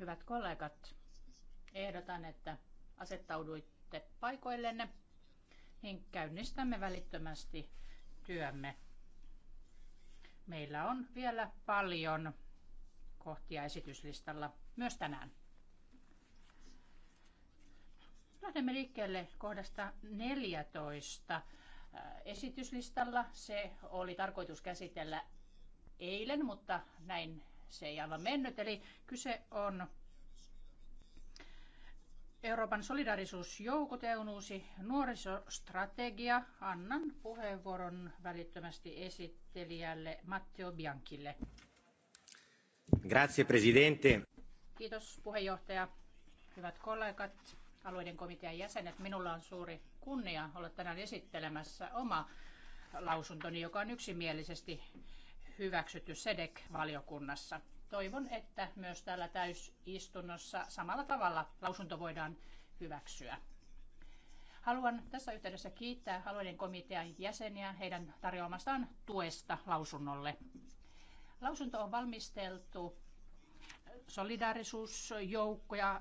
Hyvät kollegat, ehdotan, että asettauduitte paikoillenne, niin käynnistämme välittömästi työmme. Meillä on vielä paljon kohtia esityslistalla myös tänään. Lähdemme liikkeelle kohdasta 14 äh, esityslistalla. Se oli tarkoitus käsitellä eilen, mutta näin se ei aivan mennyt. Eli kyse on Euroopan solidarisuusjoukot ja uusi nuorisostrategia. Annan puheenvuoron välittömästi esittelijälle Matteo Biankille. Grazie, presidente. Kiitos puheenjohtaja. Hyvät kollegat, alueiden komitean jäsenet, minulla on suuri kunnia olla tänään esittelemässä oma lausuntoni, joka on yksimielisesti hyväksytty SEDEC-valiokunnassa. Toivon, että myös täällä täysistunnossa samalla tavalla lausunto voidaan hyväksyä. Haluan tässä yhteydessä kiittää alueiden komitean jäseniä heidän tarjoamastaan tuesta lausunnolle. Lausunto on valmisteltu solidaarisuusjoukkoja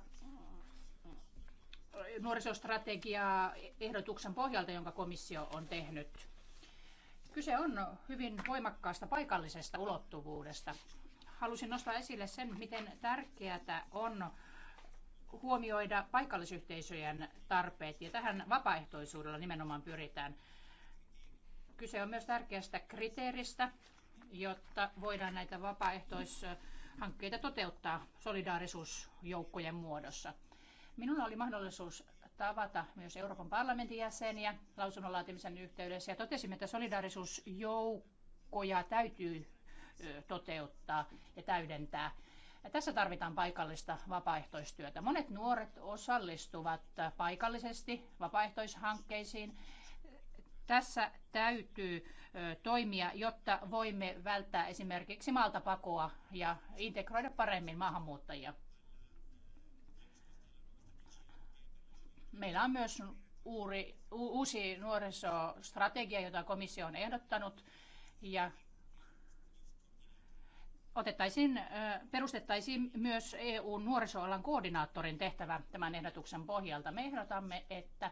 nuorisostrategiaehdotuksen pohjalta, jonka komissio on tehnyt. Kyse on hyvin voimakkaasta paikallisesta ulottuvuudesta. Halusin nostaa esille sen, miten tärkeää on huomioida paikallisyhteisöjen tarpeet, ja tähän vapaaehtoisuudella nimenomaan pyritään. Kyse on myös tärkeästä kriteeristä, jotta voidaan näitä vapaaehtoishankkeita toteuttaa solidaarisuusjoukkojen muodossa. Minulla oli mahdollisuus tavata myös Euroopan parlamentin jäseniä lausunnon laatimisen yhteydessä ja totesimme, että solidaarisuusjoukkoja täytyy toteuttaa ja täydentää. Ja tässä tarvitaan paikallista vapaaehtoistyötä. Monet nuoret osallistuvat paikallisesti vapaaehtoishankkeisiin. Tässä täytyy toimia, jotta voimme välttää esimerkiksi maaltapakoa ja integroida paremmin maahanmuuttajia. Meillä on myös uuri, u, uusi nuorisostrategia, jota komissio on ehdottanut. Ja otettaisiin, perustettaisiin myös EUn nuorisoalan koordinaattorin tehtävä tämän ehdotuksen pohjalta. Me ehdotamme, että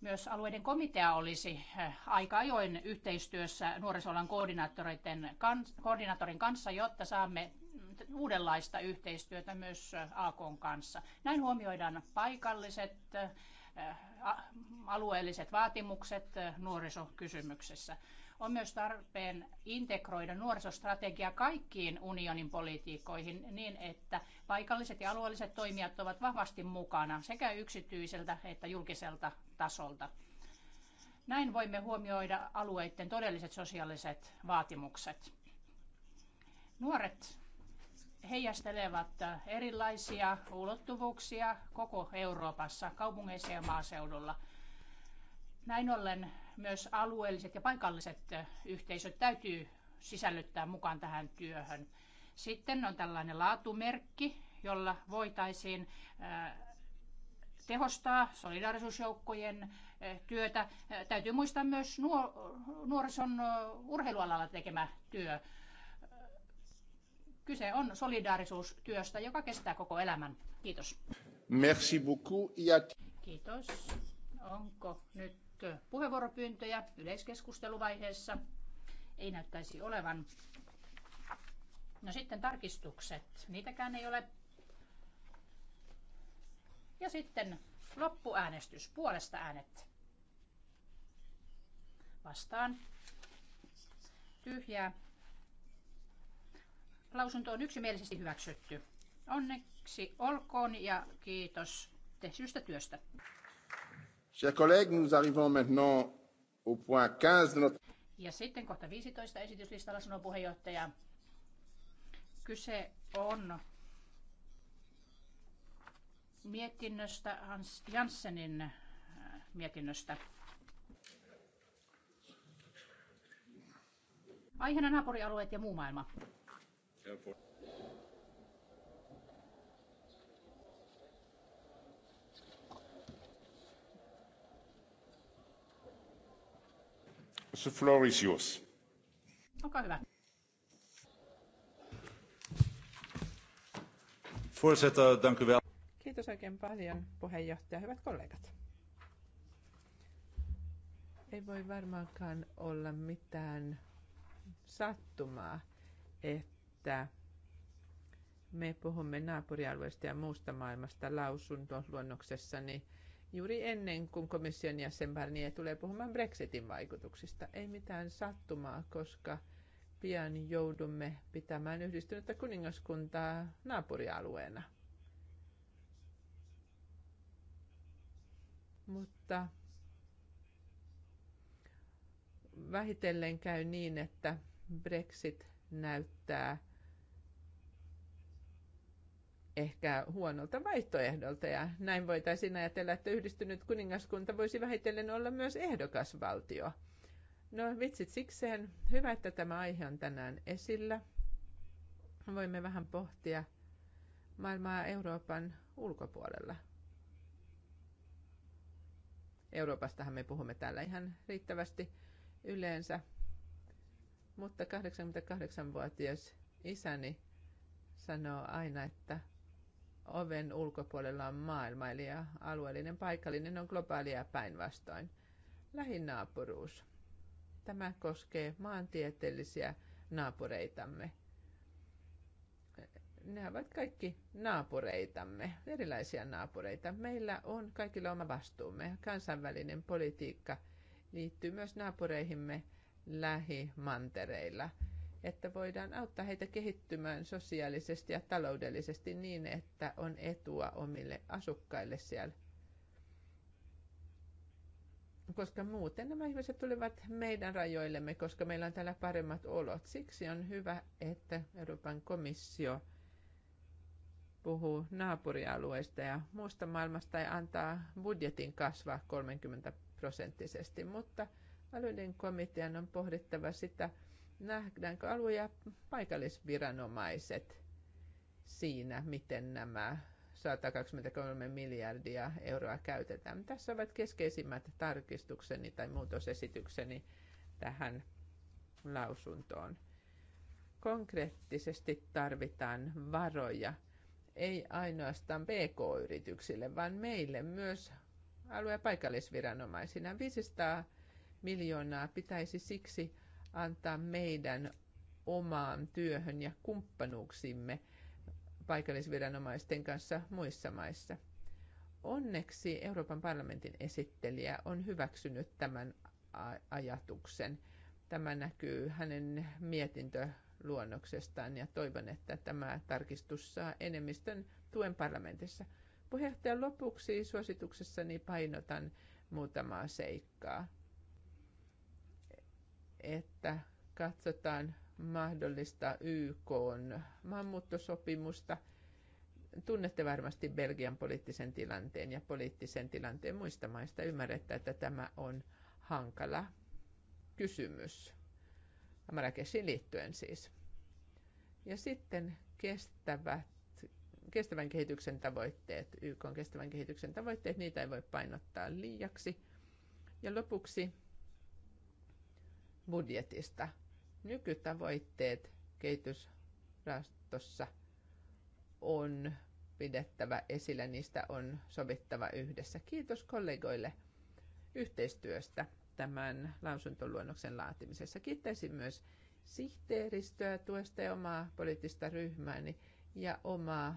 myös alueiden komitea olisi aika ajoin yhteistyössä nuorisoalan koordinaattoreiden koordinaattorin kanssa, jotta saamme uudenlaista yhteistyötä myös AKn kanssa. Näin huomioidaan paikalliset alueelliset vaatimukset nuorisokysymyksessä. On myös tarpeen integroida nuorisostrategia kaikkiin unionin politiikoihin niin, että paikalliset ja alueelliset toimijat ovat vahvasti mukana sekä yksityiseltä että julkiselta tasolta. Näin voimme huomioida alueiden todelliset sosiaaliset vaatimukset. Nuoret heijastelevat erilaisia ulottuvuuksia koko Euroopassa, kaupungeissa ja maaseudulla. Näin ollen myös alueelliset ja paikalliset yhteisöt täytyy sisällyttää mukaan tähän työhön. Sitten on tällainen laatumerkki, jolla voitaisiin äh, tehostaa solidaarisuusjoukkojen äh, työtä. Äh, täytyy muistaa myös nuorison urheilualalla tekemä työ. Kyse on solidaarisuustyöstä, joka kestää koko elämän. Kiitos. Merci beaucoup. Kiitos. Onko nyt puheenvuoropyyntöjä yleiskeskusteluvaiheessa? Ei näyttäisi olevan. No sitten tarkistukset. Niitäkään ei ole. Ja sitten loppuäänestys. Puolesta äänet. Vastaan. Tyhjää. Lausunto on yksimielisesti hyväksytty. Onneksi olkoon ja kiitos tehdystä työstä. Chers collègues, nous arrivons maintenant au point 15 de notre... Ja sitten kohta 15 esityslistalla sanoo puheenjohtaja. Kyse on mietinnöstä, Hans Janssenin äh, mietinnöstä. Aiheena naapurialueet ja muu maailma. The floor is yours. Olkaa hyvä. Voorzitter, dank u wel. Kiitos oikein paljon puheenjohtaja. Hyvät kollegat. Ei voi varmaankaan olla mitään sattumaa, että että me puhumme naapurialueesta ja muusta maailmasta niin juuri ennen kuin komission jäsen Barnier tulee puhumaan Brexitin vaikutuksista. Ei mitään sattumaa, koska pian joudumme pitämään yhdistynyttä kuningaskuntaa naapurialueena. Mutta vähitellen käy niin, että Brexit näyttää – ehkä huonolta vaihtoehdolta ja näin voitaisiin ajatella, että yhdistynyt kuningaskunta voisi vähitellen olla myös ehdokasvaltio. No vitsit sikseen, hyvä, että tämä aihe on tänään esillä. Voimme vähän pohtia maailmaa Euroopan ulkopuolella. Euroopastahan me puhumme täällä ihan riittävästi yleensä, mutta 88-vuotias isäni sanoo aina, että oven ulkopuolella on maailma, eli alueellinen paikallinen on globaalia päinvastoin. Lähinaapuruus. Tämä koskee maantieteellisiä naapureitamme. Ne ovat kaikki naapureitamme, erilaisia naapureita. Meillä on kaikilla oma vastuumme. Kansainvälinen politiikka liittyy myös naapureihimme lähimantereilla – että voidaan auttaa heitä kehittymään sosiaalisesti ja taloudellisesti niin, että on etua omille asukkaille siellä. Koska muuten nämä ihmiset tulevat meidän rajoillemme, koska meillä on täällä paremmat olot. Siksi on hyvä, että Euroopan komissio puhuu naapurialueista ja muusta maailmasta ja antaa budjetin kasvaa 30 prosenttisesti. Mutta alueiden komitean on pohdittava sitä, Nähdäänkö alue- ja paikallisviranomaiset siinä, miten nämä 123 miljardia euroa käytetään. Tässä ovat keskeisimmät tarkistukseni tai muutosesitykseni tähän lausuntoon. Konkreettisesti tarvitaan varoja ei ainoastaan PK-yrityksille, vaan meille myös alue- ja paikallisviranomaisina. 500 miljoonaa pitäisi siksi antaa meidän omaan työhön ja kumppanuuksimme paikallisviranomaisten kanssa muissa maissa. Onneksi Euroopan parlamentin esittelijä on hyväksynyt tämän ajatuksen. Tämä näkyy hänen mietintöluonnoksestaan ja toivon, että tämä tarkistus saa enemmistön tuen parlamentissa. Puheenjohtajan lopuksi suosituksessani painotan muutamaa seikkaa että katsotaan mahdollista YK maanmuuttosopimusta. Tunnette varmasti Belgian poliittisen tilanteen ja poliittisen tilanteen muista maista. Ymmärrettä, että tämä on hankala kysymys. Marrakeshin liittyen siis. Ja sitten kestävät, kestävän kehityksen tavoitteet, YK on kestävän kehityksen tavoitteet, niitä ei voi painottaa liiaksi. Ja lopuksi budjetista. Nykytavoitteet kehitysrahastossa on pidettävä esillä, niistä on sovittava yhdessä. Kiitos kollegoille yhteistyöstä tämän lausuntoluonnoksen laatimisessa. Kiittäisin myös sihteeristöä tuesta ja omaa poliittista ryhmääni ja omaa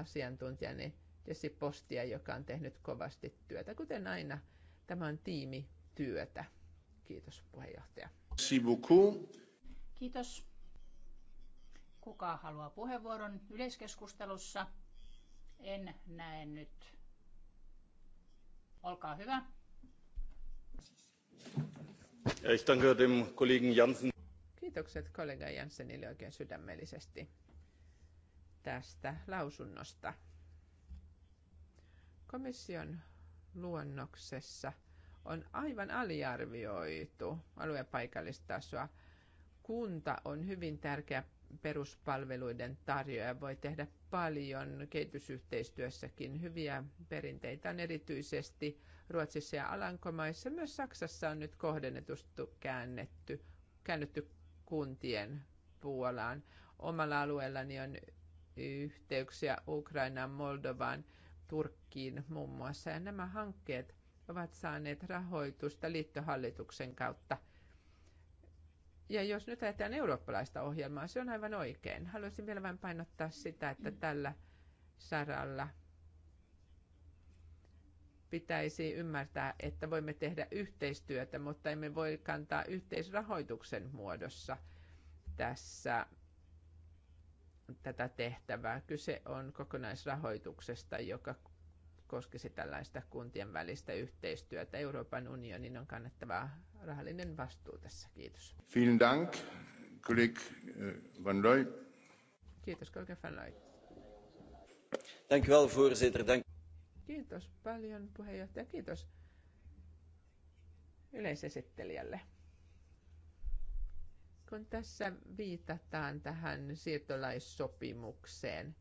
asiantuntijani Jesse Postia, joka on tehnyt kovasti työtä. Kuten aina, tämä on tiimityötä. Kiitos puheenjohtaja. Kiitos. Kuka haluaa puheenvuoron yleiskeskustelussa? En näe nyt. Olkaa hyvä. Ich danke dem Kollegen Jansen. Kiitokset kollega Janssenille oikein sydämellisesti tästä lausunnosta. Komission luonnoksessa – on aivan aliarvioitu alueen paikallistasoa. Kunta on hyvin tärkeä peruspalveluiden tarjoaja, voi tehdä paljon kehitysyhteistyössäkin. Hyviä perinteitä on erityisesti Ruotsissa ja Alankomaissa. Myös Saksassa on nyt kohdennetusti käännetty, käännetty kuntien Puolaan. Omalla alueellani on yhteyksiä Ukrainaan, Moldovaan, Turkkiin muun muassa. Ja nämä hankkeet ovat saaneet rahoitusta liittohallituksen kautta. Ja jos nyt ajatellaan eurooppalaista ohjelmaa, se on aivan oikein. Haluaisin vielä vain painottaa sitä, että tällä saralla pitäisi ymmärtää, että voimme tehdä yhteistyötä, mutta emme voi kantaa yhteisrahoituksen muodossa tässä tätä tehtävää. Kyse on kokonaisrahoituksesta, joka koskisi tällaista kuntien välistä yhteistyötä. Euroopan unionin on kannettava rahallinen vastuu tässä. Kiitos. Vielen dank, kollega eh, Van Looy. Kiitos, kollega Van Looy. Dank wel, voorzitter. Dank... Kiitos paljon, puheenjohtaja. Kiitos yleisesittelijälle. Kun tässä viitataan tähän siirtolaissopimukseen –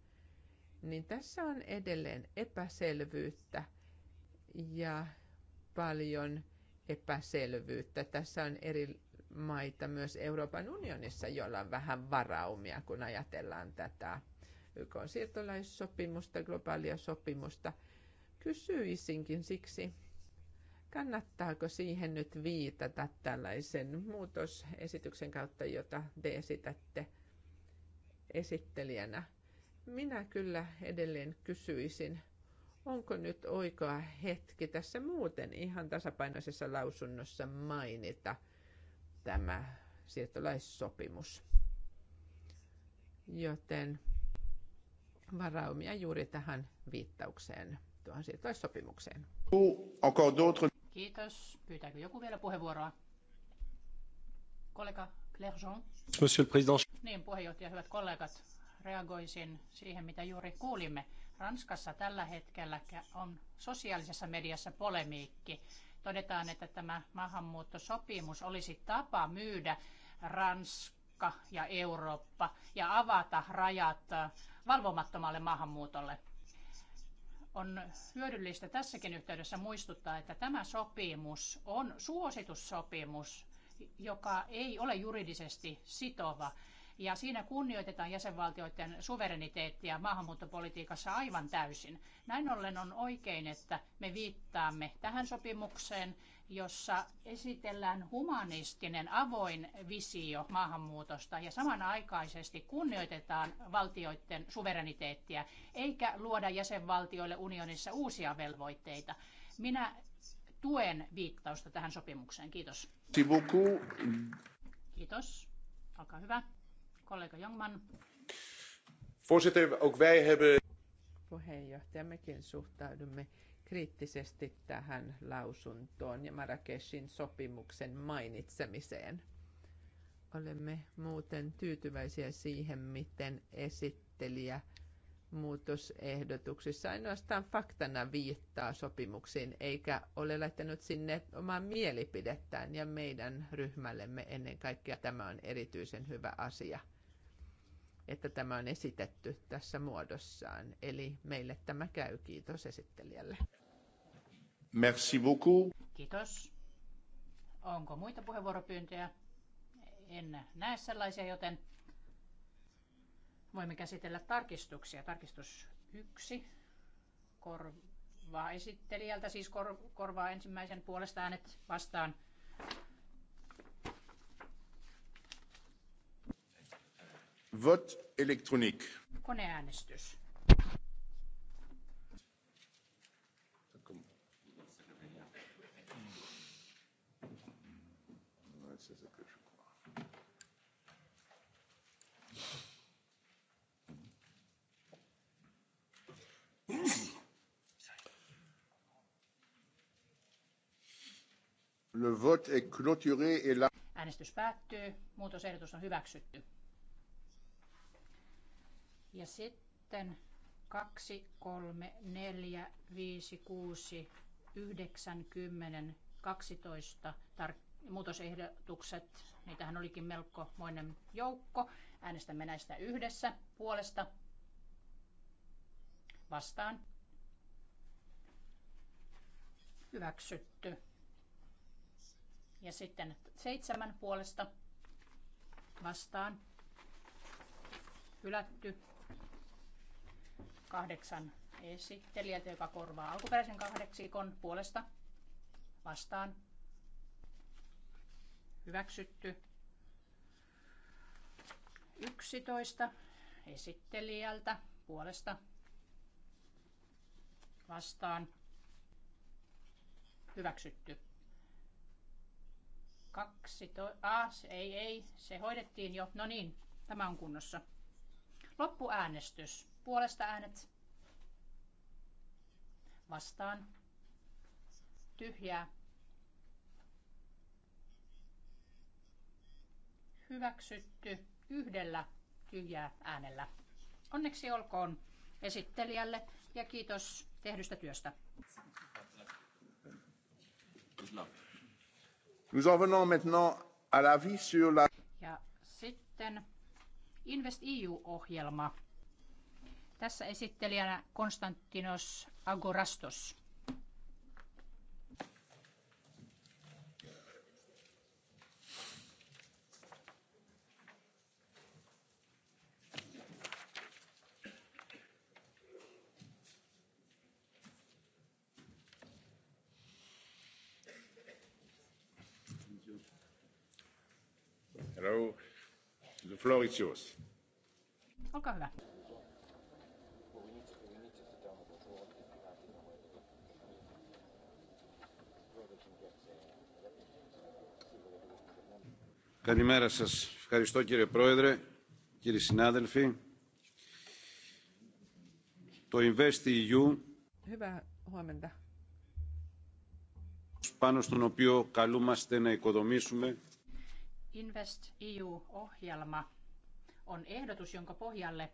niin tässä on edelleen epäselvyyttä ja paljon epäselvyyttä. Tässä on eri maita myös Euroopan unionissa, joilla on vähän varaumia, kun ajatellaan tätä YK siirtolaissopimusta, globaalia sopimusta. Kysyisinkin siksi, kannattaako siihen nyt viitata tällaisen muutosesityksen kautta, jota te esitätte esittelijänä – minä kyllä edelleen kysyisin, onko nyt oikea hetki tässä muuten ihan tasapainoisessa lausunnossa mainita tämä siirtolaissopimus. Joten varaumia juuri tähän viittaukseen, tuohon siirtolaissopimukseen. Kiitos. Pyytääkö joku vielä puheenvuoroa? Kollega Clergeon. Monsieur le Président. Niin, puheenjohtaja, hyvät kollegat reagoisin siihen, mitä juuri kuulimme. Ranskassa tällä hetkellä on sosiaalisessa mediassa polemiikki. Todetaan, että tämä maahanmuuttosopimus olisi tapa myydä Ranska ja Eurooppa ja avata rajat valvomattomalle maahanmuutolle. On hyödyllistä tässäkin yhteydessä muistuttaa, että tämä sopimus on suositussopimus, joka ei ole juridisesti sitova ja siinä kunnioitetaan jäsenvaltioiden suvereniteettia maahanmuuttopolitiikassa aivan täysin. Näin ollen on oikein, että me viittaamme tähän sopimukseen, jossa esitellään humanistinen avoin visio maahanmuutosta ja samanaikaisesti kunnioitetaan valtioiden suvereniteettia, eikä luoda jäsenvaltioille unionissa uusia velvoitteita. Minä tuen viittausta tähän sopimukseen. Kiitos. Kiitos. Olkaa hyvä. Kollega Jongman. Voorzitter, ook wij hebben... Puheenjohtaja, mekin suhtaudumme kriittisesti tähän lausuntoon ja Marrakeshin sopimuksen mainitsemiseen. Olemme muuten tyytyväisiä siihen, miten esittelijä muutosehdotuksissa ainoastaan faktana viittaa sopimuksiin, eikä ole laittanut sinne omaa mielipidettään ja meidän ryhmällemme ennen kaikkea tämä on erityisen hyvä asia – että tämä on esitetty tässä muodossaan. Eli meille tämä käy. Kiitos esittelijälle. Merci beaucoup. Kiitos. Onko muita puheenvuoropyyntöjä? En näe sellaisia, joten voimme käsitellä tarkistuksia. Tarkistus yksi korvaa esittelijältä, siis kor- korvaa ensimmäisen puolesta äänet vastaan Vote électronique. Koneäänestys. Le vote est clôturé et la... Äänestys päättyy. Muutosehdotus on hyväksytty. Ja sitten 2, 3, 4, 5, 6, 9, 10, 12 tar- muutosehdotukset. Niitähän olikin melkomoinen joukko. Äänestämme näistä yhdessä puolesta vastaan. Hyväksytty. Ja sitten seitsemän puolesta vastaan. Hylätty kahdeksan esittelijältä, joka korvaa alkuperäisen kahdeksikon puolesta vastaan. Hyväksytty. 11 esittelijältä puolesta vastaan. Hyväksytty. 12. Ah, ei, ei, se hoidettiin jo. No niin, tämä on kunnossa. Loppuäänestys Puolesta äänet vastaan. Tyhjää. Hyväksytty yhdellä tyhjää äänellä. Onneksi olkoon esittelijälle ja kiitos tehdystä työstä. Nous en venons maintenant à vie sur la... Ja sitten Invest EU-ohjelma. Tässä esittelijänä Konstantinos Agorastos. Hello. The floor is yours. Olkaa hyvä. Καλημέρα σας. Ευχαριστώ κύριε Πρόεδρε, κύριοι συνάδελφοι. Το InvestEU Hyvää huomenta. πάνω στον οποίο καλούμαστε να οικοδομήσουμε Invest EU-ohjelma on ehdotus, jonka pohjalle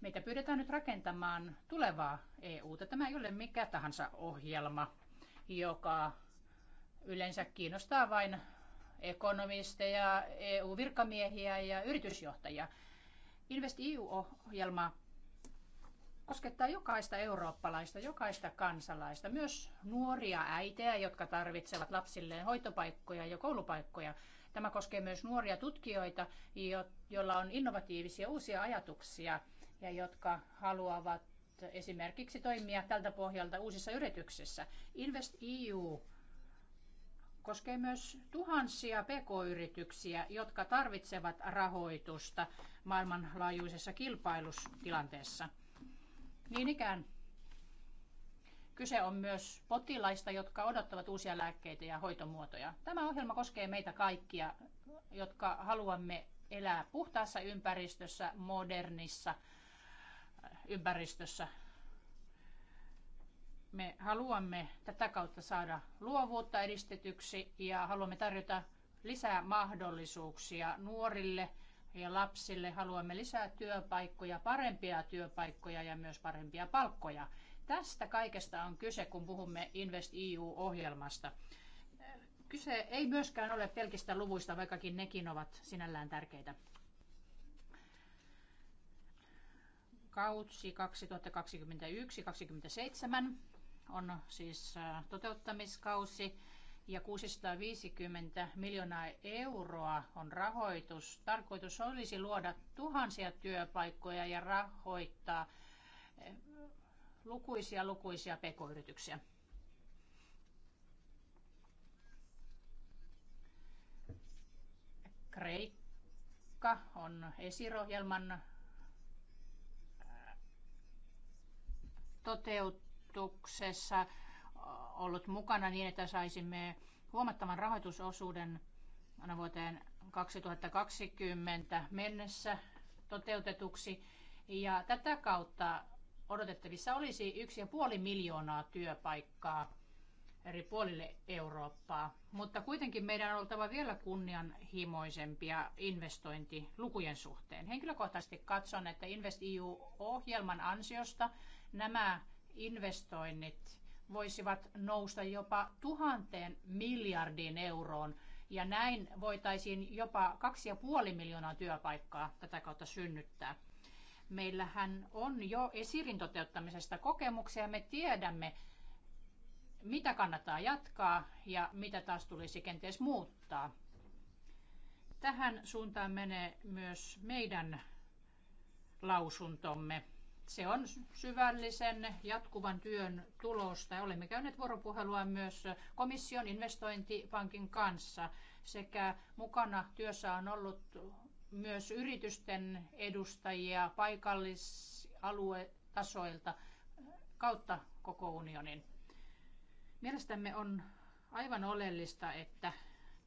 meitä pyydetään nyt rakentamaan tulevaa EUta. Tämä ei ole mikä tahansa ohjelma, joka yleensä kiinnostaa vain ekonomisteja, EU-virkamiehiä ja yritysjohtajia. Invest EU-ohjelma koskettaa jokaista eurooppalaista, jokaista kansalaista, myös nuoria äitejä, jotka tarvitsevat lapsilleen hoitopaikkoja ja koulupaikkoja. Tämä koskee myös nuoria tutkijoita, joilla on innovatiivisia uusia ajatuksia ja jotka haluavat esimerkiksi toimia tältä pohjalta uusissa yrityksissä. Invest EU koskee myös tuhansia pk-yrityksiä, jotka tarvitsevat rahoitusta maailmanlaajuisessa kilpailustilanteessa. Niin ikään kyse on myös potilaista, jotka odottavat uusia lääkkeitä ja hoitomuotoja. Tämä ohjelma koskee meitä kaikkia, jotka haluamme elää puhtaassa ympäristössä, modernissa ympäristössä me haluamme tätä kautta saada luovuutta edistetyksi ja haluamme tarjota lisää mahdollisuuksia nuorille ja lapsille. Haluamme lisää työpaikkoja, parempia työpaikkoja ja myös parempia palkkoja. Tästä kaikesta on kyse, kun puhumme Invest EU-ohjelmasta. Kyse ei myöskään ole pelkistä luvuista, vaikkakin nekin ovat sinällään tärkeitä. Kautsi on siis toteuttamiskausi ja 650 miljoonaa euroa on rahoitus. Tarkoitus olisi luoda tuhansia työpaikkoja ja rahoittaa lukuisia lukuisia pk-yrityksiä. Kreikka on esirohjelman toteut uudistuksessa ollut mukana niin, että saisimme huomattavan rahoitusosuuden vuoteen 2020 mennessä toteutetuksi. Ja tätä kautta odotettavissa olisi 1,5 miljoonaa työpaikkaa eri puolille Eurooppaa. Mutta kuitenkin meidän on oltava vielä kunnianhimoisempia investointilukujen suhteen. Henkilökohtaisesti katson, että InvestEU-ohjelman ansiosta nämä investoinnit voisivat nousta jopa tuhanteen miljardiin euroon. Ja näin voitaisiin jopa 2,5 miljoonaa työpaikkaa tätä kautta synnyttää. Meillähän on jo esirin toteuttamisesta kokemuksia. Me tiedämme, mitä kannattaa jatkaa ja mitä taas tulisi kenties muuttaa. Tähän suuntaan menee myös meidän lausuntomme. Se on syvällisen jatkuvan työn tulosta. ja Olemme käyneet vuoropuhelua myös komission investointipankin kanssa sekä mukana työssä on ollut myös yritysten edustajia paikallisaluetasoilta kautta koko unionin. Mielestämme on aivan oleellista, että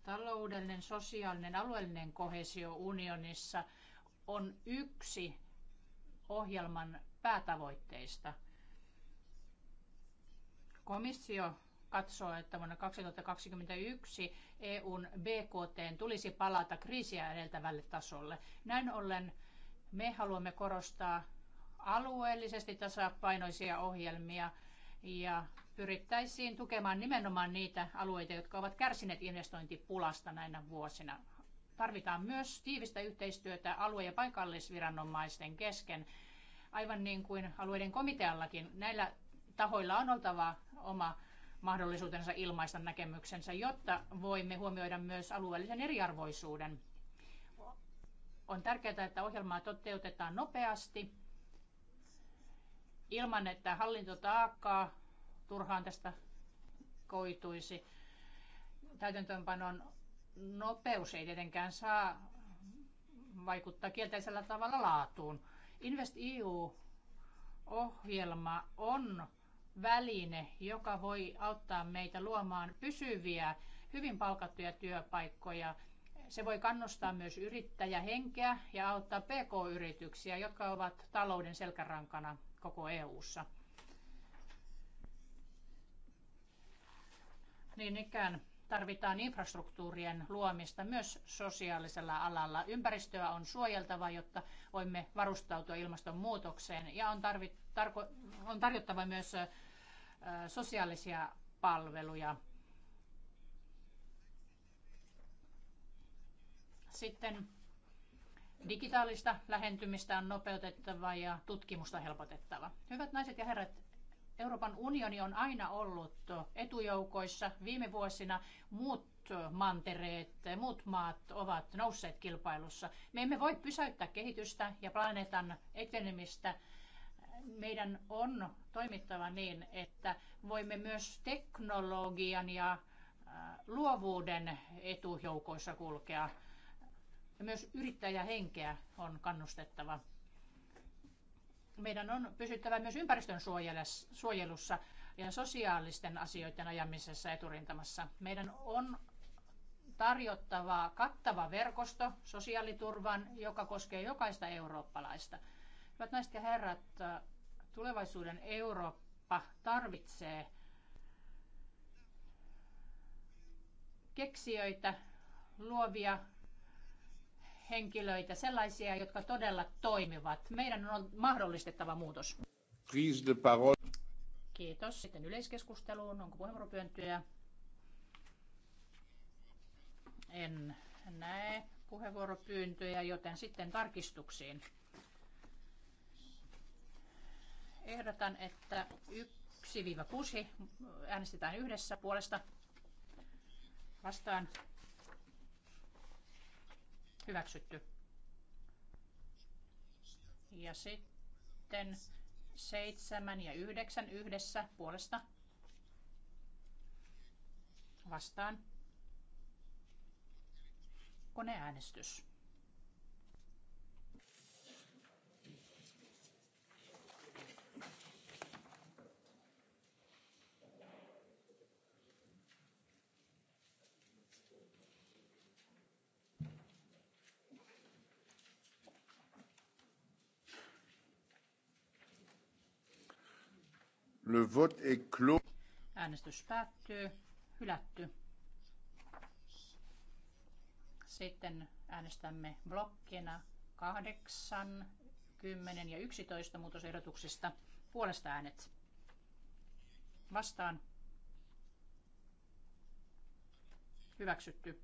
taloudellinen, sosiaalinen, alueellinen kohesio unionissa on yksi ohjelman päätavoitteista. Komissio katsoo, että vuonna 2021 EUn BKT tulisi palata kriisiä edeltävälle tasolle. Näin ollen me haluamme korostaa alueellisesti tasapainoisia ohjelmia ja pyrittäisiin tukemaan nimenomaan niitä alueita, jotka ovat kärsineet investointipulasta näinä vuosina. Tarvitaan myös tiivistä yhteistyötä alue- ja paikallisviranomaisten kesken aivan niin kuin alueiden komiteallakin. Näillä tahoilla on oltava oma mahdollisuutensa ilmaista näkemyksensä, jotta voimme huomioida myös alueellisen eriarvoisuuden. On tärkeää, että ohjelmaa toteutetaan nopeasti ilman, että hallintotaakkaa turhaan tästä koituisi. Täytäntöönpanon nopeus ei tietenkään saa vaikuttaa kielteisellä tavalla laatuun. Invest EU-ohjelma on väline, joka voi auttaa meitä luomaan pysyviä, hyvin palkattuja työpaikkoja. Se voi kannustaa myös yrittäjähenkeä ja auttaa pk-yrityksiä, jotka ovat talouden selkärankana koko EU:ssa. Niin ikään tarvitaan infrastruktuurien luomista myös sosiaalisella alalla. Ympäristöä on suojeltava, jotta voimme varustautua ilmastonmuutokseen ja on, tarvi, tarko, on tarjottava myös sosiaalisia palveluja. Sitten digitaalista lähentymistä on nopeutettava ja tutkimusta helpotettava. Hyvät naiset ja herrat, Euroopan unioni on aina ollut etujoukoissa. Viime vuosina mutta mantereet, muut maat ovat nousseet kilpailussa. Me emme voi pysäyttää kehitystä ja planeetan etenemistä. Meidän on toimittava niin, että voimme myös teknologian ja äh, luovuuden etujoukoissa kulkea. Ja myös yrittäjähenkeä on kannustettava meidän on pysyttävä myös ympäristön suojelussa ja sosiaalisten asioiden ajamisessa eturintamassa. Meidän on tarjottava kattava verkosto sosiaaliturvan, joka koskee jokaista eurooppalaista. Hyvät naiset ja herrat, tulevaisuuden Eurooppa tarvitsee keksijöitä, luovia henkilöitä, sellaisia, jotka todella toimivat. Meidän on mahdollistettava muutos. Kiitos. Sitten yleiskeskusteluun. Onko puheenvuoropyöntöjä? En näe puheenvuoropyyntöjä, joten sitten tarkistuksiin. Ehdotan, että 1-6 äänestetään yhdessä puolesta vastaan Hyväksytty. Ja sitten seitsemän ja yhdeksän yhdessä puolesta vastaan. Koneäänestys. Le vote est clos. Äänestys päättyy. Hylätty. Sitten äänestämme blokkina 8, 10 ja 11 muutosehdotuksista. Puolesta äänet. Vastaan. Hyväksytty.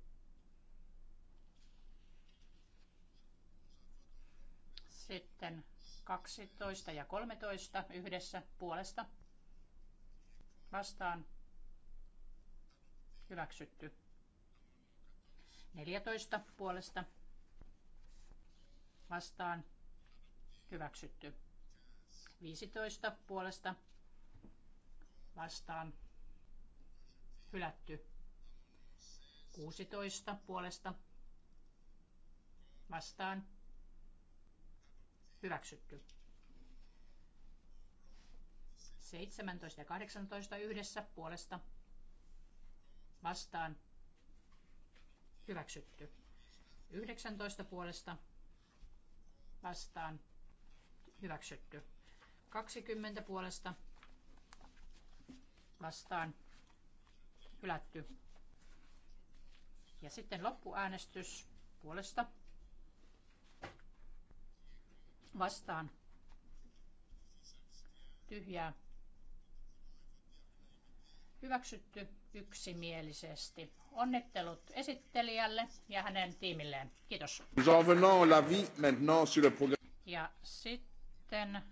Sitten 12 ja 13 yhdessä puolesta vastaan hyväksytty. 14 puolesta vastaan hyväksytty. 15 puolesta vastaan hylätty. 16 puolesta vastaan hyväksytty. 17 ja 18 yhdessä puolesta vastaan hyväksytty. 19 puolesta vastaan hyväksytty. 20 puolesta vastaan hylätty. Ja sitten loppuäänestys puolesta vastaan tyhjää hyväksytty yksimielisesti. Onnittelut esittelijälle ja hänen tiimilleen. Kiitos. Ja sitten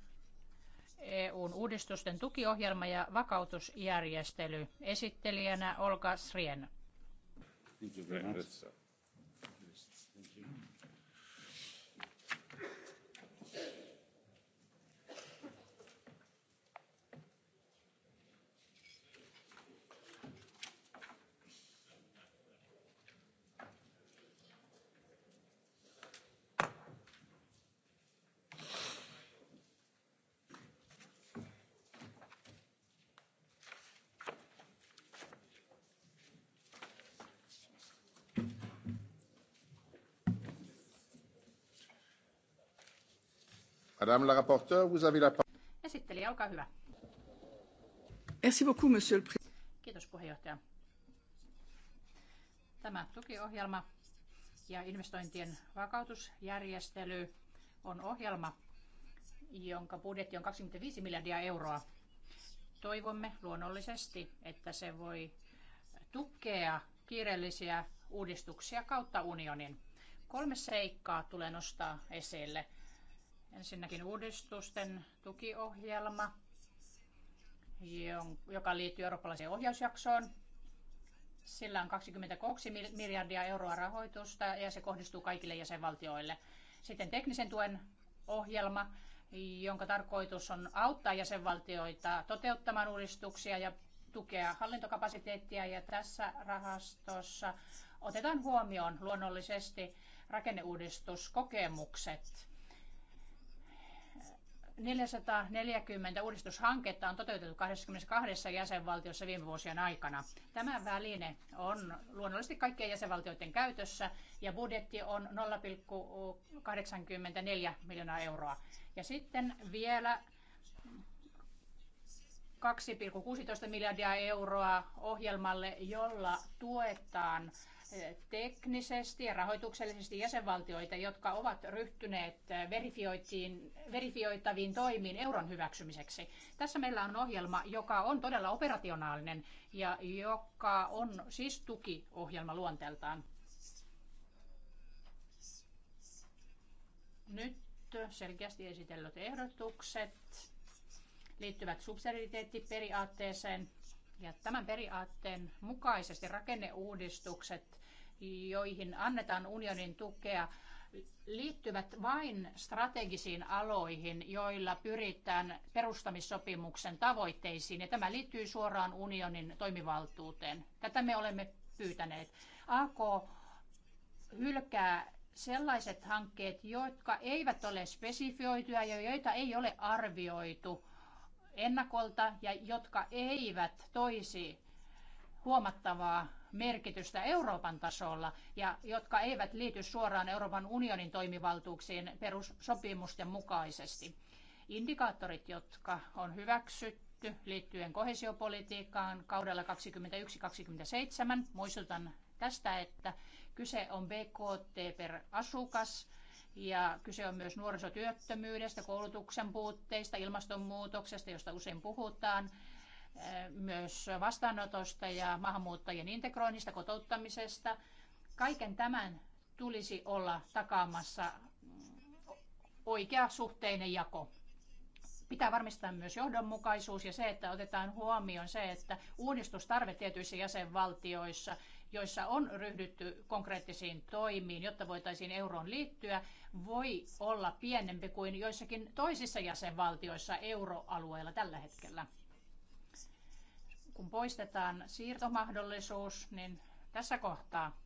EUn uudistusten tukiohjelma ja vakautusjärjestely. Esittelijänä Olga Srien. Kiitos. Madame la rapporteure, vous avez la olkaa hyvä. Merci beaucoup, monsieur le président. Kiitos puheenjohtaja. Tämä tukiohjelma ja investointien vakautusjärjestely on ohjelma, jonka budjetti on 25 miljardia euroa. Toivomme luonnollisesti, että se voi tukea kiireellisiä uudistuksia kautta unionin. Kolme seikkaa tulee nostaa esille. Ensinnäkin uudistusten tukiohjelma, joka liittyy eurooppalaiseen ohjausjaksoon. Sillä on 22 miljardia euroa rahoitusta ja se kohdistuu kaikille jäsenvaltioille. Sitten teknisen tuen ohjelma, jonka tarkoitus on auttaa jäsenvaltioita toteuttamaan uudistuksia ja tukea hallintokapasiteettia. Ja tässä rahastossa otetaan huomioon luonnollisesti rakenneuudistuskokemukset 440 uudistushanketta on toteutettu 22 jäsenvaltiossa viime vuosien aikana. Tämä väline on luonnollisesti kaikkien jäsenvaltioiden käytössä ja budjetti on 0,84 miljoonaa euroa. Ja sitten vielä 2,16 miljardia euroa ohjelmalle, jolla tuetaan Eh, teknisesti ja rahoituksellisesti jäsenvaltioita, jotka ovat ryhtyneet eh, verifioitaviin toimiin euron hyväksymiseksi. Tässä meillä on ohjelma, joka on todella operationaalinen ja joka on siis tukiohjelma luonteeltaan. Nyt selkeästi esitellyt ehdotukset liittyvät subsidiariteettiperiaatteeseen ja tämän periaatteen mukaisesti rakenneuudistukset, joihin annetaan unionin tukea, liittyvät vain strategisiin aloihin, joilla pyritään perustamissopimuksen tavoitteisiin, ja tämä liittyy suoraan unionin toimivaltuuteen. Tätä me olemme pyytäneet. AK hylkää sellaiset hankkeet, jotka eivät ole spesifioituja ja joita ei ole arvioitu ennakolta ja jotka eivät toisi huomattavaa merkitystä Euroopan tasolla ja jotka eivät liity suoraan Euroopan unionin toimivaltuuksiin perussopimusten mukaisesti. Indikaattorit, jotka on hyväksytty liittyen kohesiopolitiikkaan kaudella 2021-2027, muistutan tästä, että kyse on BKT per asukas ja kyse on myös nuorisotyöttömyydestä, koulutuksen puutteista, ilmastonmuutoksesta, josta usein puhutaan, eh, myös vastaanotosta ja maahanmuuttajien integroinnista, kotouttamisesta. Kaiken tämän tulisi olla takaamassa oikea suhteinen jako. Pitää varmistaa myös johdonmukaisuus ja se, että otetaan huomioon se, että uudistustarve tietyissä jäsenvaltioissa joissa on ryhdytty konkreettisiin toimiin, jotta voitaisiin euroon liittyä, voi olla pienempi kuin joissakin toisissa jäsenvaltioissa euroalueella tällä hetkellä. Kun poistetaan siirtomahdollisuus, niin tässä kohtaa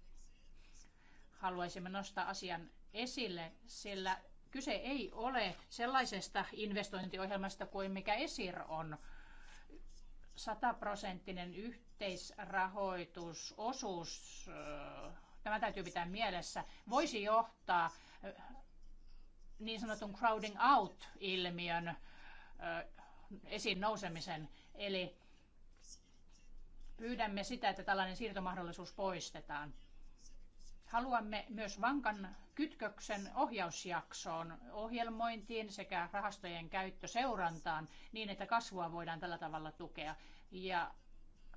haluaisimme nostaa asian esille, sillä kyse ei ole sellaisesta investointiohjelmasta kuin mikä ESIR on. Sataprosenttinen yhteys yhteisrahoitusosuus, tämä täytyy pitää mielessä, voisi johtaa niin sanotun crowding out-ilmiön esiin nousemisen. Eli pyydämme sitä, että tällainen siirtomahdollisuus poistetaan. Haluamme myös vankan kytköksen ohjausjaksoon, ohjelmointiin sekä rahastojen käyttöseurantaan niin, että kasvua voidaan tällä tavalla tukea. Ja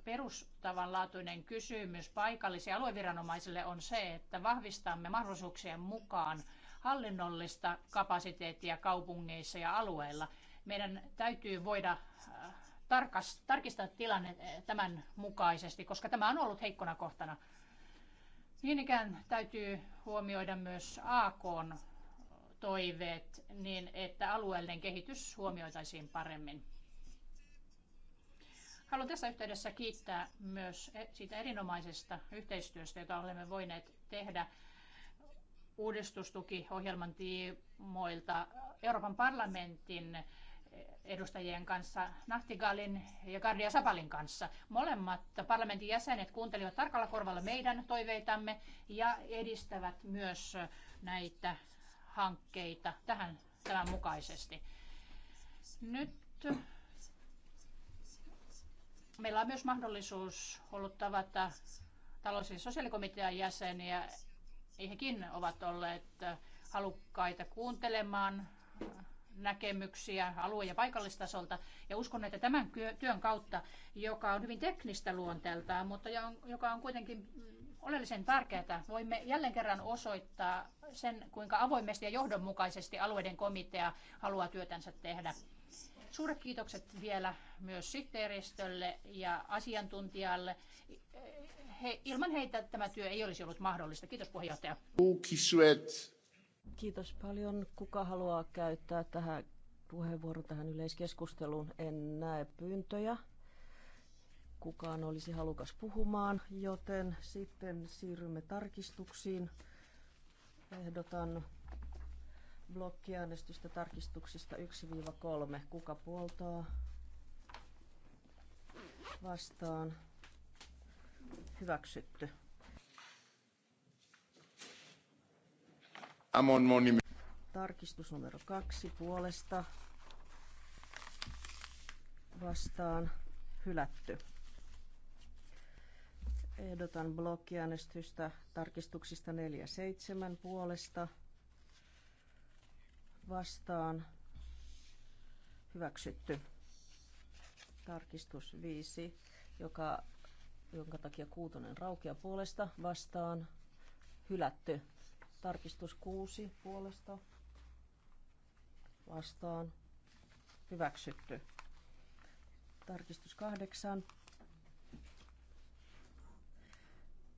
perustavanlaatuinen kysymys paikallis- ja alueviranomaisille on se, että vahvistamme mahdollisuuksien mukaan hallinnollista kapasiteettia kaupungeissa ja alueilla. Meidän täytyy voida äh, tarkistaa tilanne äh, tämän mukaisesti, koska tämä on ollut heikkona kohtana. Niin ikään täytyy huomioida myös AK toiveet niin, että alueellinen kehitys huomioitaisiin paremmin. Haluan tässä yhteydessä kiittää myös e- siitä erinomaisesta yhteistyöstä, jota olemme voineet tehdä uudistustukiohjelman tiimoilta Euroopan parlamentin edustajien kanssa, Nahtigalin ja Gardia Sapalin kanssa. Molemmat parlamentin jäsenet kuuntelivat tarkalla korvalla meidän toiveitamme ja edistävät myös näitä hankkeita tähän tämän mukaisesti. Nyt Meillä on myös mahdollisuus ollut tavata talous- ja sosiaalikomitean jäseniä. Hekin ovat olleet halukkaita kuuntelemaan näkemyksiä alue- ja paikallistasolta. Ja uskon, että tämän työn kautta, joka on hyvin teknistä luonteeltaan, mutta joka on kuitenkin oleellisen tärkeää, voimme jälleen kerran osoittaa sen, kuinka avoimesti ja johdonmukaisesti alueiden komitea haluaa työtänsä tehdä. Suuret kiitokset vielä myös sihteeristölle ja asiantuntijalle. He, ilman heitä tämä työ ei olisi ollut mahdollista. Kiitos puheenjohtaja. Kiitos paljon. Kuka haluaa käyttää tähän puheenvuoron tähän yleiskeskusteluun? En näe pyyntöjä. Kukaan olisi halukas puhumaan, joten sitten siirrymme tarkistuksiin. Ehdotan Blokkiäänestystä tarkistuksista 1-3. Kuka puoltaa? Vastaan. Hyväksytty. Tarkistus numero kaksi puolesta vastaan hylätty. Ehdotan blokkiäänestystä tarkistuksista 4-7 puolesta vastaan hyväksytty. Tarkistus 5, joka, jonka takia kuutonen raukea puolesta vastaan hylätty. Tarkistus 6 puolesta vastaan hyväksytty. Tarkistus 8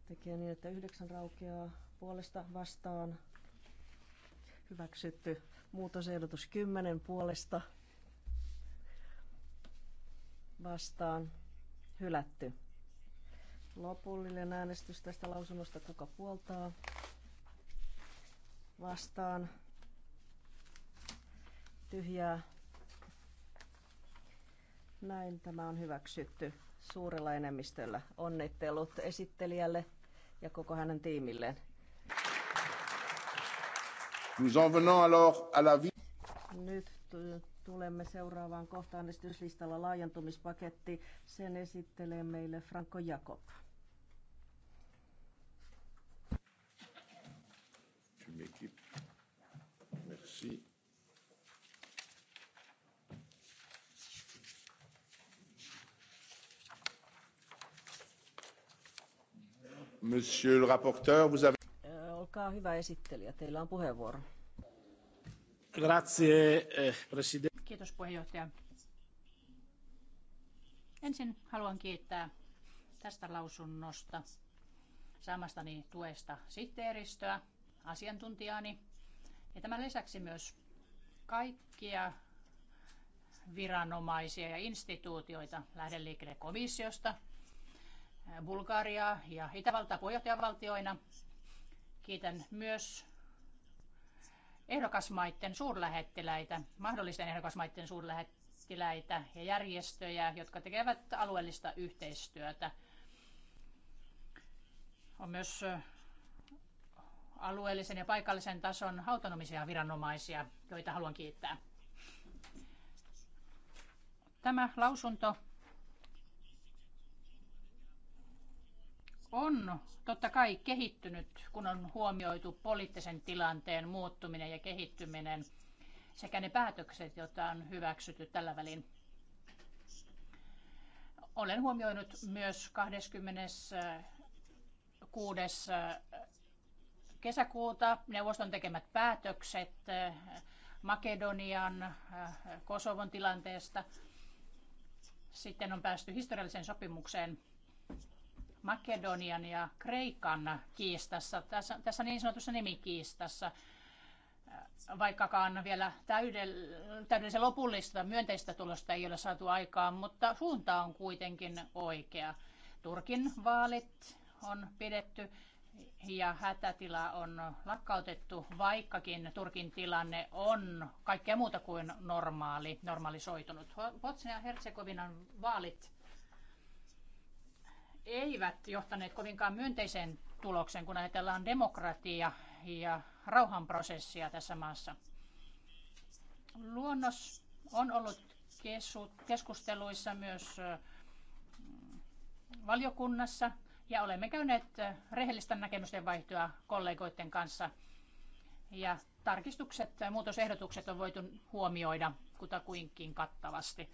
tekee niin, että 9 raukeaa puolesta vastaan Hyväksytty. Muutosehdotus 10 puolesta. Vastaan. Hylätty. Lopullinen äänestys tästä lausunnosta. Kuka puoltaa? Vastaan. Tyhjää. Näin tämä on hyväksytty suurella enemmistöllä. Onnittelut esittelijälle ja koko hänen tiimilleen. Nous en venons alors à la vie. Nyt äh, tulemme seuraavaan kohtaan esityslistalla laajentumispaketti. Sen esittelee meille Franco Jakob. Merci. Monsieur le rapporteur, vous avez Olkaa hyvä esittelijä, teillä on puheenvuoro. Grazie, eh, president. Kiitos puheenjohtaja. Ensin haluan kiittää tästä lausunnosta saamastani tuesta sihteeristöä, asiantuntijaani ja tämän lisäksi myös kaikkia viranomaisia ja instituutioita lähden komissiosta, Bulgariaa ja Itävaltaa puheenjohtajavaltioina Kiitän myös ehdokasmaiden suurlähettiläitä, mahdollisten ehdokasmaiden suurlähettiläitä ja järjestöjä, jotka tekevät alueellista yhteistyötä. On myös alueellisen ja paikallisen tason autonomisia viranomaisia, joita haluan kiittää. Tämä lausunto on totta kai kehittynyt, kun on huomioitu poliittisen tilanteen muuttuminen ja kehittyminen sekä ne päätökset, joita on hyväksytty tällä välin. Olen huomioinut myös 26. kesäkuuta neuvoston tekemät päätökset Makedonian, Kosovon tilanteesta. Sitten on päästy historialliseen sopimukseen Makedonian ja Kreikan kiistassa, tässä, tässä niin sanotussa nimikiistassa, vaikkakaan vielä täydellisen lopullista myönteistä tulosta ei ole saatu aikaan, mutta suunta on kuitenkin oikea. Turkin vaalit on pidetty ja hätätila on lakkautettu, vaikkakin Turkin tilanne on kaikkea muuta kuin normaali, normalisoitunut. Bosnia-Herzegovinan vaalit eivät johtaneet kovinkaan myönteiseen tulokseen, kun ajatellaan demokratia ja rauhanprosessia tässä maassa. Luonnos on ollut keskusteluissa myös valiokunnassa ja olemme käyneet rehellistä näkemysten vaihtoa kollegoiden kanssa. Ja tarkistukset ja muutosehdotukset on voitu huomioida kutakuinkin kattavasti.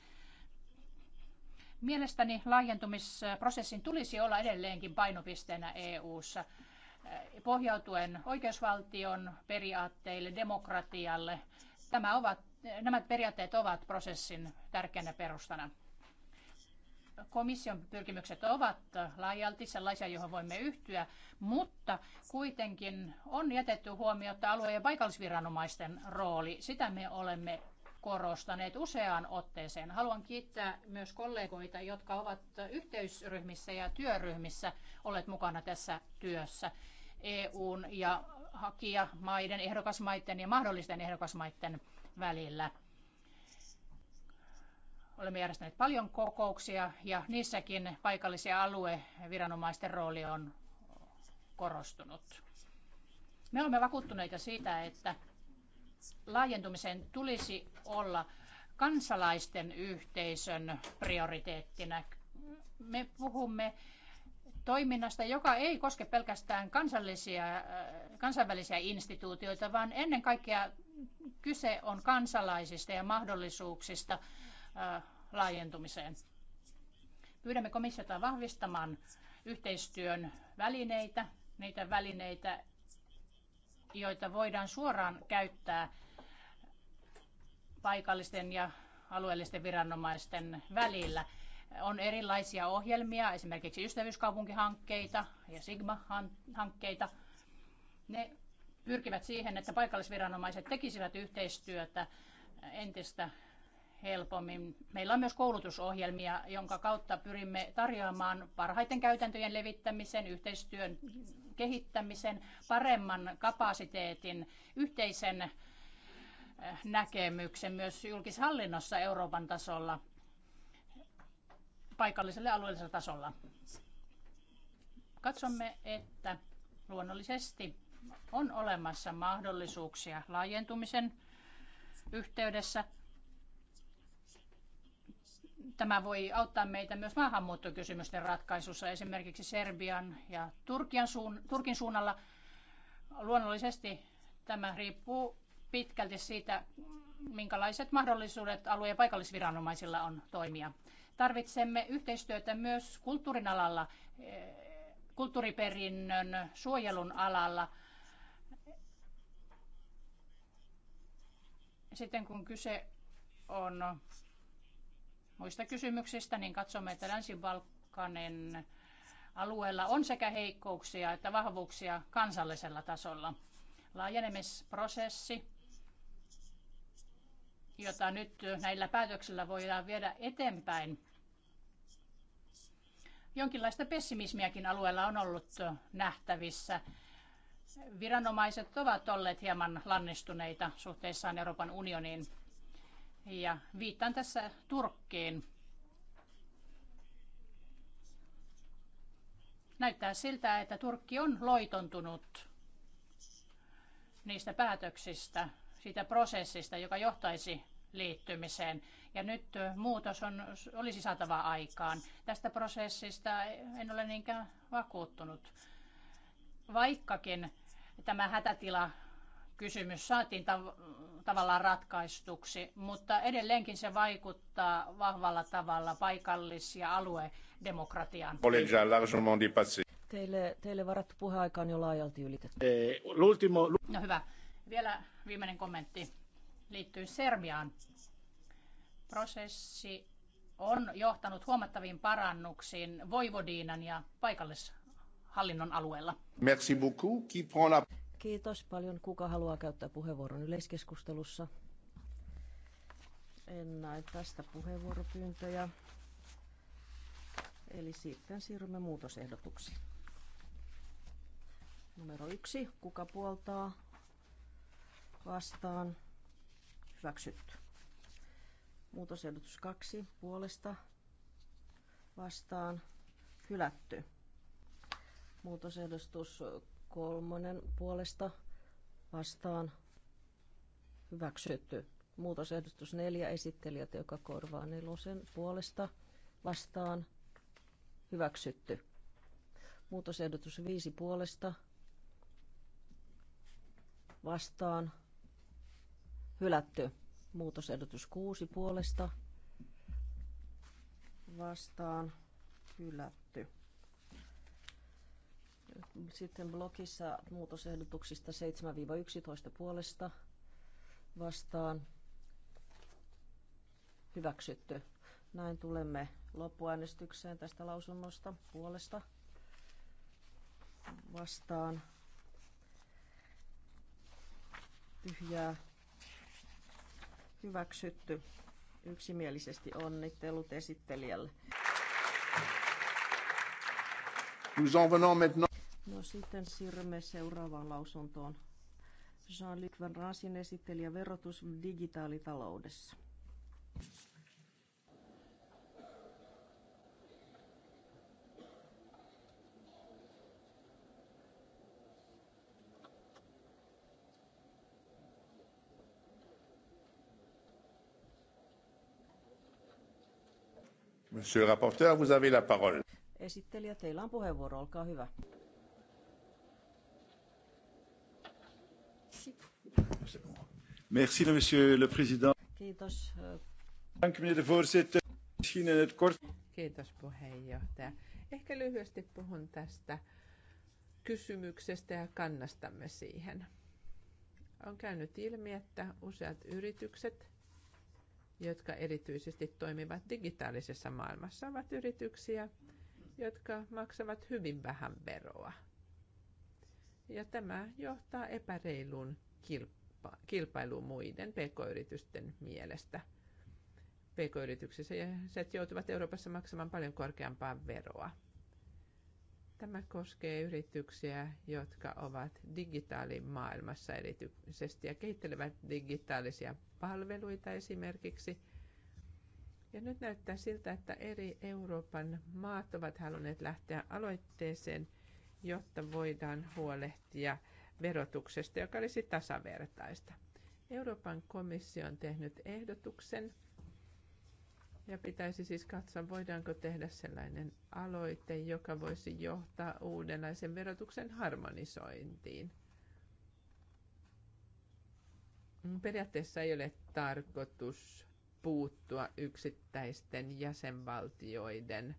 Mielestäni laajentumisprosessin tulisi olla edelleenkin painopisteenä EU:ssa eh, pohjautuen oikeusvaltion periaatteille, demokratialle. Tämä ovat, nämä periaatteet ovat prosessin tärkeänä perustana. Komission pyrkimykset ovat laajalti sellaisia, joihin voimme yhtyä, mutta kuitenkin on jätetty huomiota alue- ja paikallisviranomaisten rooli. Sitä me olemme korostaneet useaan otteeseen. Haluan kiittää myös kollegoita, jotka ovat yhteysryhmissä ja työryhmissä olleet mukana tässä työssä. EUn ja hakijamaiden, ehdokasmaiden ja mahdollisten ehdokasmaiden välillä. Olemme järjestäneet paljon kokouksia ja niissäkin paikallisia alueviranomaisten rooli on korostunut. Me olemme vakuuttuneita siitä, että laajentumisen tulisi olla kansalaisten yhteisön prioriteettina. Me puhumme toiminnasta, joka ei koske pelkästään kansallisia, äh, kansainvälisiä instituutioita, vaan ennen kaikkea kyse on kansalaisista ja mahdollisuuksista äh, laajentumiseen. Pyydämme komissiota vahvistamaan yhteistyön välineitä, niitä välineitä, joita voidaan suoraan käyttää paikallisten ja alueellisten viranomaisten välillä. On erilaisia ohjelmia, esimerkiksi ystävyyskaupunkihankkeita ja Sigma-hankkeita. Ne pyrkivät siihen, että paikallisviranomaiset tekisivät yhteistyötä entistä helpommin. Meillä on myös koulutusohjelmia, jonka kautta pyrimme tarjoamaan parhaiten käytäntöjen levittämisen, yhteistyön kehittämisen, paremman kapasiteetin, yhteisen eh, näkemyksen myös julkishallinnossa Euroopan tasolla, paikallisella ja alueellisella tasolla. Katsomme, että luonnollisesti on olemassa mahdollisuuksia laajentumisen yhteydessä, Tämä voi auttaa meitä myös maahanmuuttokysymysten ratkaisussa esimerkiksi Serbian ja Turkian suun, Turkin suunnalla. Luonnollisesti tämä riippuu pitkälti siitä, minkälaiset mahdollisuudet alue- ja paikallisviranomaisilla on toimia. Tarvitsemme yhteistyötä myös kulttuurin alalla, eh, kulttuuriperinnön suojelun alalla. Sitten kun kyse on muista kysymyksistä, niin katsomme, että Länsi-Balkanin alueella on sekä heikkouksia että vahvuuksia kansallisella tasolla. Laajenemisprosessi, jota nyt näillä päätöksillä voidaan viedä eteenpäin, jonkinlaista pessimismiäkin alueella on ollut nähtävissä. Viranomaiset ovat olleet hieman lannistuneita suhteessaan Euroopan unioniin. Ja viittaan tässä Turkkiin. Näyttää siltä, että Turkki on loitontunut niistä päätöksistä, siitä prosessista, joka johtaisi liittymiseen. Ja nyt muutos on, olisi saatava aikaan. Tästä prosessista en ole niinkään vakuuttunut. Vaikkakin tämä hätätila kysymys saatiin tav- tavallaan ratkaistuksi, mutta edelleenkin se vaikuttaa vahvalla tavalla paikallis- ja aluedemokratiaan. Teille, teille varattu puheaika on jo laajalti ylitetty. Eh, no hyvä. Vielä viimeinen kommentti liittyy Serbiaan. Prosessi on johtanut huomattaviin parannuksiin Voivodiinan ja paikallishallinnon alueella. Merci beaucoup. Qui prend la... Kiitos paljon. Kuka haluaa käyttää puheenvuoron yleiskeskustelussa? En näe tästä puheenvuoropyyntöjä. Eli sitten siirrymme muutosehdotuksiin. Numero yksi. Kuka puoltaa? Vastaan. Hyväksytty. Muutosehdotus kaksi. Puolesta. Vastaan. Hylätty. Muutosehdotus Kolmonen puolesta vastaan hyväksytty. Muutosehdotus neljä esittelijät, joka korvaa nelosen puolesta vastaan hyväksytty. Muutosehdotus viisi puolesta vastaan hylätty. Muutosehdotus kuusi puolesta vastaan hylätty. Sitten blokissa muutosehdotuksista 7-11 puolesta vastaan hyväksytty. Näin tulemme loppuäänestykseen tästä lausunnosta puolesta vastaan tyhjää hyväksytty yksimielisesti onnittelut esittelijälle. Nous en venons maintenant No sitten siirrymme seuraavaan lausuntoon. Jean-Luc Van Raasin esittelijä verotus digitaalitaloudessa. Monsieur le rapporteur, vous avez la parole. Esittelijä, teillä on puheenvuoro, olkaa hyvä. Kiitos puheenjohtaja. Ehkä lyhyesti puhun tästä kysymyksestä ja kannastamme siihen. On käynyt ilmi, että useat yritykset, jotka erityisesti toimivat digitaalisessa maailmassa, ovat yrityksiä, jotka maksavat hyvin vähän veroa. Ja tämä johtaa epäreiluun kilpailuun kilpailu muiden pk-yritysten mielestä. Pk-yritykset joutuvat Euroopassa maksamaan paljon korkeampaa veroa. Tämä koskee yrityksiä, jotka ovat digitaalimaailmassa erityisesti ja kehittelevät digitaalisia palveluita esimerkiksi. Ja nyt näyttää siltä, että eri Euroopan maat ovat halunneet lähteä aloitteeseen, jotta voidaan huolehtia – verotuksesta, joka olisi tasavertaista. Euroopan komissio on tehnyt ehdotuksen ja pitäisi siis katsoa, voidaanko tehdä sellainen aloite, joka voisi johtaa uudenlaisen verotuksen harmonisointiin. Periaatteessa ei ole tarkoitus puuttua yksittäisten jäsenvaltioiden –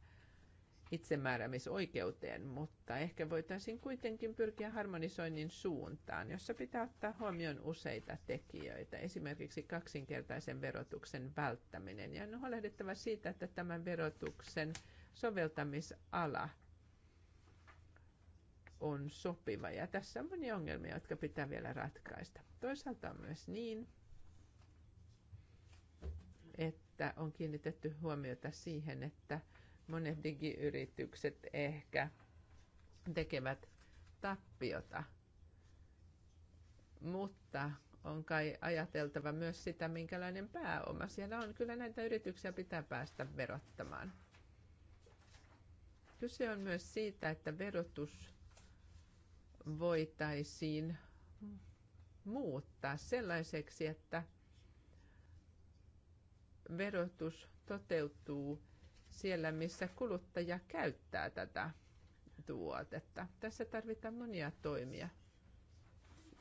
itsemääräämisoikeuteen, mutta ehkä voitaisiin kuitenkin pyrkiä harmonisoinnin suuntaan, jossa pitää ottaa huomioon useita tekijöitä, esimerkiksi kaksinkertaisen verotuksen välttäminen. Ja on huolehdittava siitä, että tämän verotuksen soveltamisala on sopiva. Ja tässä on monia ongelmia, jotka pitää vielä ratkaista. Toisaalta on myös niin, että on kiinnitetty huomiota siihen, että – monet digiyritykset ehkä tekevät tappiota. Mutta on kai ajateltava myös sitä, minkälainen pääoma siellä on. Kyllä näitä yrityksiä pitää päästä verottamaan. Kyse on myös siitä, että verotus voitaisiin muuttaa sellaiseksi, että verotus toteutuu siellä, missä kuluttaja käyttää tätä tuotetta. Tässä tarvitaan monia toimia.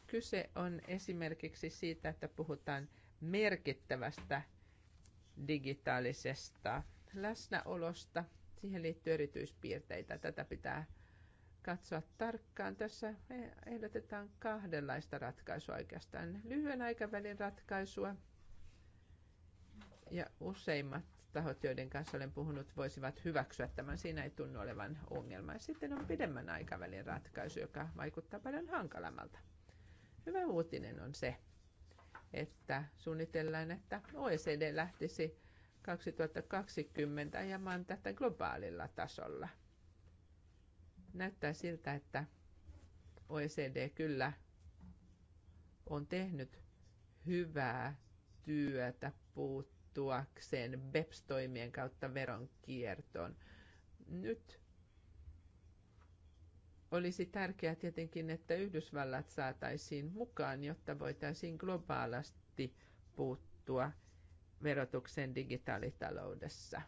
Kyse on esimerkiksi siitä, että puhutaan merkittävästä digitaalisesta läsnäolosta. Siihen liittyy erityispiirteitä. Tätä pitää katsoa tarkkaan. Tässä ehdotetaan kahdenlaista ratkaisua oikeastaan. Lyhyen aikavälin ratkaisua ja useimmat tahot, joiden kanssa olen puhunut, voisivat hyväksyä tämän. Siinä ei tunnu olevan ongelma. Sitten on pidemmän aikavälin ratkaisu, joka vaikuttaa paljon hankalammalta. Hyvä uutinen on se, että suunnitellaan, että OECD lähtisi 2020 ajamaan tätä globaalilla tasolla. Näyttää siltä, että OECD kyllä on tehnyt hyvää työtä puuttua puuttuakseen BEPS-toimien kautta veronkiertoon. Nyt olisi tärkeää tietenkin, että Yhdysvallat saataisiin mukaan, jotta voitaisiin globaalisti puuttua verotuksen digitaalitaloudessa.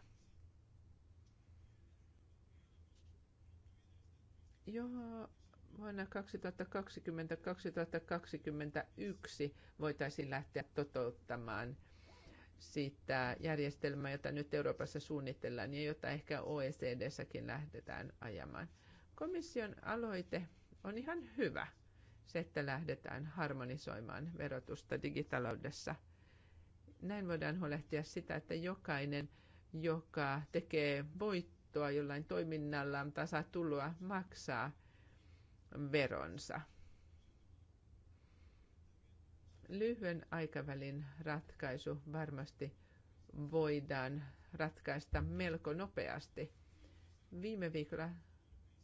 Jo vuonna 2020-2021 voitaisiin lähteä toteuttamaan – sitä järjestelmää, jota nyt Euroopassa suunnitellaan ja jota ehkä OECDssäkin lähdetään ajamaan. Komission aloite on ihan hyvä, se, että lähdetään harmonisoimaan verotusta digitaloudessa. Näin voidaan huolehtia sitä, että jokainen, joka tekee voittoa jollain toiminnallaan tai saa tuloa, maksaa veronsa – lyhyen aikavälin ratkaisu varmasti voidaan ratkaista melko nopeasti. Viime viikolla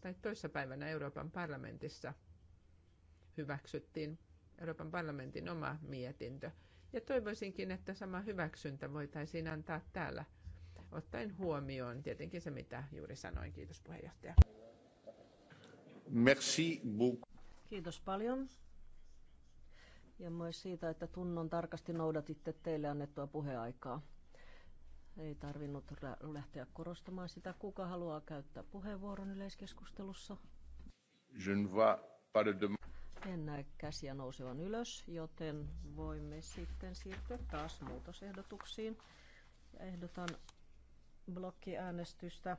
tai toissapäivänä Euroopan parlamentissa hyväksyttiin Euroopan parlamentin oma mietintö. Ja toivoisinkin, että sama hyväksyntä voitaisiin antaa täällä, ottaen huomioon tietenkin se, mitä juuri sanoin. Kiitos puheenjohtaja. Merci beaucoup. Kiitos paljon ja myös siitä, että tunnon tarkasti noudatitte teille annettua puheaikaa. Ei tarvinnut lähteä korostamaan sitä, kuka haluaa käyttää puheenvuoron yleiskeskustelussa. Je ne vois pas de en näe käsiä nousevan ylös, joten voimme sitten siirtyä taas muutosehdotuksiin. Ehdotan blokkiäänestystä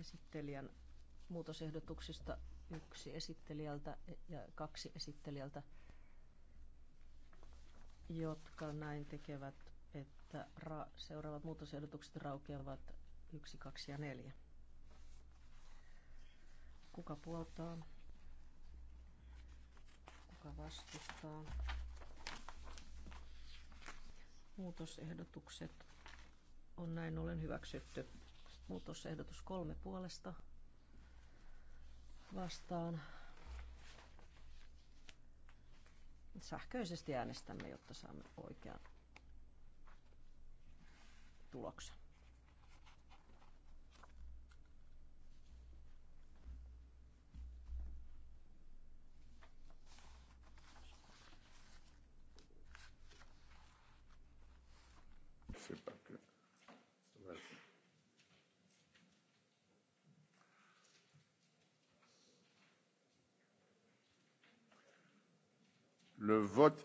esittelijän muutosehdotuksista yksi esittelijältä ja kaksi esittelijältä jotka näin tekevät, että ra- seuraavat muutosehdotukset raukeavat 1, 2 ja 4. Kuka puoltaa? Kuka vastustaa? Muutosehdotukset on näin ollen hyväksytty. Muutosehdotus kolme puolesta vastaan Sähköisesti äänestämme, jotta saamme oikean tuloksen. Super. Le vote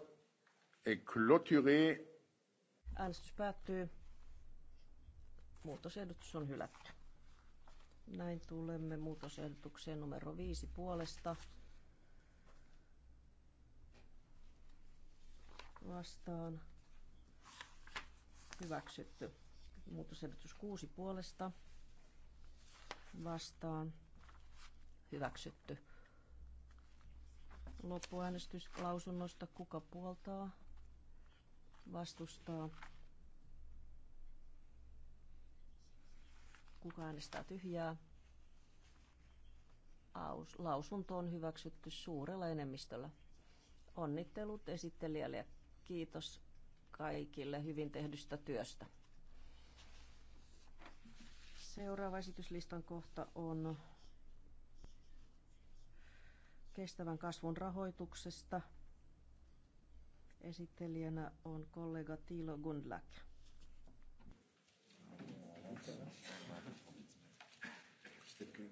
est clôturé. Äänestys päättyy. Muutosehdotus on hylätty. Näin tulemme muutosehdotukseen numero viisi puolesta. Vastaan. Hyväksytty. Muutosehdotus kuusi puolesta. Vastaan. Hyväksytty loppuäänestyslausunnosta, Kuka puoltaa? Vastustaa? Kuka äänestää tyhjää? Aus, lausunto on hyväksytty suurella enemmistöllä. Onnittelut esittelijälle ja kiitos kaikille hyvin tehdystä työstä. Seuraava esityslistan kohta on kestävän kasvun rahoituksesta. Esittelijänä on kollega Tilo Gundlach.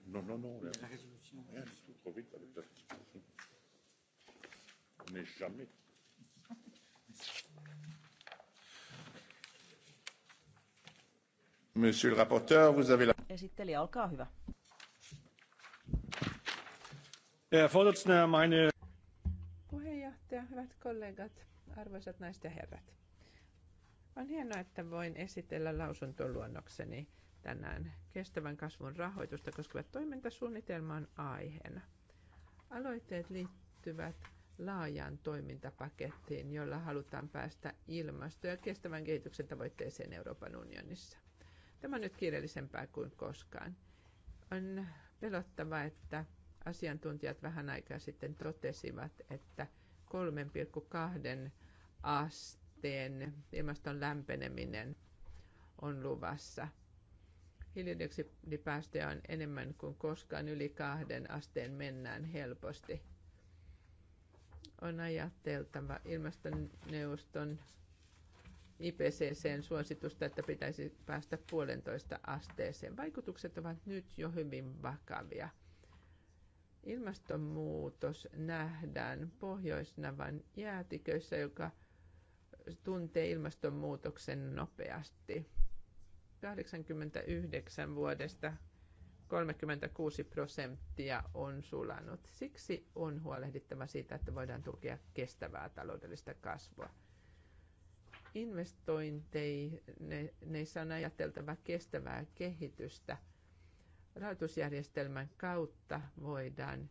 No, no, no. Monsieur le rapporteur, vous avez la... Esittelijä, olkaa hyvä. Puheenjohtaja, hyvät kollegat, arvoisat naiset ja herrat. On hienoa, että voin esitellä lausuntoluonnokseni tänään. Kestävän kasvun rahoitusta koskevat toimintasuunnitelman aiheena. Aloitteet liittyvät laajaan toimintapakettiin, jolla halutaan päästä ilmasto- ja kestävän kehityksen tavoitteeseen Euroopan unionissa. Tämä on nyt kiireellisempää kuin koskaan. On pelottava, että asiantuntijat vähän aikaa sitten totesivat, että 3,2 asteen ilmaston lämpeneminen on luvassa. Hiilidioksidipäästöjä on enemmän kuin koskaan, yli kahden asteen mennään helposti. On ajateltava ilmastoneuvoston IPCCn suositusta, että pitäisi päästä puolentoista asteeseen. Vaikutukset ovat nyt jo hyvin vakavia – Ilmastonmuutos nähdään Pohjoisnavan jäätiköissä, joka tuntee ilmastonmuutoksen nopeasti. 89 vuodesta 36 prosenttia on sulanut. Siksi on huolehdittava siitä, että voidaan tukea kestävää taloudellista kasvua. Investointeissa on ajateltava kestävää kehitystä – rahoitusjärjestelmän kautta voidaan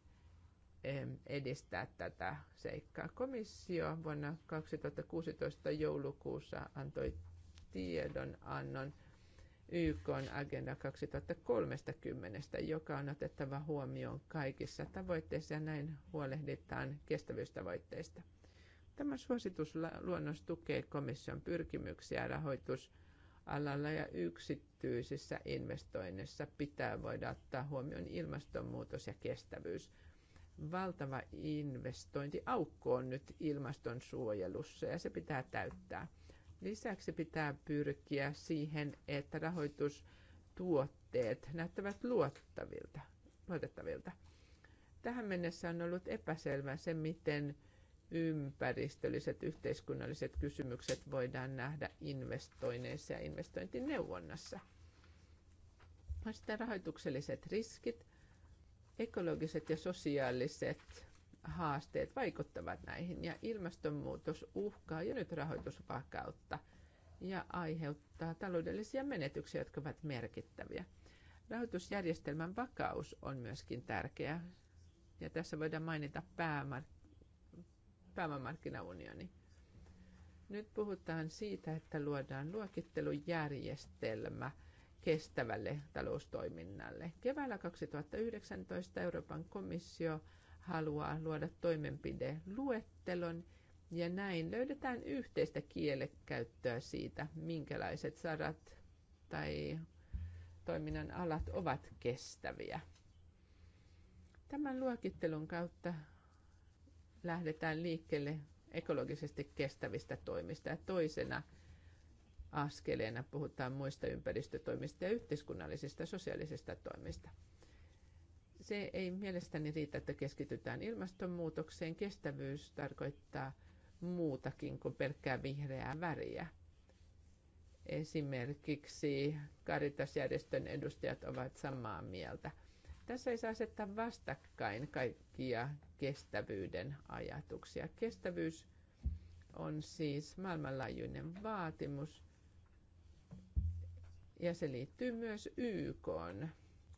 edistää tätä seikkaa. Komissio vuonna 2016 joulukuussa antoi tiedonannon YK Agenda 2030, joka on otettava huomioon kaikissa tavoitteissa ja näin huolehditaan kestävyystavoitteista. Tämä suositusluonnos tukee komission pyrkimyksiä rahoitus- alalla ja yksityisissä investoinneissa pitää voida ottaa huomioon ilmastonmuutos ja kestävyys. Valtava investointiaukko on nyt ilmastonsuojelussa ja se pitää täyttää. Lisäksi pitää pyrkiä siihen, että rahoitustuotteet näyttävät luottavilta, luotettavilta. Tähän mennessä on ollut epäselvää se, miten ympäristölliset, yhteiskunnalliset kysymykset voidaan nähdä investoinneissa ja investointineuvonnassa. On sitten rahoitukselliset riskit, ekologiset ja sosiaaliset haasteet vaikuttavat näihin ja ilmastonmuutos uhkaa jo nyt rahoitusvakautta ja aiheuttaa taloudellisia menetyksiä, jotka ovat merkittäviä. Rahoitusjärjestelmän vakaus on myöskin tärkeä ja tässä voidaan mainita päämarkkinoita pääomamarkkinaunioni. Nyt puhutaan siitä, että luodaan luokittelujärjestelmä kestävälle taloustoiminnalle. Keväällä 2019 Euroopan komissio haluaa luoda toimenpideluettelon ja näin löydetään yhteistä kielekäyttöä siitä, minkälaiset sarat tai toiminnan alat ovat kestäviä. Tämän luokittelun kautta lähdetään liikkeelle ekologisesti kestävistä toimista ja toisena askeleena puhutaan muista ympäristötoimista ja yhteiskunnallisista sosiaalisista toimista. Se ei mielestäni riitä, että keskitytään ilmastonmuutokseen. Kestävyys tarkoittaa muutakin kuin pelkkää vihreää väriä. Esimerkiksi Caritas-järjestön edustajat ovat samaa mieltä – tässä ei saa asettaa vastakkain kaikkia kestävyyden ajatuksia. Kestävyys on siis maailmanlaajuinen vaatimus ja se liittyy myös YK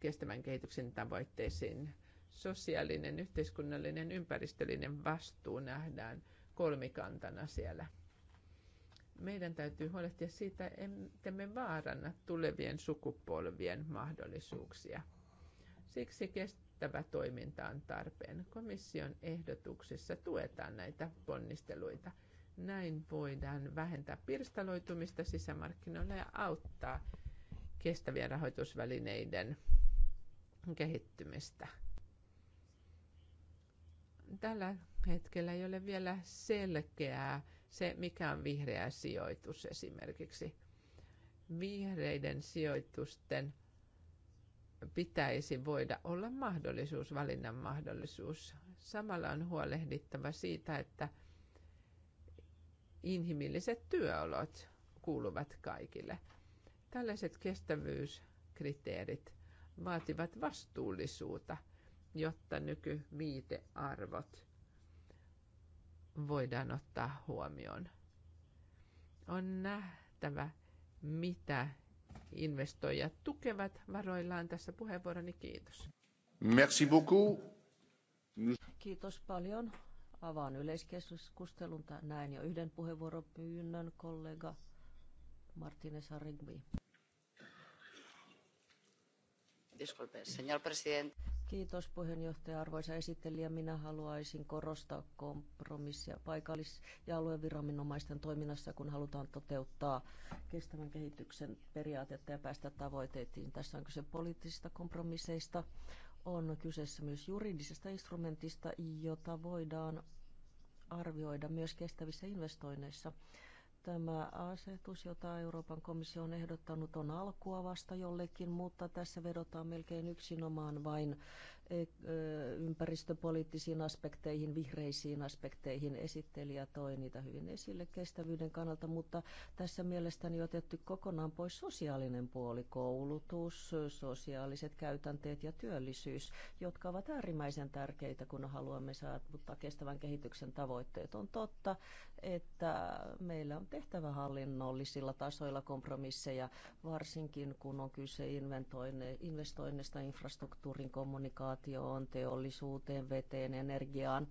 kestävän kehityksen tavoitteisiin. Sosiaalinen, yhteiskunnallinen, ympäristöllinen vastuu nähdään kolmikantana siellä. Meidän täytyy huolehtia siitä, että me vaaranna tulevien sukupolvien mahdollisuuksia – Siksi kestävä toiminta on tarpeen. Komission ehdotuksissa tuetaan näitä ponnisteluita. Näin voidaan vähentää pirstaloitumista sisämarkkinoilla ja auttaa kestävien rahoitusvälineiden kehittymistä. Tällä hetkellä ei ole vielä selkeää se, mikä on vihreä sijoitus esimerkiksi. Vihreiden sijoitusten pitäisi voida olla mahdollisuus, valinnan mahdollisuus. Samalla on huolehdittava siitä, että inhimilliset työolot kuuluvat kaikille. Tällaiset kestävyyskriteerit vaativat vastuullisuutta, jotta nykyviitearvot voidaan ottaa huomioon. On nähtävä, mitä investoijat tukevat varoillaan tässä puheenvuoroni. Kiitos. Merci beaucoup. Kiitos paljon. Avaan yleiskeskustelun. Näin jo yhden puheenvuoropyynnön kollega Martínez Arigbi. Disculpe, señor presidente. Kiitos puheenjohtaja. Arvoisa esittelijä, minä haluaisin korostaa kompromissia paikallis- ja alueviranomaisten toiminnassa, kun halutaan toteuttaa kestävän kehityksen periaatetta ja päästä tavoitteisiin. Tässä on kyse poliittisista kompromisseista. On kyseessä myös juridisesta instrumentista, jota voidaan arvioida myös kestävissä investoinneissa. Tämä asetus, jota Euroopan komissio on ehdottanut, on alkua vasta jollekin, mutta tässä vedotaan melkein yksinomaan vain E, ympäristöpoliittisiin aspekteihin, vihreisiin aspekteihin. Esittelijä toi niitä hyvin esille kestävyyden kannalta, mutta tässä mielestäni otettu kokonaan pois sosiaalinen puoli, koulutus, sosiaaliset käytänteet ja työllisyys, jotka ovat äärimmäisen tärkeitä, kun haluamme saavuttaa kestävän kehityksen tavoitteet. On totta, että meillä on tehtävä hallinnollisilla tasoilla kompromisseja, varsinkin kun on kyse investoinneista, infrastruktuurin kommunikaatioon, innovaatioon, teollisuuteen, veteen, energiaan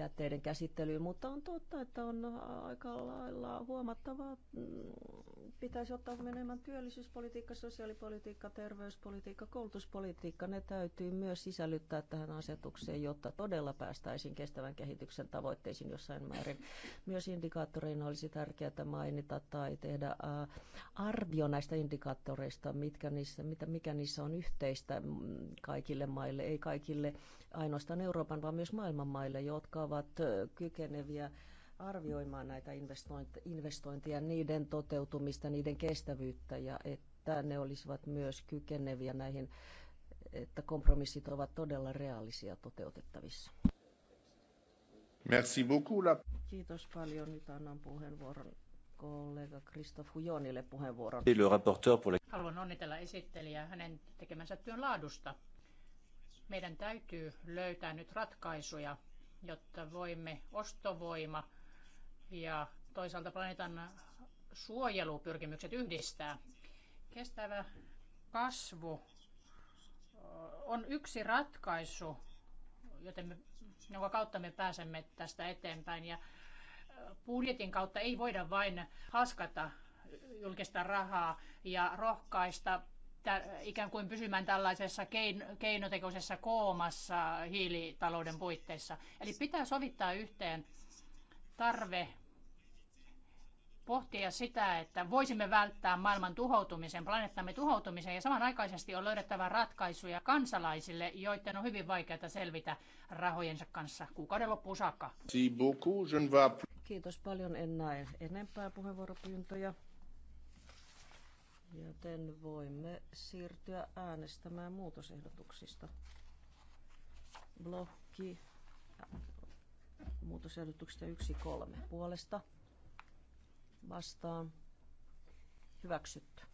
jätteiden käsittelyyn, mutta on totta, että on aika lailla huomattavaa. Mm, pitäisi ottaa enemmän työllisyyspolitiikka, sosiaalipolitiikka, terveyspolitiikka, koulutuspolitiikka. Ne täytyy myös sisällyttää tähän asetukseen, jotta todella päästäisiin kestävän kehityksen tavoitteisiin jossain määrin. Myös indikaattoreina olisi tärkeää mainita tai tehdä arvio näistä indikaattoreista, mitkä niissä, mitä, mikä niissä on yhteistä mm, kaikille maille. Ei kaikille ainoastaan Euroopan, vaan myös maailman maille, jotka ovat kykeneviä arvioimaan näitä investointeja, niiden toteutumista, niiden kestävyyttä ja että ne olisivat myös kykeneviä näihin, että kompromissit ovat todella reaalisia toteutettavissa. Merci beaucoup. Kiitos paljon. Nyt annan puheenvuoron kollega Kristof Hujonille puheenvuoron. Haluan onnitella esittelijää hänen tekemänsä työn laadusta. Meidän täytyy löytää nyt ratkaisuja, jotta voimme ostovoima ja toisaalta planeetan suojelupyrkimykset yhdistää. Kestävä kasvu on yksi ratkaisu, joten me, jonka kautta me pääsemme tästä eteenpäin. Ja budjetin kautta ei voida vain haskata julkista rahaa ja rohkaista ikään kuin pysymään tällaisessa keinotekoisessa koomassa hiilitalouden puitteissa. Eli pitää sovittaa yhteen tarve pohtia sitä, että voisimme välttää maailman tuhoutumisen, planeettamme tuhoutumisen ja samanaikaisesti on löydettävä ratkaisuja kansalaisille, joiden on hyvin vaikeaa selvitä rahojensa kanssa kuukauden loppuun saakka. Kiitos paljon, en näe enempää puheenvuoropyyntöjä. Joten voimme siirtyä äänestämään muutosehdotuksista. Blokki muutosehdotuksesta 1.3 puolesta vastaan hyväksytty.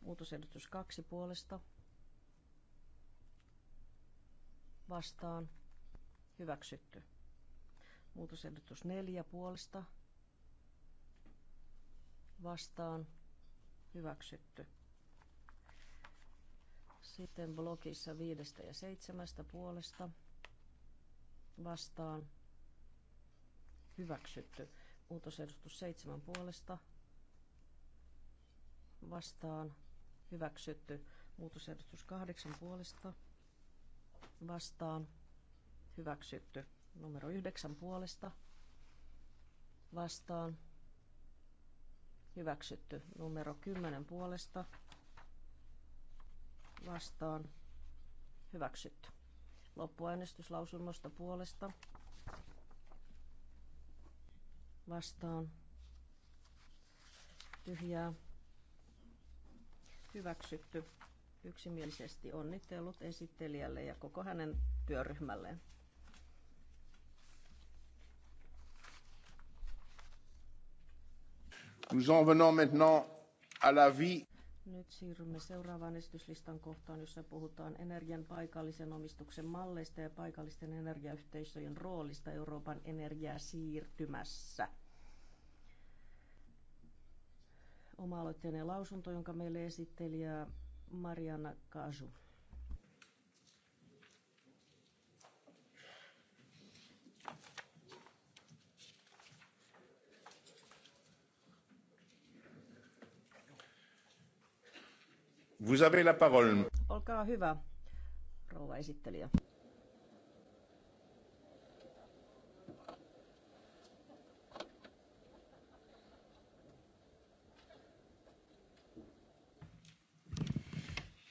Muutosehdotus 2 puolesta vastaan hyväksytty. Muutosehdotus 4 puolesta vastaan Hyväksytty. Sitten blogissa viidestä ja seitsemästä puolesta vastaan. Hyväksytty. Muutosehdotus seitsemän puolesta vastaan. Hyväksytty. Muutosehdotus kahdeksan puolesta vastaan. Hyväksytty. Numero yhdeksän puolesta vastaan Hyväksytty. Numero 10 puolesta. Vastaan. Hyväksytty. Loppuäänestyslausunnosta puolesta. Vastaan. Tyhjää. Hyväksytty. Yksimielisesti onnittelut esittelijälle ja koko hänen työryhmälleen. Nous en venons maintenant à Nyt siirrymme seuraavaan esityslistan kohtaan, jossa puhutaan energian paikallisen omistuksen malleista ja paikallisten energiayhteisöjen roolista Euroopan energiasiirtymässä. Oma-aloitteinen lausunto, jonka meille esitteli Marianna Kaasu. Vous avez la parole. Olkaa hyvä, rouva esittelijä.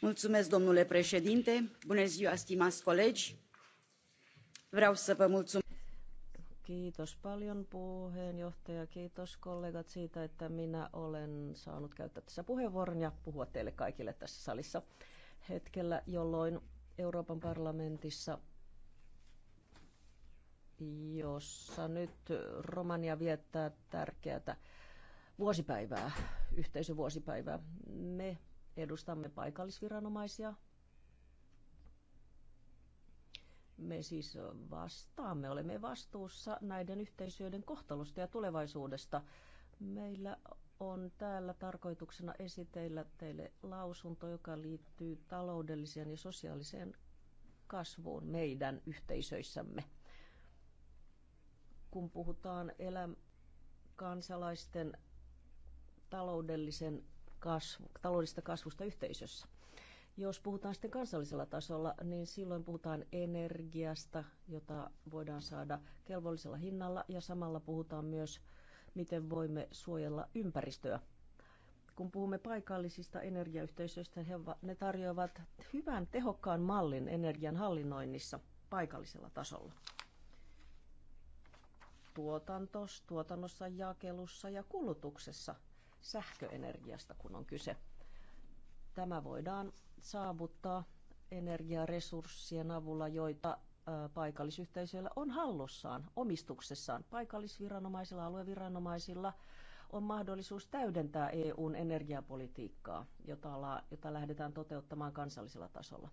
Mulțumesc, domnule președinte. Bună ziua, stimați colegi. Vreau să vă mulțumesc. Kiitos paljon puheenjohtaja, kiitos kollegat siitä, että minä olen saanut käyttää tässä puheenvuoron ja puhua teille kaikille tässä salissa hetkellä, jolloin Euroopan parlamentissa, jossa nyt Romania viettää tärkeää vuosipäivää, yhteisövuosipäivää. Me edustamme paikallisviranomaisia, Me siis vastaamme, olemme vastuussa näiden yhteisöiden kohtalosta ja tulevaisuudesta. Meillä on täällä tarkoituksena esitellä teille lausunto, joka liittyy taloudelliseen ja sosiaaliseen kasvuun meidän yhteisöissämme. Kun puhutaan eläm- kansalaisten taloudellisen kasvu, taloudellisesta kasvusta yhteisössä. Jos puhutaan sitten kansallisella tasolla, niin silloin puhutaan energiasta, jota voidaan saada kelvollisella hinnalla ja samalla puhutaan myös, miten voimme suojella ympäristöä. Kun puhumme paikallisista energiayhteisöistä, he, ne tarjoavat hyvän tehokkaan mallin energian hallinnoinnissa paikallisella tasolla. Tuotantos, tuotannossa, jakelussa ja kulutuksessa sähköenergiasta, kun on kyse – Tämä voidaan saavuttaa energiaresurssien avulla, joita paikallisyhteisöillä on hallussaan, omistuksessaan. Paikallisviranomaisilla, alueviranomaisilla on mahdollisuus täydentää EUn energiapolitiikkaa, jota, jota lähdetään toteuttamaan kansallisella tasolla.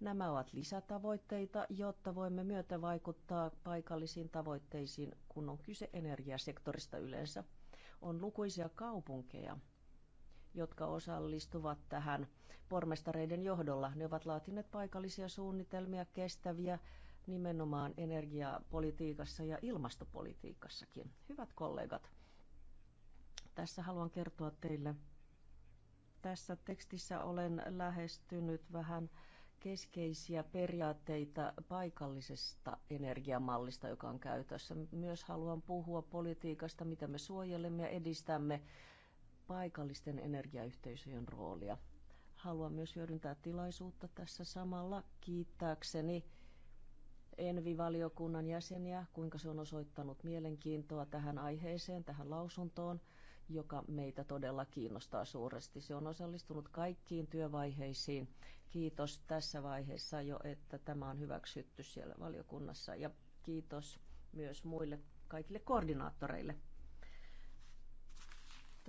Nämä ovat lisätavoitteita, jotta voimme myötä vaikuttaa paikallisiin tavoitteisiin, kun on kyse energiasektorista yleensä. On lukuisia kaupunkeja, jotka osallistuvat tähän pormestareiden johdolla. Ne ovat laatineet paikallisia suunnitelmia, kestäviä nimenomaan energiapolitiikassa ja ilmastopolitiikassakin. Hyvät kollegat, tässä haluan kertoa teille. Tässä tekstissä olen lähestynyt vähän keskeisiä periaatteita paikallisesta energiamallista, joka on käytössä. Myös haluan puhua politiikasta, mitä me suojelemme ja edistämme paikallisten energiayhteisöjen roolia. Haluan myös hyödyntää tilaisuutta tässä samalla kiittääkseni Envi-valiokunnan jäseniä, kuinka se on osoittanut mielenkiintoa tähän aiheeseen, tähän lausuntoon, joka meitä todella kiinnostaa suuresti. Se on osallistunut kaikkiin työvaiheisiin. Kiitos tässä vaiheessa jo, että tämä on hyväksytty siellä valiokunnassa ja kiitos myös muille kaikille koordinaattoreille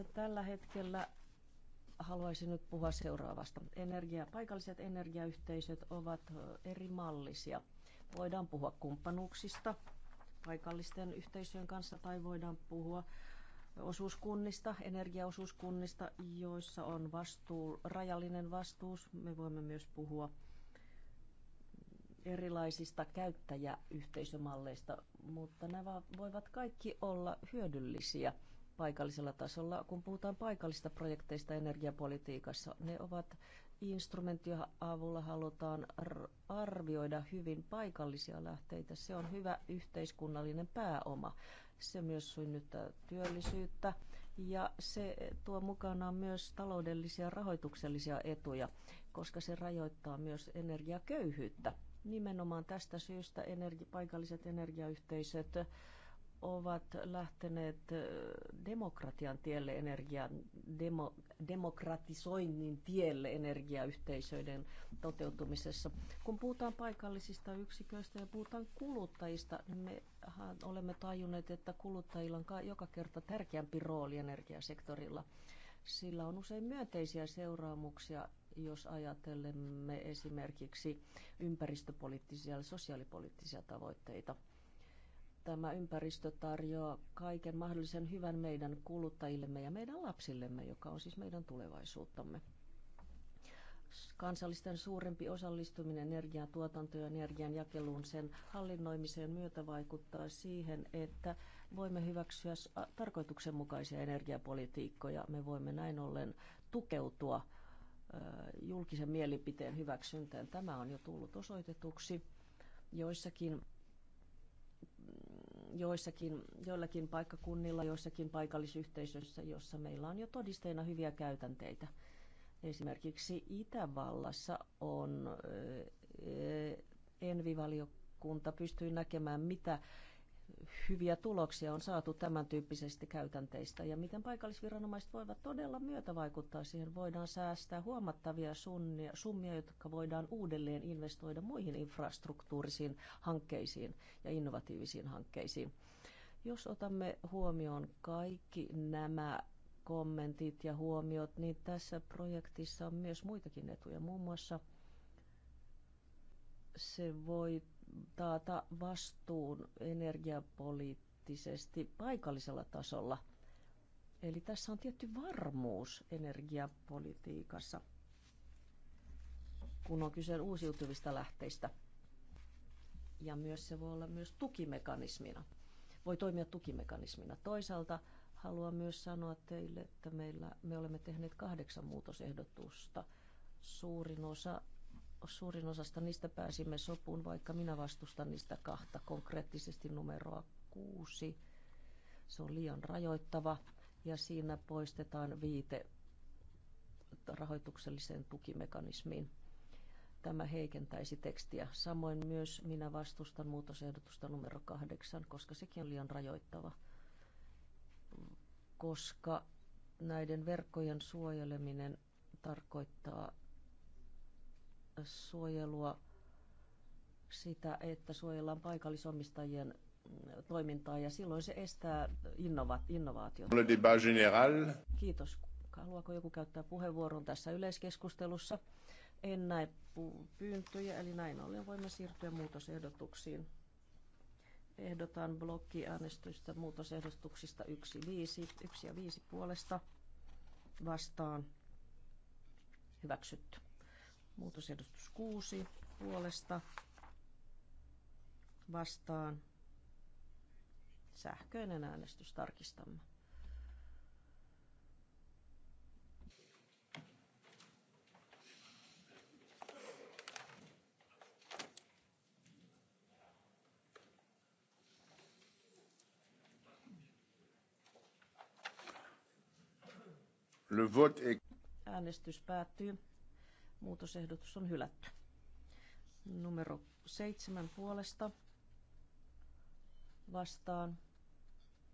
että tällä hetkellä haluaisin nyt puhua seuraavasta. Energia, paikalliset energiayhteisöt ovat eri mallisia. Voidaan puhua kumppanuuksista paikallisten yhteisöjen kanssa tai voidaan puhua osuuskunnista, energiaosuuskunnista, joissa on vastuu, rajallinen vastuus. Me voimme myös puhua erilaisista käyttäjäyhteisömalleista, mutta nämä voivat kaikki olla hyödyllisiä – paikallisella tasolla, kun puhutaan paikallista projekteista energiapolitiikassa. Ne ovat instrumenttia avulla halutaan arvioida hyvin paikallisia lähteitä. Se on hyvä yhteiskunnallinen pääoma. Se myös synnyttää työllisyyttä ja se tuo mukanaan myös taloudellisia rahoituksellisia etuja, koska se rajoittaa myös energiaköyhyyttä. Nimenomaan tästä syystä energi- paikalliset energiayhteisöt ovat lähteneet demokratian tielle energian, demo, demokratisoinnin tielle energiayhteisöiden toteutumisessa. Kun puhutaan paikallisista yksiköistä ja puhutaan kuluttajista, niin me olemme tajunneet, että kuluttajilla on joka kerta tärkeämpi rooli energiasektorilla. Sillä on usein myönteisiä seuraamuksia jos ajatellemme esimerkiksi ympäristöpoliittisia ja sosiaalipoliittisia tavoitteita – Tämä ympäristö tarjoaa kaiken mahdollisen hyvän meidän kuluttajillemme ja meidän lapsillemme, joka on siis meidän tulevaisuuttamme. Kansallisten suurempi osallistuminen energian ja energian jakeluun sen hallinnoimiseen myötä vaikuttaa siihen, että voimme hyväksyä tarkoituksenmukaisia energiapolitiikkoja. Me voimme näin ollen tukeutua julkisen mielipiteen hyväksyntään. Tämä on jo tullut osoitetuksi joissakin joissakin, joillakin paikkakunnilla, joissakin paikallisyhteisöissä, jossa meillä on jo todisteena hyviä käytänteitä. Esimerkiksi Itävallassa on envivaliokunta pystyy näkemään, mitä hyviä tuloksia on saatu tämän tyyppisistä käytänteistä ja miten paikallisviranomaiset voivat todella myötävaikuttaa siihen. Voidaan säästää huomattavia summia, jotka voidaan uudelleen investoida muihin infrastruktuurisiin hankkeisiin ja innovatiivisiin hankkeisiin. Jos otamme huomioon kaikki nämä kommentit ja huomiot, niin tässä projektissa on myös muitakin etuja. Muun muassa se voi taata vastuun energiapoliittisesti paikallisella tasolla. Eli tässä on tietty varmuus energiapolitiikassa, kun on kyse uusiutuvista lähteistä. Ja myös se voi olla myös tukimekanismina. Voi toimia tukimekanismina. Toisaalta haluan myös sanoa teille, että meillä, me olemme tehneet kahdeksan muutosehdotusta. Suurin osa suurin osasta niistä pääsimme sopuun, vaikka minä vastustan niistä kahta, konkreettisesti numeroa kuusi. Se on liian rajoittava ja siinä poistetaan viite rahoitukselliseen tukimekanismiin. Tämä heikentäisi tekstiä. Samoin myös minä vastustan muutosehdotusta numero kahdeksan, koska sekin on liian rajoittava, koska näiden verkkojen suojeleminen tarkoittaa suojelua sitä, että suojellaan paikallisomistajien mm, toimintaa ja silloin se estää innova- innovaatiot. Kiitos. Haluaako joku käyttää puheenvuoron tässä yleiskeskustelussa? En näe pyyntöjä, eli näin ollen voimme siirtyä muutosehdotuksiin. Ehdotan blokkiäänestystä muutosehdotuksista 1, 5, 1 ja 5 puolesta vastaan. Hyväksytty. Muutosehdotus 6 puolesta vastaan. Sähköinen äänestys tarkistamme. Le vote est... Äänestys päättyy. Muutosehdotus on hylätty. Numero seitsemän puolesta vastaan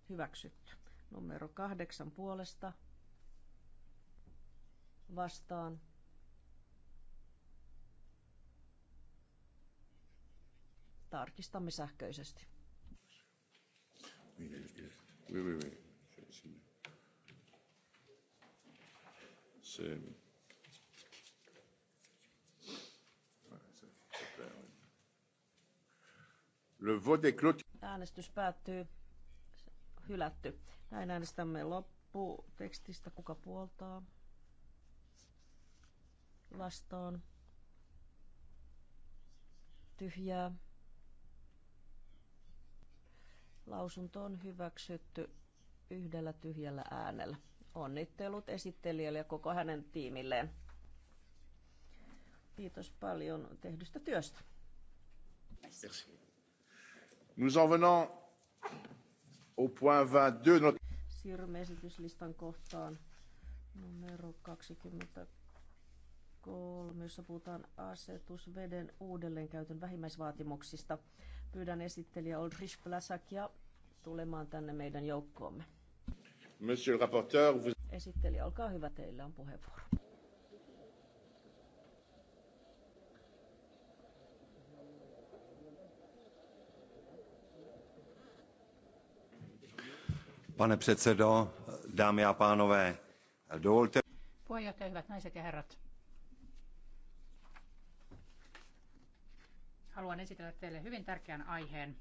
hyväksytty. Numero kahdeksan puolesta vastaan tarkistamme sähköisesti. Se, Le vote est clos. Äänestys päättyy. Hylätty. Näin äänestämme loppu tekstistä. Kuka puoltaa? Vastaan. Tyhjää. Lausunto on hyväksytty yhdellä tyhjällä äänellä. Onnittelut esittelijälle ja koko hänen tiimilleen. Kiitos paljon tehdystä työstä. Merci. Nous en venons au point 22. Notre... Siirrymme esityslistan kohtaan numero 23, jossa puhutaan uudelleenkäytön vähimmäisvaatimuksista. Pyydän esittelijä Oldrich Plasakia tulemaan tänne meidän joukkoomme. Monsieur le rapporteur, vous... Esittelijä, olkaa hyvä, teillä on puheenvuoro. Pane předsedo, dámy a dovolte... Puheenjohtaja, Haluan esitellä teille hyvin tärkeän aiheen.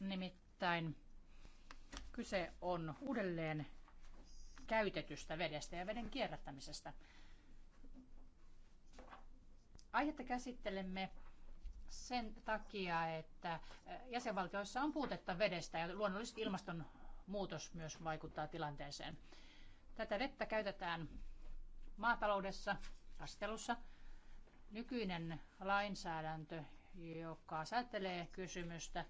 Nimittäin kyse on uudelleen käytetystä vedestä ja veden kierrättämisestä. Aihetta käsittelemme sen takia, että eh, jäsenvaltioissa on puutetta vedestä ja luonnollisesti ilmastonmuutos myös vaikuttaa tilanteeseen. Tätä vettä käytetään maataloudessa, kastelussa. Nykyinen lainsäädäntö, joka säätelee kysymystä,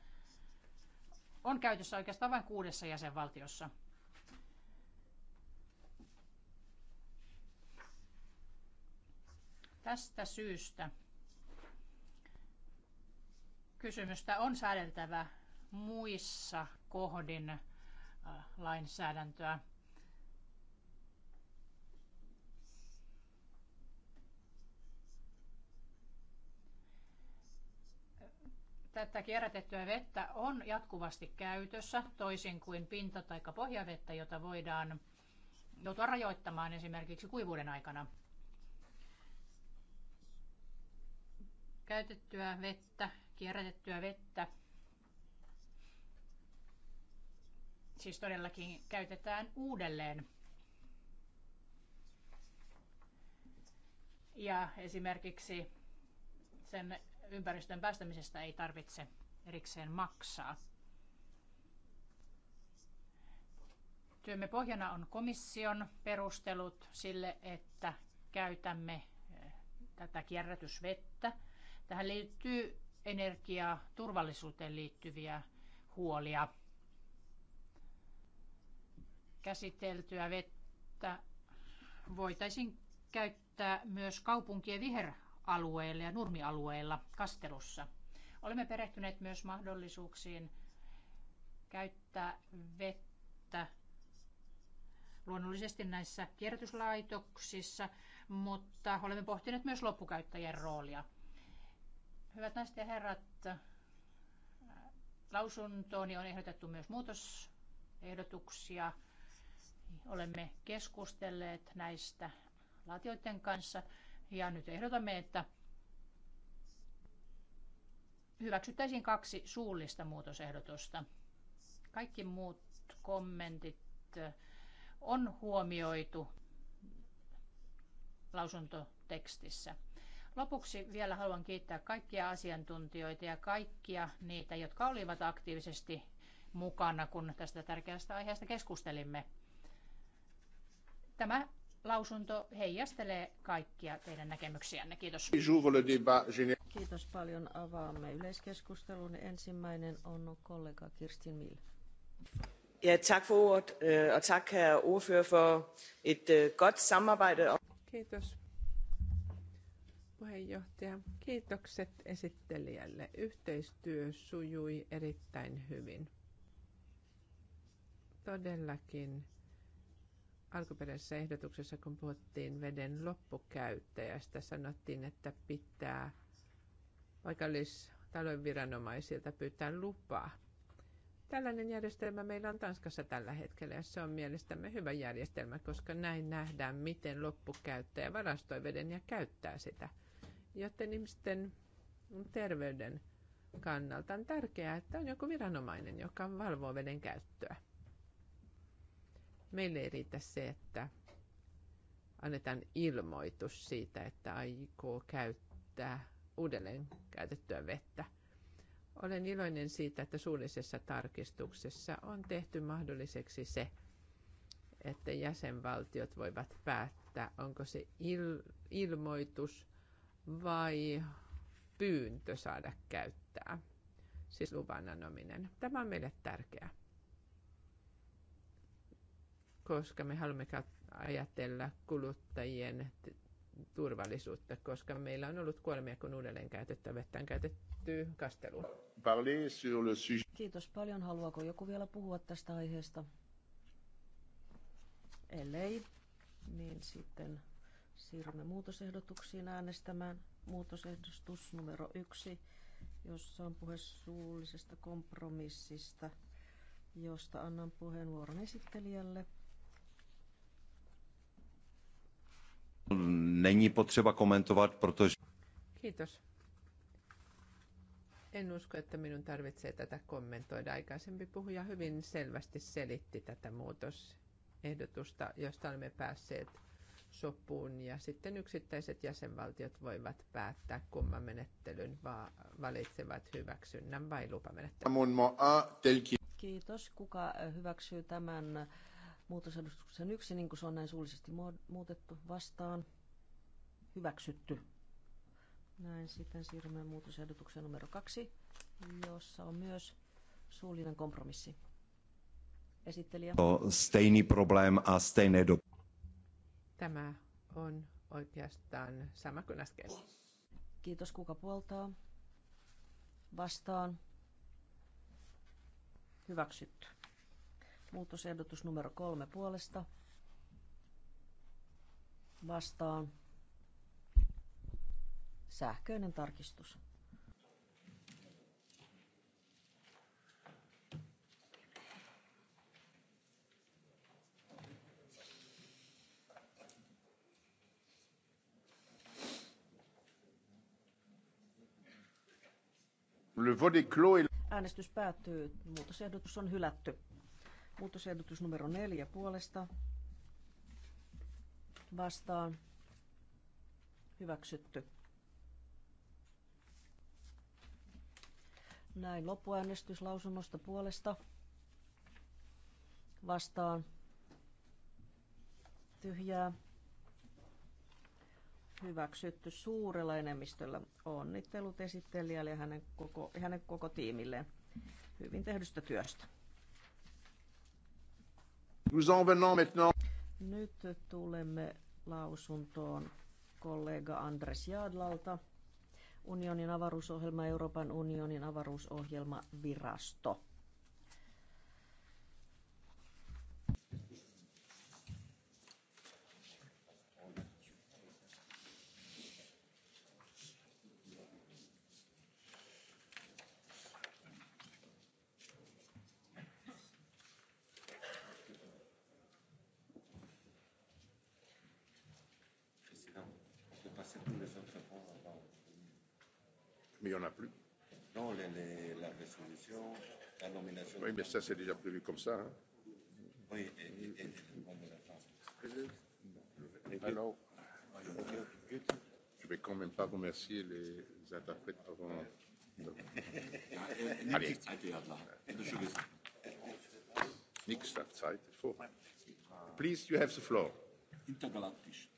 on käytössä oikeastaan vain kuudessa jäsenvaltiossa. Tästä syystä kysymystä on säädeltävä muissa kohdin äh, lainsäädäntöä. Tätä kierrätettyä vettä on jatkuvasti käytössä, toisin kuin pinta- tai pohjavettä, jota voidaan joutua rajoittamaan esimerkiksi kuivuuden aikana. Käytettyä vettä kierrätettyä vettä. Siis todellakin käytetään uudelleen. Ja esimerkiksi sen ympäristön päästämisestä ei tarvitse erikseen maksaa. Työmme pohjana on komission perustelut sille, että käytämme eh, tätä kierrätysvettä. Tähän liittyy energiaturvallisuuteen liittyviä huolia. Käsiteltyä vettä voitaisiin käyttää myös kaupunkien viheralueilla ja nurmialueilla kastelussa. Olemme perehtyneet myös mahdollisuuksiin käyttää vettä luonnollisesti näissä kierrätyslaitoksissa, mutta olemme pohtineet myös loppukäyttäjän roolia. Hyvät naiset ja herrat, lausuntooni on ehdotettu myös muutosehdotuksia. Olemme keskustelleet näistä laatioiden kanssa ja nyt ehdotamme, että hyväksyttäisiin kaksi suullista muutosehdotusta. Kaikki muut kommentit on huomioitu lausuntotekstissä. Lopuksi vielä haluan kiittää kaikkia asiantuntijoita ja kaikkia niitä, jotka olivat aktiivisesti mukana, kun tästä tärkeästä aiheesta keskustelimme. Tämä lausunto heijastelee kaikkia teidän näkemyksiänne. Kiitos. Kiitos paljon. Avaamme yleiskeskustelun. Ensimmäinen on kollega Kirstin Mill. Ja, tack för ordet øh, och tack herr ordförande för ett øh, gott samarbete. Kiitos puheenjohtaja. Kiitokset esittelijälle. Yhteistyö sujui erittäin hyvin. Todellakin alkuperäisessä ehdotuksessa, kun puhuttiin veden loppukäyttäjästä, sanottiin, että pitää paikallistalon viranomaisilta pyytää lupaa. Tällainen järjestelmä meillä on Tanskassa tällä hetkellä ja se on mielestämme hyvä järjestelmä, koska näin nähdään, miten loppukäyttäjä varastoi veden ja käyttää sitä – Joten ihmisten terveyden kannalta on tärkeää, että on joku viranomainen, joka valvoo veden käyttöä. Meille ei riitä se, että annetaan ilmoitus siitä, että aikoo käyttää uudelleen käytettyä vettä. Olen iloinen siitä, että suullisessa tarkistuksessa on tehty mahdolliseksi se, että jäsenvaltiot voivat päättää, onko se il- ilmoitus vai pyyntö saada käyttää, siis luvan anominen. Tämä on meille tärkeää, koska me haluamme ajatella kuluttajien turvallisuutta, koska meillä on ollut kuolemia, kun uudelleen käytettävä vettä on käytetty kasteluun. Kiitos paljon. Haluaako joku vielä puhua tästä aiheesta? Ellei, niin sitten Siirrymme muutosehdotuksiin äänestämään. Muutosehdotus numero yksi, jossa on puhe suullisesta kompromissista, josta annan puheenvuoron esittelijälle. Není potreba komentovat, protože... Kiitos. En usko, että minun tarvitsee tätä kommentoida. Aikaisempi puhuja hyvin selvästi selitti tätä muutosehdotusta, josta olemme päässeet sopuun ja sitten yksittäiset jäsenvaltiot voivat päättää, kumman menettelyn va- valitsevat hyväksynnän vai lupamenettelyn. Kiitos. Kuka hyväksyy tämän muutosedustuksen yksi, niin kuin se on näin suullisesti muutettu vastaan? Hyväksytty. Näin sitten siirrymme muutosehdotukseen numero kaksi, jossa on myös suullinen kompromissi. Esittelijä. Stejný problém a stejné do... Tämä on oikeastaan sama kuin äsken. Kiitos, kuka puoltaa. Vastaan. Hyväksytty. Muutosehdotus numero kolme puolesta. Vastaan. Sähköinen tarkistus. Le vote est clos. Äänestys päättyy. Muutosehdotus on hylätty. Muutosehdotus numero neljä puolesta. Vastaan. Hyväksytty. Näin loppuäänestys lausunnosta puolesta. Vastaan. Tyhjää hyväksytty suurella enemmistöllä. Onnittelut esittelijälle ja hänen koko, hänen koko tiimilleen hyvin tehdystä työstä. Nyt tulemme lausuntoon kollega Andres Jadlalta. Unionin avaruusohjelma, Euroopan unionin avaruusohjelma, virasto. Oui, mais ça, c'est déjà prévu comme ça. Hein. Oui, et, et, et... Alors, je ne vais quand même pas remercier les interprètes avant. Ah, Allez. Nix, Zeit Please, you have the floor. Intergalactisch.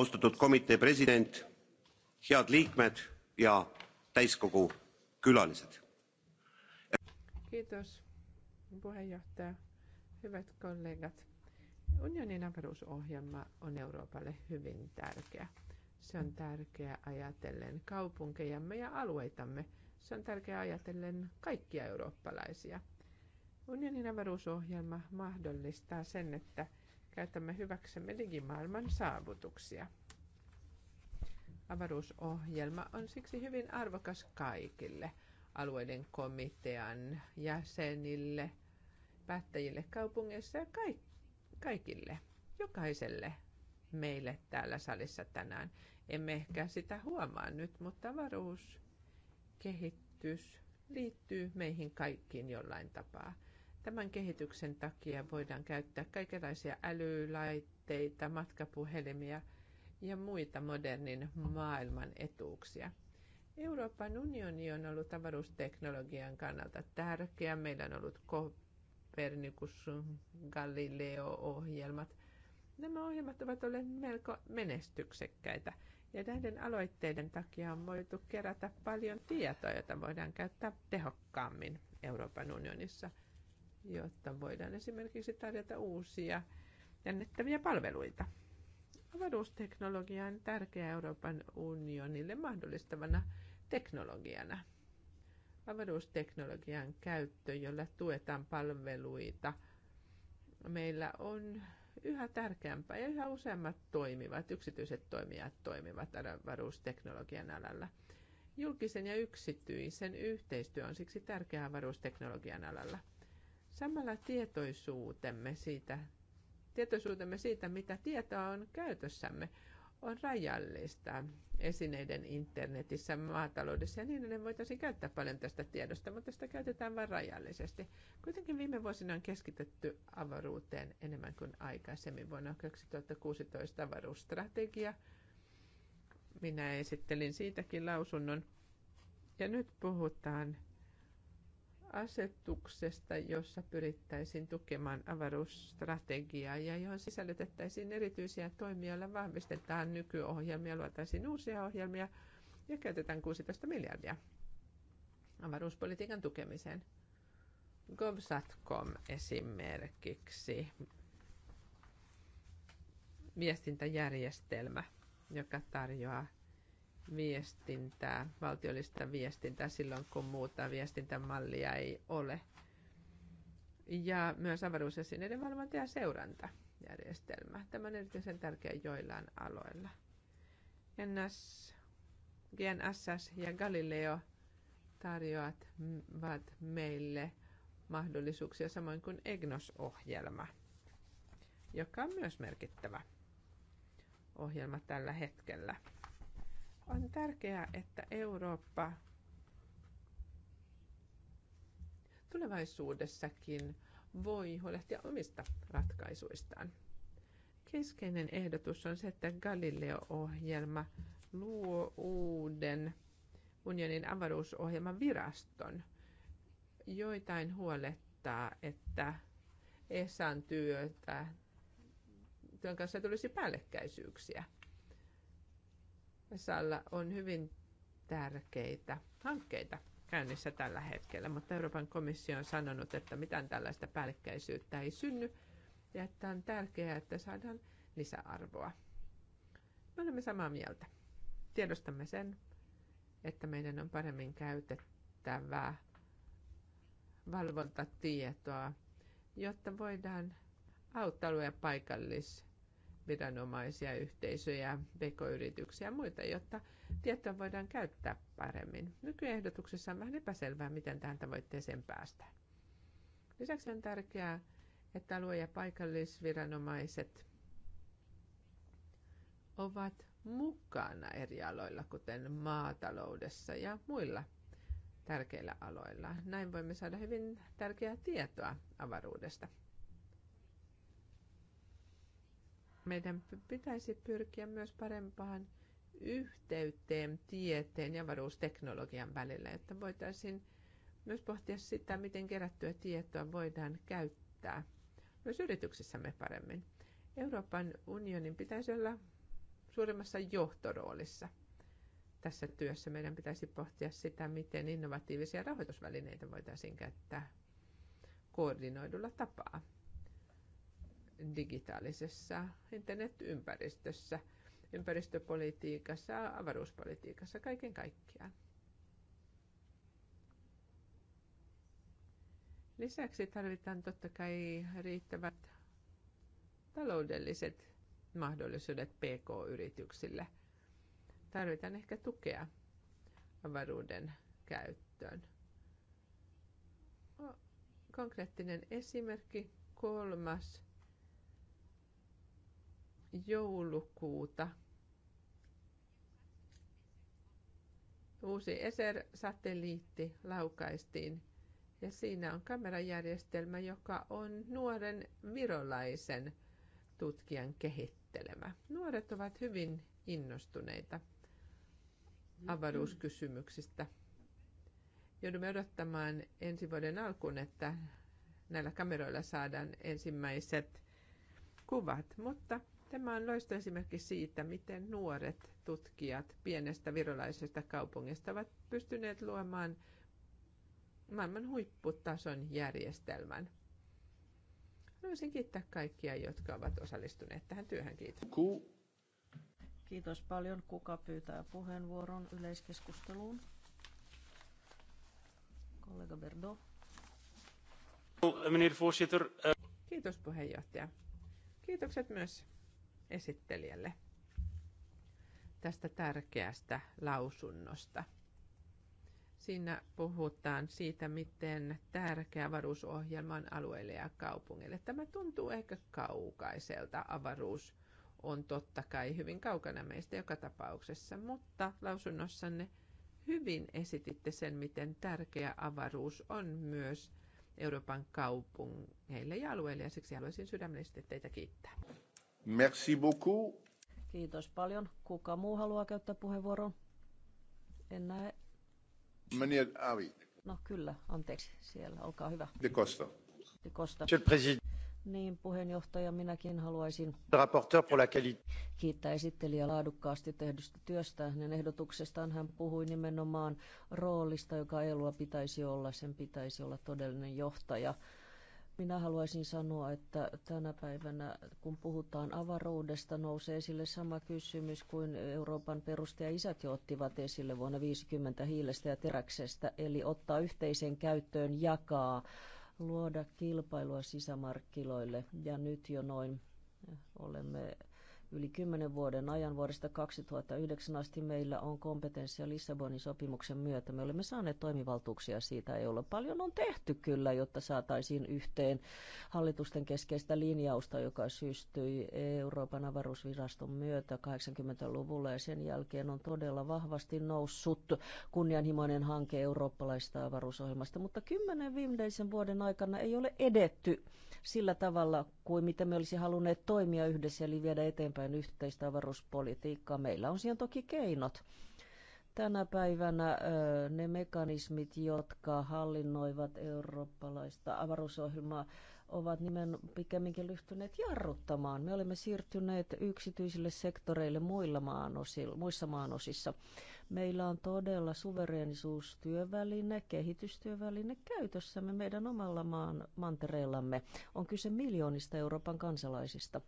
austatud komitee president head liikmed ja täiskogu külalised. Kiitos puheenjohtaja. Hyvät kollegat. Unionin avaruusohjelma on Euroopalle hyvin tärkeä. Se on tärkeä ajatellen kaupunkejamme ja alueitamme. Se on tärkeä ajatellen kaikkia eurooppalaisia. Unionin avaruusohjelma mahdollistaa sen, että – käytämme hyväksemme digimaailman saavutuksia. Avaruusohjelma on siksi hyvin arvokas kaikille alueiden komitean jäsenille, päättäjille kaupungeissa ja kaikille, jokaiselle meille täällä salissa tänään. Emme ehkä sitä huomaa nyt, mutta avaruuskehitys liittyy meihin kaikkiin jollain tapaa – Tämän kehityksen takia voidaan käyttää kaikenlaisia älylaitteita, matkapuhelimia ja muita modernin maailman etuuksia. Euroopan unioni on ollut avaruusteknologian kannalta tärkeä. Meillä on ollut Copernicus, Galileo-ohjelmat. Nämä ohjelmat ovat olleet melko menestyksekkäitä ja näiden aloitteiden takia on voitu kerätä paljon tietoa, jota voidaan käyttää tehokkaammin Euroopan unionissa jotta voidaan esimerkiksi tarjota uusia jännittäviä palveluita. Avaruusteknologia on tärkeä Euroopan unionille mahdollistavana teknologiana. Avaruusteknologian käyttö, jolla tuetaan palveluita, meillä on yhä tärkeämpää ja yhä useammat toimivat, yksityiset toimijat toimivat avaruusteknologian alalla. Julkisen ja yksityisen yhteistyö on siksi tärkeää avaruusteknologian alalla – Samalla tietoisuutemme siitä, tietoisuutemme siitä, mitä tietoa on käytössämme, on rajallista esineiden internetissä, maataloudessa ja niin edelleen voitaisiin käyttää paljon tästä tiedosta, mutta sitä käytetään vain rajallisesti. Kuitenkin viime vuosina on keskitytty avaruuteen enemmän kuin aikaisemmin. Vuonna 2016 avaruusstrategia. Minä esittelin siitäkin lausunnon. Ja nyt puhutaan asetuksesta, jossa pyrittäisiin tukemaan avaruusstrategiaa ja johon sisällytettäisiin erityisiä toimia, joilla vahvistetaan nykyohjelmia, luotaisiin uusia ohjelmia ja käytetään 16 miljardia avaruuspolitiikan tukemiseen. GovSatcom esimerkiksi, viestintäjärjestelmä, joka tarjoaa viestintää, valtiollista viestintää silloin, kun muuta viestintämallia ei ole. Ja myös avaruusesineiden valvonta ja seurantajärjestelmä. Tämä on erityisen tärkeä joillain aloilla. NS, GNSS ja Galileo tarjoavat meille mahdollisuuksia samoin kuin EGNOS-ohjelma, joka on myös merkittävä ohjelma tällä hetkellä. On tärkeää, että Eurooppa tulevaisuudessakin voi huolehtia omista ratkaisuistaan. Keskeinen ehdotus on se, että Galileo-ohjelma luo uuden unionin avaruusohjelman viraston. Joitain huolettaa, että ESAn työtä, työn kanssa tulisi päällekkäisyyksiä – kesällä on hyvin tärkeitä hankkeita käynnissä tällä hetkellä, mutta Euroopan komissio on sanonut, että mitään tällaista päällekkäisyyttä ei synny ja että on tärkeää, että saadaan lisäarvoa. Me olemme samaa mieltä. Tiedostamme sen, että meidän on paremmin käytettävää valvontatietoa, jotta voidaan auttaa ja paikallisia viranomaisia, yhteisöjä, pk-yrityksiä ja muita, jotta tietoa voidaan käyttää paremmin. Nykyehdotuksessa on vähän epäselvää, miten tähän tavoitteeseen päästään. Lisäksi on tärkeää, että alue- ja paikallisviranomaiset ovat mukana eri aloilla, kuten maataloudessa ja muilla tärkeillä aloilla. Näin voimme saada hyvin tärkeää tietoa avaruudesta. meidän pitäisi pyrkiä myös parempaan yhteyteen tieteen ja varuusteknologian välillä, että voitaisiin myös pohtia sitä, miten kerättyä tietoa voidaan käyttää myös yrityksissämme paremmin. Euroopan unionin pitäisi olla suuremmassa johtoroolissa tässä työssä. Meidän pitäisi pohtia sitä, miten innovatiivisia rahoitusvälineitä voitaisiin käyttää koordinoidulla tapaa digitaalisessa internetympäristössä, ympäristöpolitiikassa, avaruuspolitiikassa, kaiken kaikkiaan. Lisäksi tarvitaan totta kai riittävät taloudelliset mahdollisuudet PK-yrityksille. Tarvitaan ehkä tukea avaruuden käyttöön. Konkreettinen esimerkki kolmas joulukuuta uusi ESER-satelliitti laukaistiin ja siinä on kamerajärjestelmä, joka on nuoren virolaisen tutkijan kehittelemä. Nuoret ovat hyvin innostuneita avaruuskysymyksistä. Joudumme odottamaan ensi vuoden alkuun, että näillä kameroilla saadaan ensimmäiset kuvat, mutta Tämä on esimerkki siitä, miten nuoret tutkijat pienestä virolaisesta kaupungista ovat pystyneet luomaan maailman huipputason järjestelmän. Haluaisin kiittää kaikkia, jotka ovat osallistuneet tähän työhön. Kiitos. Ku. Kiitos paljon. Kuka pyytää puheenvuoron yleiskeskusteluun? Kollega Berdo. Eh, Kiitos puheenjohtaja. Kiitokset myös esittelijälle tästä tärkeästä lausunnosta. Siinä puhutaan siitä, miten tärkeä avaruusohjelma on alueille ja kaupungeille. Tämä tuntuu ehkä kaukaiselta. Avaruus on totta kai hyvin kaukana meistä joka tapauksessa, mutta lausunnossanne hyvin esititte sen, miten tärkeä avaruus on myös Euroopan kaupungeille ja alueille, ja siksi haluaisin sydämellisesti teitä kiittää. Merci beaucoup. Kiitos paljon. Kuka muu haluaa käyttää puheenvuoron? En näe. Menier Avi. Ah no kyllä, anteeksi siellä. Olkaa hyvä. De Costa. De Costa. Monsieur le Président. Niin, puheenjohtaja, minäkin haluaisin kiittää esittelijä laadukkaasti tehdystä työstä. Hänen ehdotuksestaan hän puhui nimenomaan roolista, joka elua pitäisi olla. Sen pitäisi olla todellinen johtaja minä haluaisin sanoa, että tänä päivänä, kun puhutaan avaruudesta, nousee esille sama kysymys kuin Euroopan perustaja isät jo ottivat esille vuonna 50 hiilestä ja teräksestä, eli ottaa yhteisen käyttöön, jakaa, luoda kilpailua sisämarkkinoille. Ja nyt jo noin olemme Yli kymmenen vuoden ajan vuodesta 2009 asti meillä on kompetenssia Lissabonin sopimuksen myötä. Me olemme saaneet toimivaltuuksia siitä ei ole Paljon on tehty kyllä, jotta saataisiin yhteen hallitusten keskeistä linjausta, joka syystyi Euroopan avaruusviraston myötä 80-luvulla ja sen jälkeen on todella vahvasti noussut kunnianhimoinen hanke eurooppalaista avaruusohjelmasta, mutta kymmenen viimeisen vuoden aikana ei ole edetty sillä tavalla kuin mitä me olisi halunneet toimia yhdessä eli viedä eteenpäin eteenpäin yhteistä avaruuspolitiikkaa. Meillä on siihen toki keinot. Tänä päivänä ne mekanismit, jotka hallinnoivat eurooppalaista avaruusohjelmaa, ovat nimen pikemminkin lyhtyneet jarruttamaan. Me olemme siirtyneet yksityisille sektoreille muilla maanosilla, muissa maanosissa. Meillä on todella suvereenisuustyöväline, kehitystyöväline käytössämme meidän omalla maan mantereellamme. On kyse miljoonista Euroopan kansalaisista.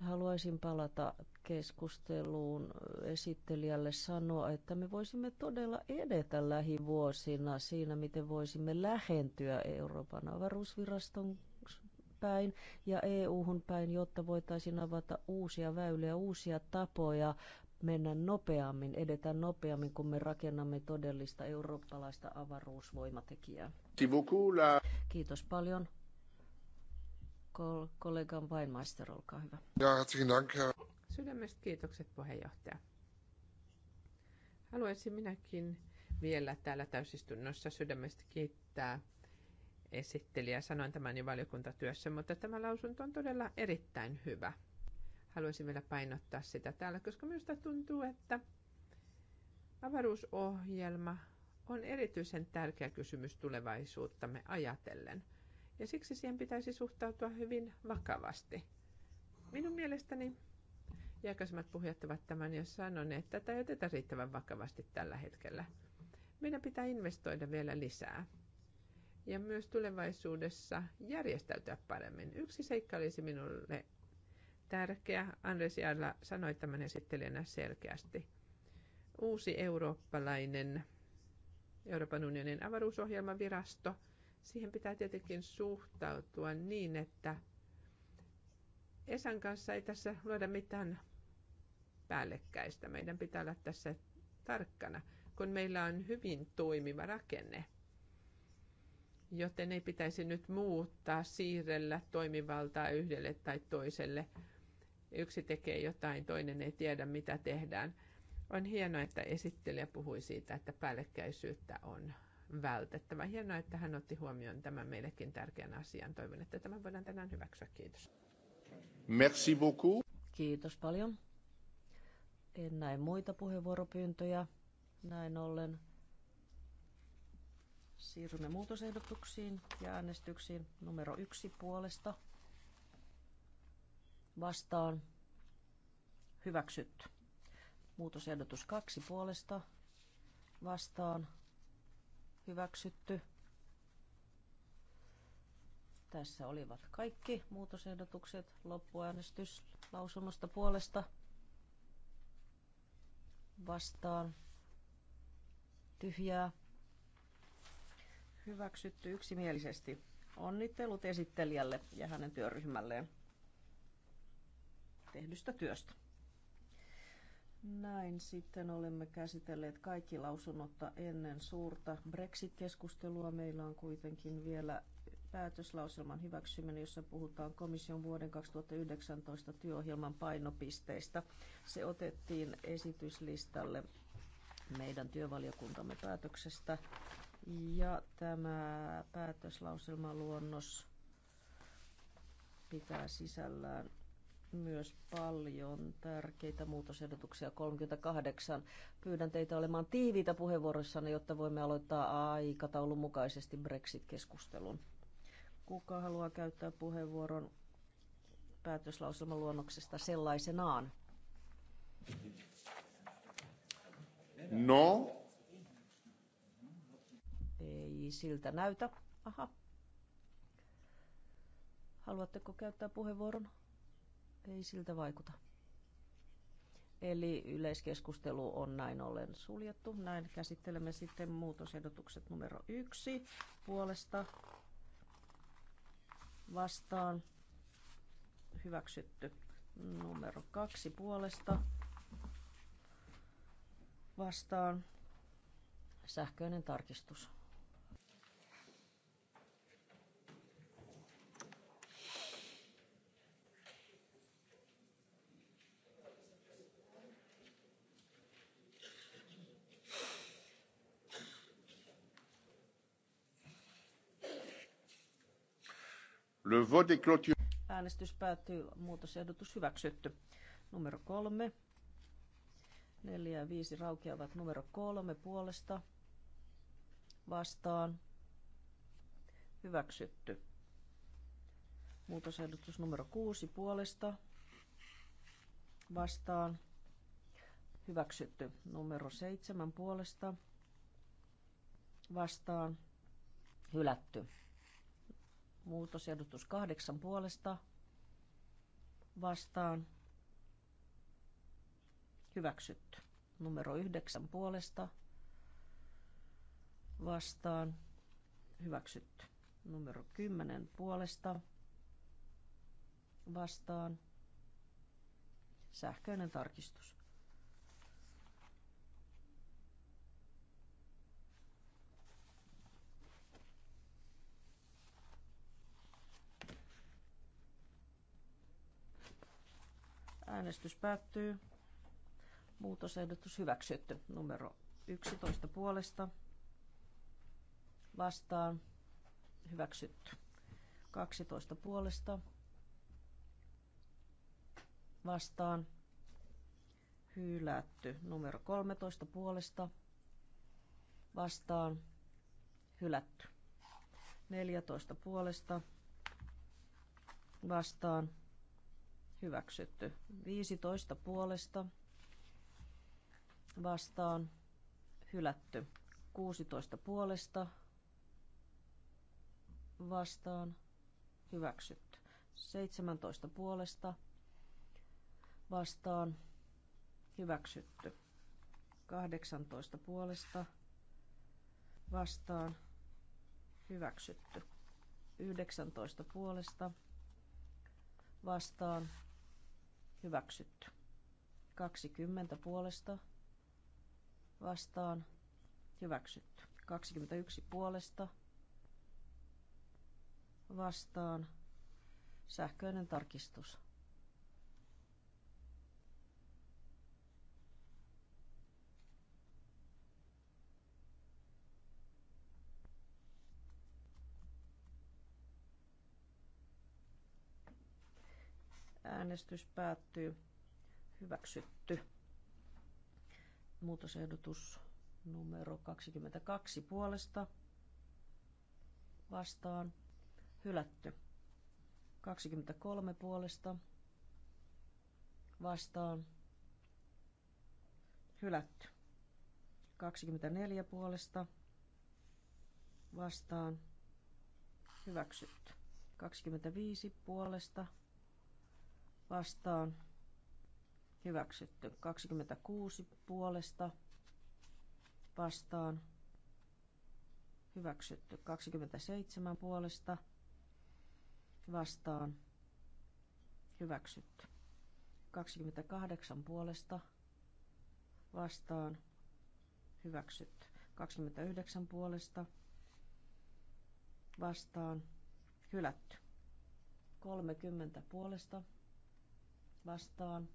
Haluaisin palata keskusteluun esittelijälle sanoa, että me voisimme todella edetä lähivuosina siinä, miten voisimme lähentyä Euroopan avaruusviraston päin ja EU-hun päin, jotta voitaisiin avata uusia väyliä, uusia tapoja mennä nopeammin, edetä nopeammin, kun me rakennamme todellista eurooppalaista avaruusvoimatekijää. Kiitos paljon kollegan Weinmeister, olkaa hyvä. Ja, herzlichen Dank. Sydämestä kiitokset puheenjohtaja. Haluaisin minäkin vielä täällä täysistunnossa sydämestä kiittää esittelijä. Sanoin tämän jo valiokuntatyössä, mutta tämä lausunto on todella erittäin hyvä. Haluaisin vielä painottaa sitä täällä, koska minusta tuntuu, että avaruusohjelma on erityisen tärkeä kysymys tulevaisuuttamme ajatellen – ja siksi siihen pitäisi suhtautua hyvin vakavasti. Minun mielestäni, ja puhujat ovat tämän jo sanoneet, että tätä ei oteta riittävän vakavasti tällä hetkellä. Meidän pitää investoida vielä lisää ja myös tulevaisuudessa järjestäytyä paremmin. Yksi seikka olisi minulle tärkeä. Andres Jarla sanoi tämän esittelijänä selkeästi. Uusi eurooppalainen Euroopan unionin avaruusohjelmavirasto – siihen pitää tietenkin suhtautua niin, että Esan kanssa ei tässä luoda mitään päällekkäistä. Meidän pitää olla tässä tarkkana, kun meillä on hyvin toimiva rakenne. Joten ei pitäisi nyt muuttaa, siirrellä toimivaltaa yhdelle tai toiselle. Yksi tekee jotain, toinen ei tiedä mitä tehdään. On hienoa, että esittelijä puhui siitä, että päällekkäisyyttä on vältettävä. Hienoa, että hän otti huomioon tämän meillekin tärkeän asian. Toivon, että tämä voidaan tänään hyväksyä. Kiitos. Merci beaucoup. Kiitos paljon. En näe muita puheenvuoropyyntöjä. Näin ollen siirrymme muutosehdotuksiin ja äänestyksiin numero yksi puolesta. Vastaan. Hyväksytty. Muutosehdotus kaksi puolesta. Vastaan hyväksytty. Tässä olivat kaikki muutosehdotukset. Loppuäänestys lausunnosta puolesta vastaan tyhjää. Hyväksytty yksimielisesti. Onnittelut esittelijälle ja hänen työryhmälleen tehdystä työstä. Näin sitten olemme käsitelleet kaikki lausunnotta ennen suurta Brexit-keskustelua. Meillä on kuitenkin vielä päätöslauselman hyväksyminen, jossa puhutaan komission vuoden 2019 työohjelman painopisteistä. Se otettiin esityslistalle meidän työvaliokuntamme päätöksestä. Ja tämä päätöslauselman luonnos pitää sisällään myös paljon tärkeitä muutosehdotuksia 38. Pyydän teitä olemaan tiiviitä puheenvuorossanne, jotta voimme aloittaa aikataulun mukaisesti Brexit-keskustelun. Kuka haluaa käyttää puheenvuoron päätöslauselman luonnoksesta sellaisenaan? No. Ei siltä näytä. Aha. Haluatteko käyttää puheenvuoron? Ei siltä vaikuta. Eli yleiskeskustelu on näin ollen suljettu. Näin käsittelemme sitten muutosehdotukset numero yksi puolesta vastaan hyväksytty numero kaksi puolesta vastaan sähköinen tarkistus. Le vote est clôturé. Äänestys päättyy. Muutosehdotus hyväksytty. Numero kolme. Neljä ja viisi raukeavat numero kolme puolesta. Vastaan. Hyväksytty. Muutosehdotus numero kuusi puolesta. Vastaan. Hyväksytty. Numero seitsemän puolesta. Vastaan. Hylätty. Muutosehdotus kahdeksan puolesta vastaan. Hyväksytty. Numero yhdeksän puolesta vastaan. Hyväksytty. Numero kymmenen puolesta vastaan. Sähköinen tarkistus. Äänestys päättyy. Muutosehdotus hyväksytty. Numero 11 puolesta. Vastaan. Hyväksytty. 12 puolesta. Vastaan. Hylätty. Numero 13 puolesta. Vastaan. Hylätty. 14 puolesta. Vastaan hyväksytty. 15 puolesta vastaan hylätty. 16 puolesta vastaan hyväksytty. 17 puolesta vastaan hyväksytty. 18 puolesta vastaan hyväksytty. 19 puolesta vastaan Hyväksytty. 20 puolesta vastaan. Hyväksytty. 21 puolesta vastaan. Sähköinen tarkistus. Äänestys päättyy. Hyväksytty. Muutosehdotus numero 22 puolesta vastaan. Hylätty. 23 puolesta vastaan. Hylätty. 24 puolesta vastaan. Hyväksytty. 25 puolesta vastaan hyväksytty. 26 puolesta vastaan hyväksytty. 27 puolesta vastaan hyväksytty. 28 puolesta vastaan hyväksytty. 29 puolesta vastaan hylätty. 30 puolesta vastaan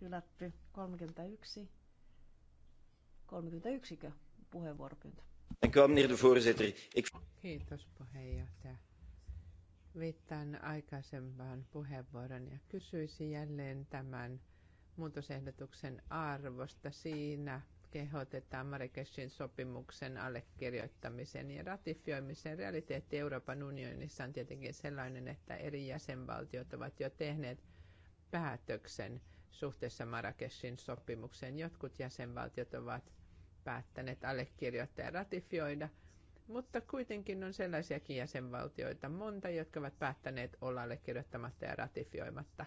hylätty 31. 31 puheenvuoropyyntö. Kiitos puheenjohtaja. Viittaan aikaisempaan puheenvuoron ja kysyisin jälleen tämän muutosehdotuksen arvosta. Siinä kehotetaan Marrakeshin sopimuksen allekirjoittamisen ja ratifioimisen. Realiteetti Euroopan unionissa on tietenkin sellainen, että eri jäsenvaltiot ovat jo tehneet – päätöksen suhteessa Marrakeshin sopimukseen. Jotkut jäsenvaltiot ovat päättäneet allekirjoittaa ja ratifioida, mutta kuitenkin on sellaisiakin jäsenvaltioita monta, jotka ovat päättäneet olla allekirjoittamatta ja ratifioimatta.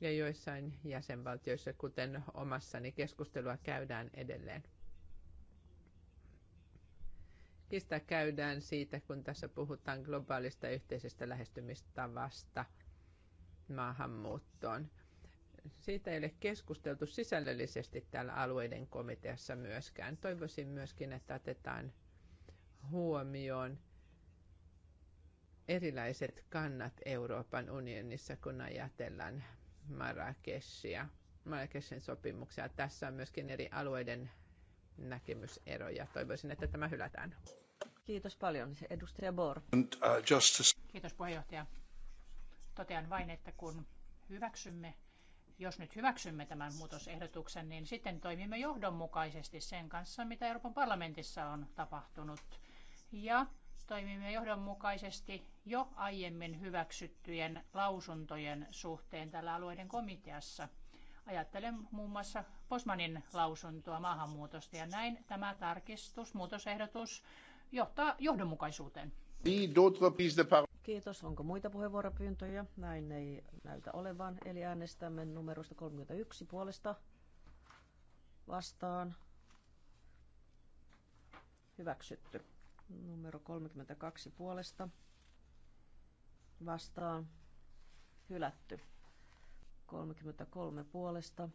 Ja joissain jäsenvaltioissa, kuten omassani, keskustelua käydään edelleen. Kistä käydään siitä, kun tässä puhutaan globaalista yhteisestä lähestymistavasta – maahanmuuttoon. Siitä ei ole keskusteltu sisällöllisesti täällä alueiden komiteassa myöskään. Toivoisin myöskin, että otetaan huomioon erilaiset kannat Euroopan unionissa, kun ajatellaan Marrakeshia, Marrakeshin sopimuksia. Tässä on myöskin eri alueiden näkemyseroja. Toivoisin, että tämä hylätään. Kiitos paljon. Edustaja Bor. Uh, Kiitos puheenjohtaja. Totean vain, että kun hyväksymme, jos nyt hyväksymme tämän muutosehdotuksen, niin sitten toimimme johdonmukaisesti sen kanssa, mitä Euroopan parlamentissa on tapahtunut. Ja toimimme johdonmukaisesti jo aiemmin hyväksyttyjen lausuntojen suhteen tällä alueiden komiteassa. Ajattelen muun muassa Posmanin lausuntoa maahanmuutosta ja näin tämä tarkistus, muutosehdotus johtaa johdonmukaisuuteen. Kiitos. Onko muita puheenvuoropyyntöjä? Näin ei näytä olevan. Eli äänestämme numerosta 31 puolesta vastaan. Hyväksytty. Numero 32 puolesta vastaan. Hylätty. 33 puolesta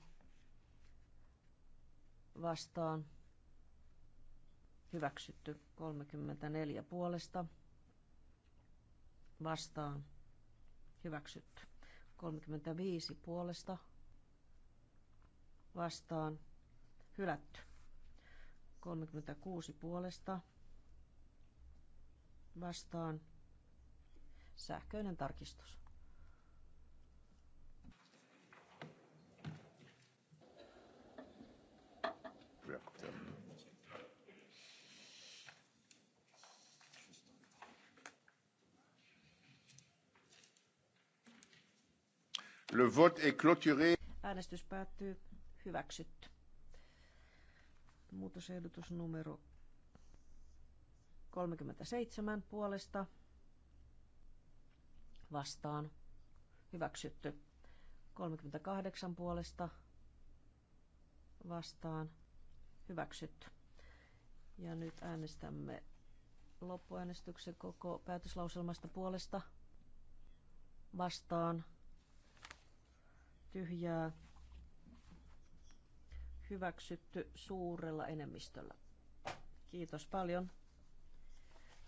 vastaan. Hyväksytty. 34 puolesta vastaan hyväksytty. 35 puolesta vastaan hylätty. 36 puolesta vastaan sähköinen tarkistus. Le vote est clôturé. Äänestys päättyy. Hyväksytty. Muutosehdotus numero 37 puolesta vastaan. Hyväksytty. 38 puolesta vastaan. Hyväksytty. Ja nyt äänestämme loppuäänestyksen koko päätöslauselmasta puolesta vastaan tyhjää hyväksytty suurella enemmistöllä. Kiitos paljon.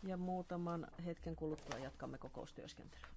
Ja muutaman hetken kuluttua jatkamme kokoustyöskentelyä.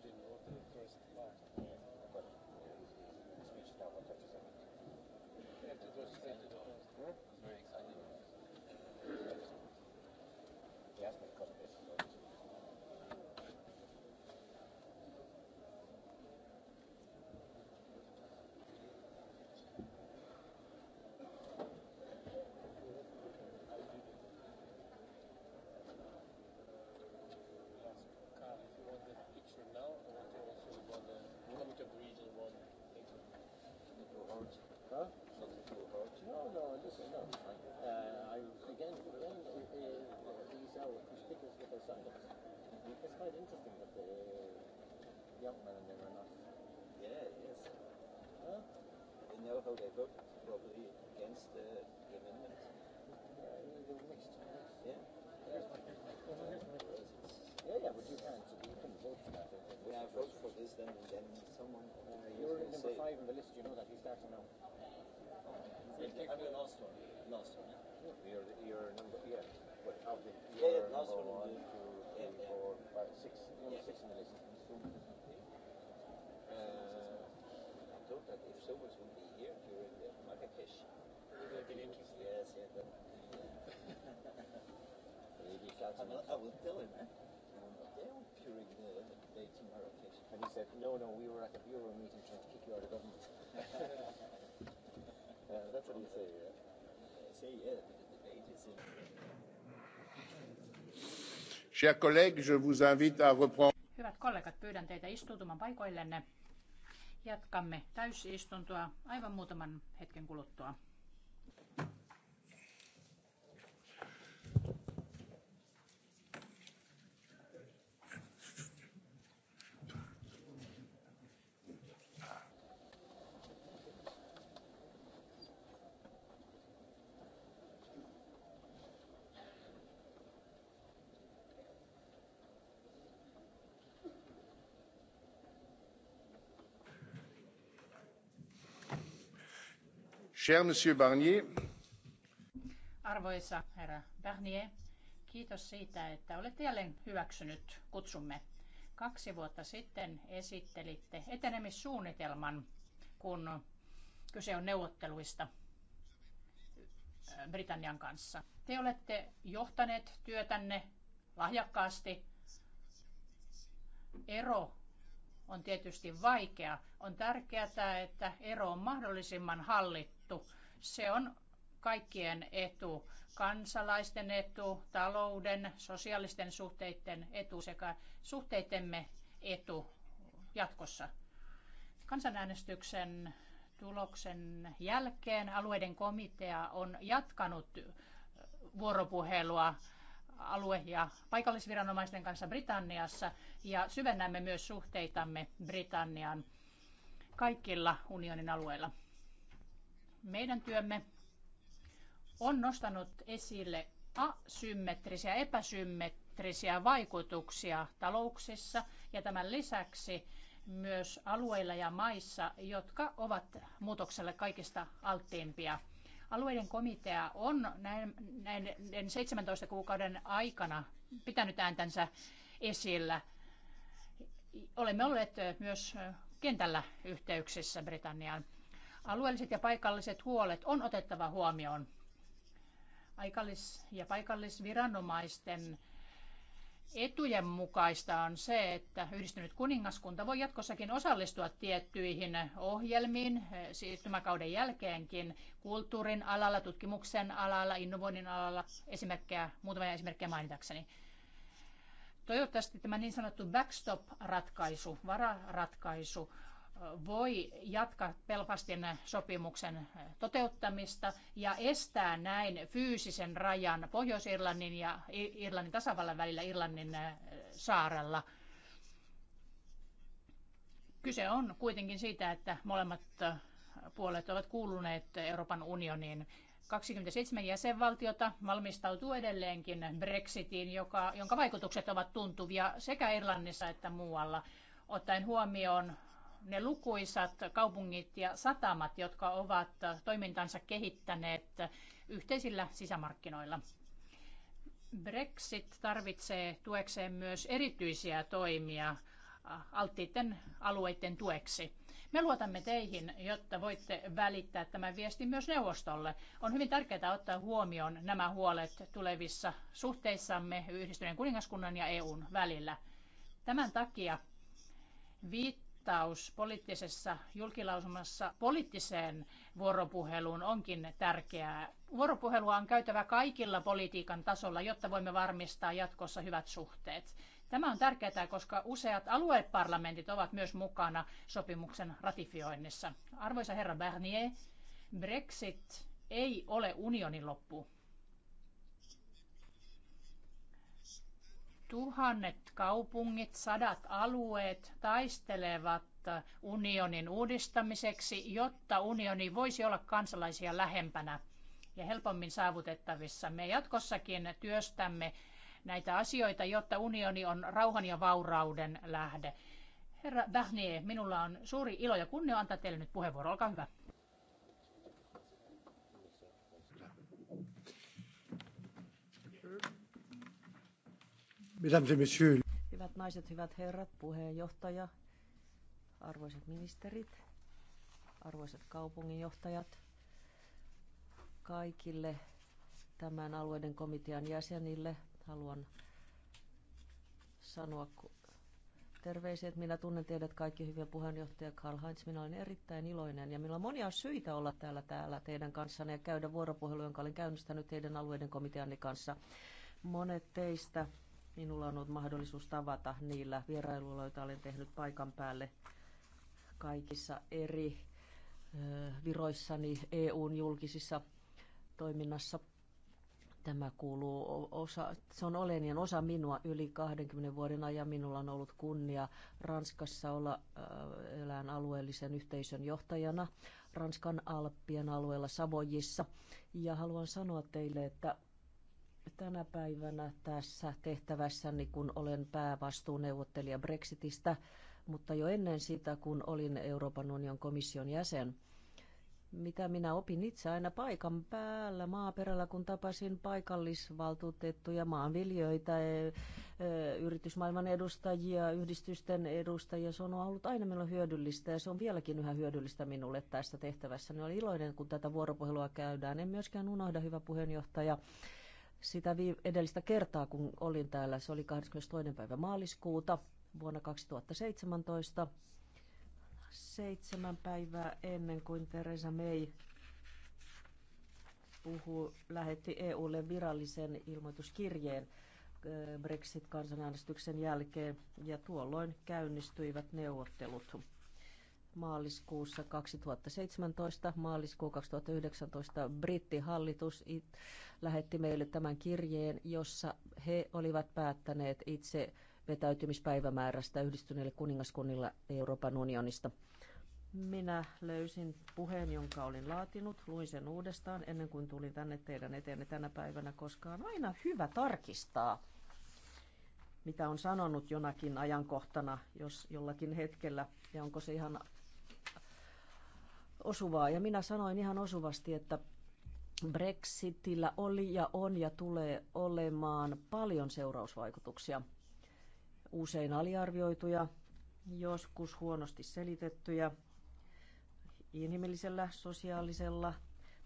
Putin wrote the first law. Speech now, what that is. It was very so they voted probably against uh, the amendment. Yeah. Yeah, yeah, but you can't. You can vote for that. When I vote for this, then then someone. Uh, you're number say, five on the list. You know that he's starting now. I will, tell him, They were the And he said, no, no, we were at bureau meeting trying to kick you out of government. that's what he yeah? Uh, say, yeah, the debate is in... Chers collègues, je vous invite à reprendre. Hyvät kollegat, pyydän teitä istuutumaan paikoillenne. Jatkamme täysistuntoa aivan muutaman hetken kuluttua. Arvoisa herra Barnier, kiitos siitä, että olette jälleen hyväksynyt kutsumme. Kaksi vuotta sitten esittelitte etenemissuunnitelman, kun kyse on neuvotteluista äh, Britannian kanssa. Te olette johtaneet työtänne lahjakkaasti. Ero on tietysti vaikea. On tärkeää, että ero on mahdollisimman hallittu etu. Se on kaikkien etu, kansalaisten etu, talouden, sosiaalisten suhteiden etu sekä suhteitemme etu jatkossa. Kansanäänestyksen tuloksen jälkeen alueiden komitea on jatkanut vuoropuhelua alue- ja paikallisviranomaisten kanssa Britanniassa ja syvennämme myös suhteitamme Britannian kaikilla unionin alueilla meidän työmme on nostanut esille asymmetrisiä, epäsymmetrisiä vaikutuksia talouksissa ja tämän lisäksi myös alueilla ja maissa, jotka ovat muutokselle kaikista alttiimpia. Alueiden komitea on näiden 17 kuukauden aikana pitänyt ääntänsä esillä. Olemme olleet myös kentällä yhteyksissä Britanniaan. Alueelliset ja paikalliset huolet on otettava huomioon. Aikallis- ja paikallisviranomaisten etujen mukaista on se, että yhdistynyt kuningaskunta voi jatkossakin osallistua tiettyihin ohjelmiin eh, siirtymäkauden jälkeenkin kulttuurin alalla, tutkimuksen alalla, innovoinnin alalla, esimerkkejä, muutamia esimerkkejä mainitakseni. Toivottavasti tämä niin sanottu backstop-ratkaisu, vararatkaisu, voi jatkaa Belfastin sopimuksen toteuttamista ja estää näin fyysisen rajan Pohjois-Irlannin ja Irlannin tasavallan välillä Irlannin saarella. Kyse on kuitenkin siitä, että molemmat puolet ovat kuuluneet Euroopan unioniin. 27 jäsenvaltiota valmistautuu edelleenkin Brexitiin, joka, jonka vaikutukset ovat tuntuvia sekä Irlannissa että muualla, ottaen huomioon ne lukuisat kaupungit ja satamat, jotka ovat toimintansa kehittäneet yhteisillä sisämarkkinoilla. Brexit tarvitsee tuekseen myös erityisiä toimia alttiiden alueiden tueksi. Me luotamme teihin, jotta voitte välittää tämän viestin myös neuvostolle. On hyvin tärkeää ottaa huomioon nämä huolet tulevissa suhteissamme Yhdistyneen kuningaskunnan ja EUn välillä. Tämän takia viit viittaus poliittisessa julkilausumassa poliittiseen vuoropuheluun onkin tärkeää. Vuoropuhelua on käytävä kaikilla politiikan tasolla, jotta voimme varmistaa jatkossa hyvät suhteet. Tämä on tärkeää, koska useat alueparlamentit ovat myös mukana sopimuksen ratifioinnissa. Arvoisa herra Barnier, Brexit ei ole unionin loppu. Tuhannet kaupungit, sadat alueet taistelevat unionin uudistamiseksi, jotta unioni voisi olla kansalaisia lähempänä ja helpommin saavutettavissa. Me jatkossakin työstämme näitä asioita, jotta unioni on rauhan ja vaurauden lähde. Herra Barnier, minulla on suuri ilo ja kunnia antaa teille nyt puheenvuoro. Olkaa hyvä. Mesdames et messieurs. Hyvät naiset, hyvät herrat, puheenjohtaja, arvoisat ministerit, arvoisat kaupunginjohtajat, kaikille tämän alueiden komitean jäsenille haluan sanoa terveisiä. että Minä tunnen teidät kaikki hyvin puheenjohtaja Karl Heinz. Minä olen erittäin iloinen ja minulla on monia syitä olla täällä, täällä teidän kanssanne ja käydä vuoropuhelu, jonka olen käynnistänyt teidän alueiden komiteanne kanssa. Monet teistä Minulla on ollut mahdollisuus tavata niillä vierailuilla, joita olen tehnyt paikan päälle kaikissa eri viroissani EUn julkisissa toiminnassa. Tämä kuuluu osa, se on olenien osa minua yli 20 vuoden ajan. Minulla on ollut kunnia Ranskassa olla elään alueellisen yhteisön johtajana Ranskan Alppien alueella Savojissa. Ja haluan sanoa teille, että tänä päivänä tässä tehtävässä, kun olen päävastuuneuvottelija Brexitistä, mutta jo ennen sitä, kun olin Euroopan union komission jäsen, mitä minä opin itse aina paikan päällä maaperällä, kun tapasin paikallisvaltuutettuja, maanviljöitä, e, e, yritysmaailman edustajia, yhdistysten edustajia. Se on ollut aina minulle hyödyllistä ja se on vieläkin yhä hyödyllistä minulle tässä tehtävässä. Niin olen iloinen, kun tätä vuoropuhelua käydään. En myöskään unohda, hyvä puheenjohtaja, sitä edellistä kertaa, kun olin täällä. Se oli 22. päivä maaliskuuta vuonna 2017, seitsemän päivää ennen kuin Teresa May puhuu, lähetti EUlle virallisen ilmoituskirjeen äh, Brexit-kansanäänestyksen jälkeen ja tuolloin käynnistyivät neuvottelut maaliskuussa 2017, maaliskuu 2019 brittihallitus it, lähetti meille tämän kirjeen, jossa he olivat päättäneet itse vetäytymispäivämäärästä yhdistyneille kuningaskunnilla Euroopan unionista. Minä löysin puheen, jonka olin laatinut, luin sen uudestaan ennen kuin tulin tänne teidän eteenne tänä päivänä, koska on aina hyvä tarkistaa, mitä on sanonut jonakin ajankohtana, jos jollakin hetkellä, ja onko se ihan osuvaa. Ja minä sanoin ihan osuvasti, että Brexitillä oli ja on ja tulee olemaan paljon seurausvaikutuksia. Usein aliarvioituja, joskus huonosti selitettyjä, inhimillisellä, sosiaalisella,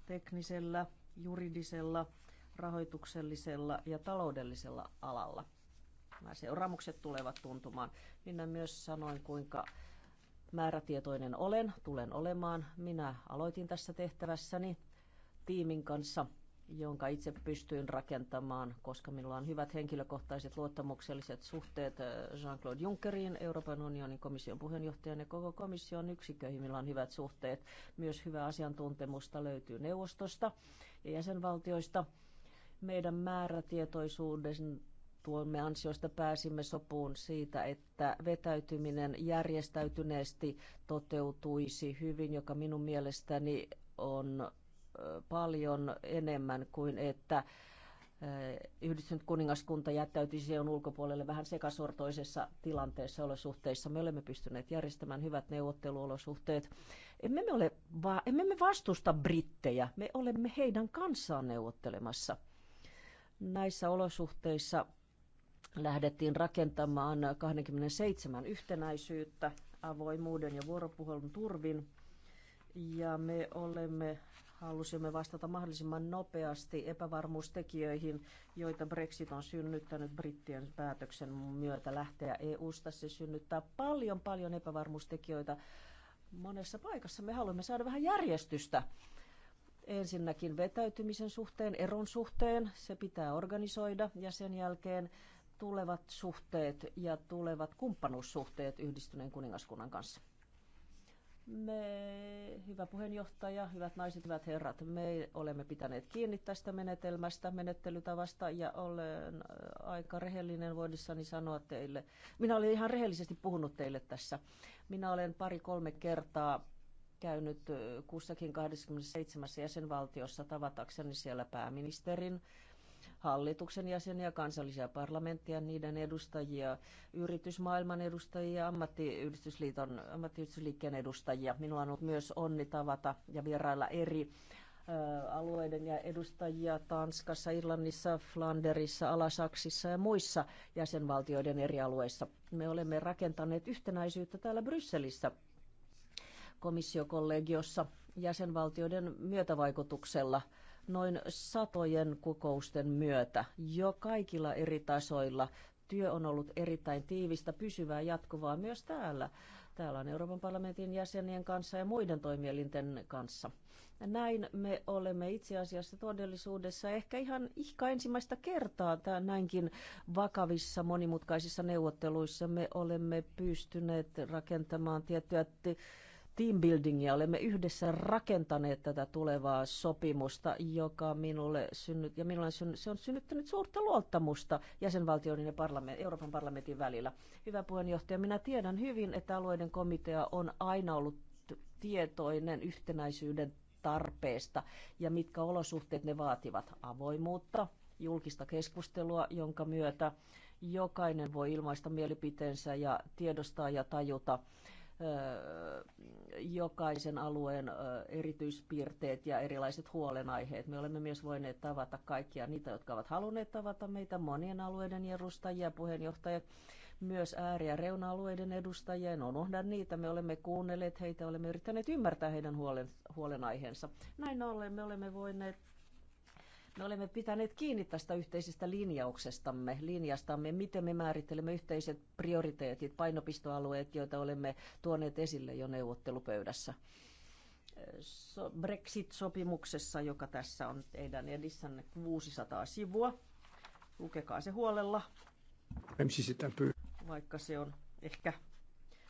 teknisellä, juridisella, rahoituksellisella ja taloudellisella alalla. Nämä seuraamukset tulevat tuntumaan. Minä myös sanoin, kuinka määrätietoinen olen, tulen olemaan. Minä aloitin tässä tehtävässäni tiimin kanssa, jonka itse pystyin rakentamaan, koska minulla on hyvät henkilökohtaiset luottamukselliset suhteet äh, Jean-Claude Junckeriin, Euroopan unionin komission puheenjohtajan ja koko komission yksiköihin. Minulla on hyvät suhteet. Myös hyvää asiantuntemusta löytyy neuvostosta ja jäsenvaltioista. Meidän määrätietoisuuden tuomme ansiosta pääsimme sopuun siitä, että vetäytyminen järjestäytyneesti toteutuisi hyvin, joka minun mielestäni on paljon enemmän kuin että Yhdistynyt kuningaskunta jättäytyisi EUn ulkopuolelle vähän sekasortoisessa tilanteessa olosuhteissa. Me olemme pystyneet järjestämään hyvät neuvotteluolosuhteet. Emme me, ole va- emme me vastusta brittejä, me olemme heidän kanssaan neuvottelemassa. Näissä olosuhteissa lähdettiin rakentamaan 27 yhtenäisyyttä avoimuuden ja vuoropuhelun turvin. Ja me olemme, halusimme vastata mahdollisimman nopeasti epävarmuustekijöihin, joita Brexit on synnyttänyt brittien päätöksen myötä lähteä EU-sta. Se synnyttää paljon, paljon epävarmuustekijöitä monessa paikassa. Me haluamme saada vähän järjestystä ensinnäkin vetäytymisen suhteen, eron suhteen, se pitää organisoida ja sen jälkeen tulevat suhteet ja tulevat kumppanuussuhteet yhdistyneen kuningaskunnan kanssa? Me, hyvä puheenjohtaja, hyvät naiset, hyvät herrat, me olemme pitäneet kiinni tästä menetelmästä, menettelytavasta ja olen äh, aika rehellinen voidessani sanoa teille. Minä olen ihan rehellisesti puhunut teille tässä. Minä olen pari-kolme kertaa käynyt äh, kussakin 27 jäsenvaltiossa tavatakseni siellä pääministerin, hallituksen jäseniä, kansallisia parlamentteja, niiden edustajia, yritysmaailman edustajia, ammattiyhdistysliiton, ammattiyhdistysliikkeen edustajia. Minulla on ollut myös onni tavata ja vierailla eri alueiden ja edustajia Tanskassa, Irlannissa, Flanderissa, Alasaksissa ja muissa jäsenvaltioiden eri alueissa. Me olemme rakentaneet yhtenäisyyttä täällä Brysselissä komissiokollegiossa jäsenvaltioiden myötävaikutuksella – noin satojen kokousten myötä jo kaikilla eri tasoilla. Työ on ollut erittäin tiivistä, pysyvää, jatkuvaa myös täällä. Täällä on Euroopan parlamentin jäsenien kanssa ja muiden toimielinten kanssa. Näin me olemme itse asiassa todellisuudessa ehkä ihan ihka ensimmäistä kertaa tämän näinkin vakavissa monimutkaisissa neuvotteluissa me olemme pystyneet rakentamaan tiettyä teambuildingia. Olemme yhdessä rakentaneet tätä tulevaa sopimusta, joka minulle synnyt, ja minulle synnyt, se on synnyttänyt suurta luottamusta jäsenvaltioiden ja parlament, Euroopan parlamentin välillä. Hyvä puheenjohtaja, minä tiedän hyvin, että alueiden komitea on aina ollut tietoinen yhtenäisyyden tarpeesta ja mitkä olosuhteet ne vaativat. Avoimuutta, julkista keskustelua, jonka myötä jokainen voi ilmaista mielipiteensä ja tiedostaa ja tajuta – jokaisen alueen erityispiirteet ja erilaiset huolenaiheet. Me olemme myös voineet tavata kaikkia niitä, jotka ovat halunneet tavata meitä, monien alueiden edustajia, puheenjohtajat, myös ääri- ja reuna-alueiden edustajia. En unohda niitä, me olemme kuunnelleet heitä, olemme yrittäneet ymmärtää heidän huolen, huolenaiheensa. Näin ollen me olemme voineet me olemme pitäneet kiinni tästä yhteisestä linjauksestamme, linjastamme, miten me määrittelemme yhteiset prioriteetit, painopistoalueet, joita olemme tuoneet esille jo neuvottelupöydässä. Brexit-sopimuksessa, joka tässä on teidän edissänne 600 sivua. Lukekaa se huolella. Vaikka se on ehkä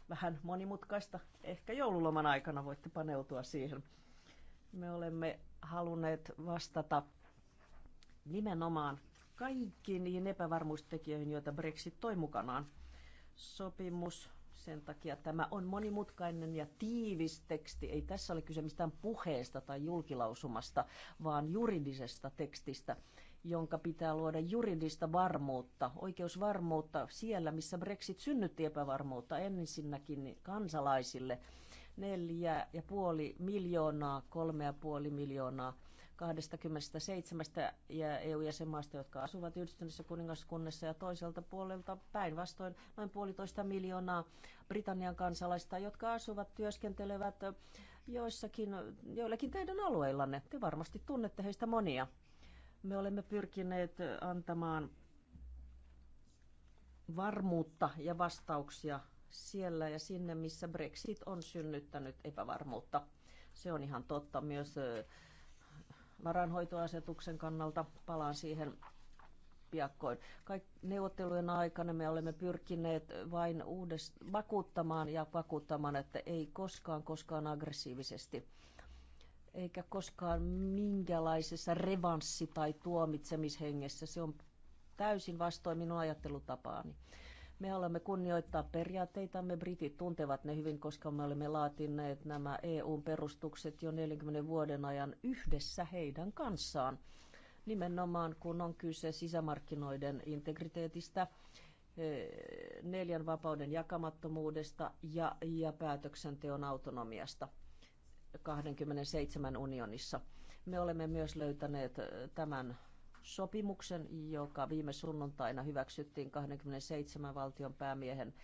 vähän monimutkaista, ehkä joululoman aikana voitte paneutua siihen. Me olemme halunneet vastata nimenomaan kaikkiin niihin epävarmuustekijöihin, joita Brexit toi mukanaan. Sopimus, sen takia tämä on monimutkainen ja tiivis teksti. Ei tässä ole kyse mistään puheesta tai julkilausumasta, vaan juridisesta tekstistä, jonka pitää luoda juridista varmuutta, oikeusvarmuutta siellä, missä Brexit synnytti epävarmuutta ensinnäkin kansalaisille. Neljä ja puoli miljoonaa, kolme ja puoli miljoonaa 27 ja EU-jäsenmaasta, jotka asuvat yhdistyneessä kuningaskunnassa ja toiselta puolelta päinvastoin noin puolitoista miljoonaa Britannian kansalaista, jotka asuvat, työskentelevät joissakin, joillakin teidän alueillanne. Te varmasti tunnette heistä monia. Me olemme pyrkineet antamaan varmuutta ja vastauksia siellä ja sinne, missä Brexit on synnyttänyt epävarmuutta. Se on ihan totta myös varanhoitoasetuksen kannalta. Palaan siihen piakkoin. Kaik- neuvottelujen aikana me olemme pyrkineet vain uudest- vakuuttamaan ja vakuuttamaan, että ei koskaan, koskaan aggressiivisesti eikä koskaan minkälaisessa revanssi- tai tuomitsemishengessä. Se on täysin vastoin minun ajattelutapaani. Me haluamme kunnioittaa periaatteitamme. Britit tuntevat ne hyvin, koska me olemme laatineet nämä eu perustukset jo 40 vuoden ajan yhdessä heidän kanssaan. Nimenomaan kun on kyse sisämarkkinoiden integriteetistä, eh, neljän vapauden jakamattomuudesta ja, ja päätöksenteon autonomiasta 27 unionissa. Me olemme myös löytäneet eh, tämän sopimuksen, joka viime sunnuntaina hyväksyttiin 27 valtion päämiehen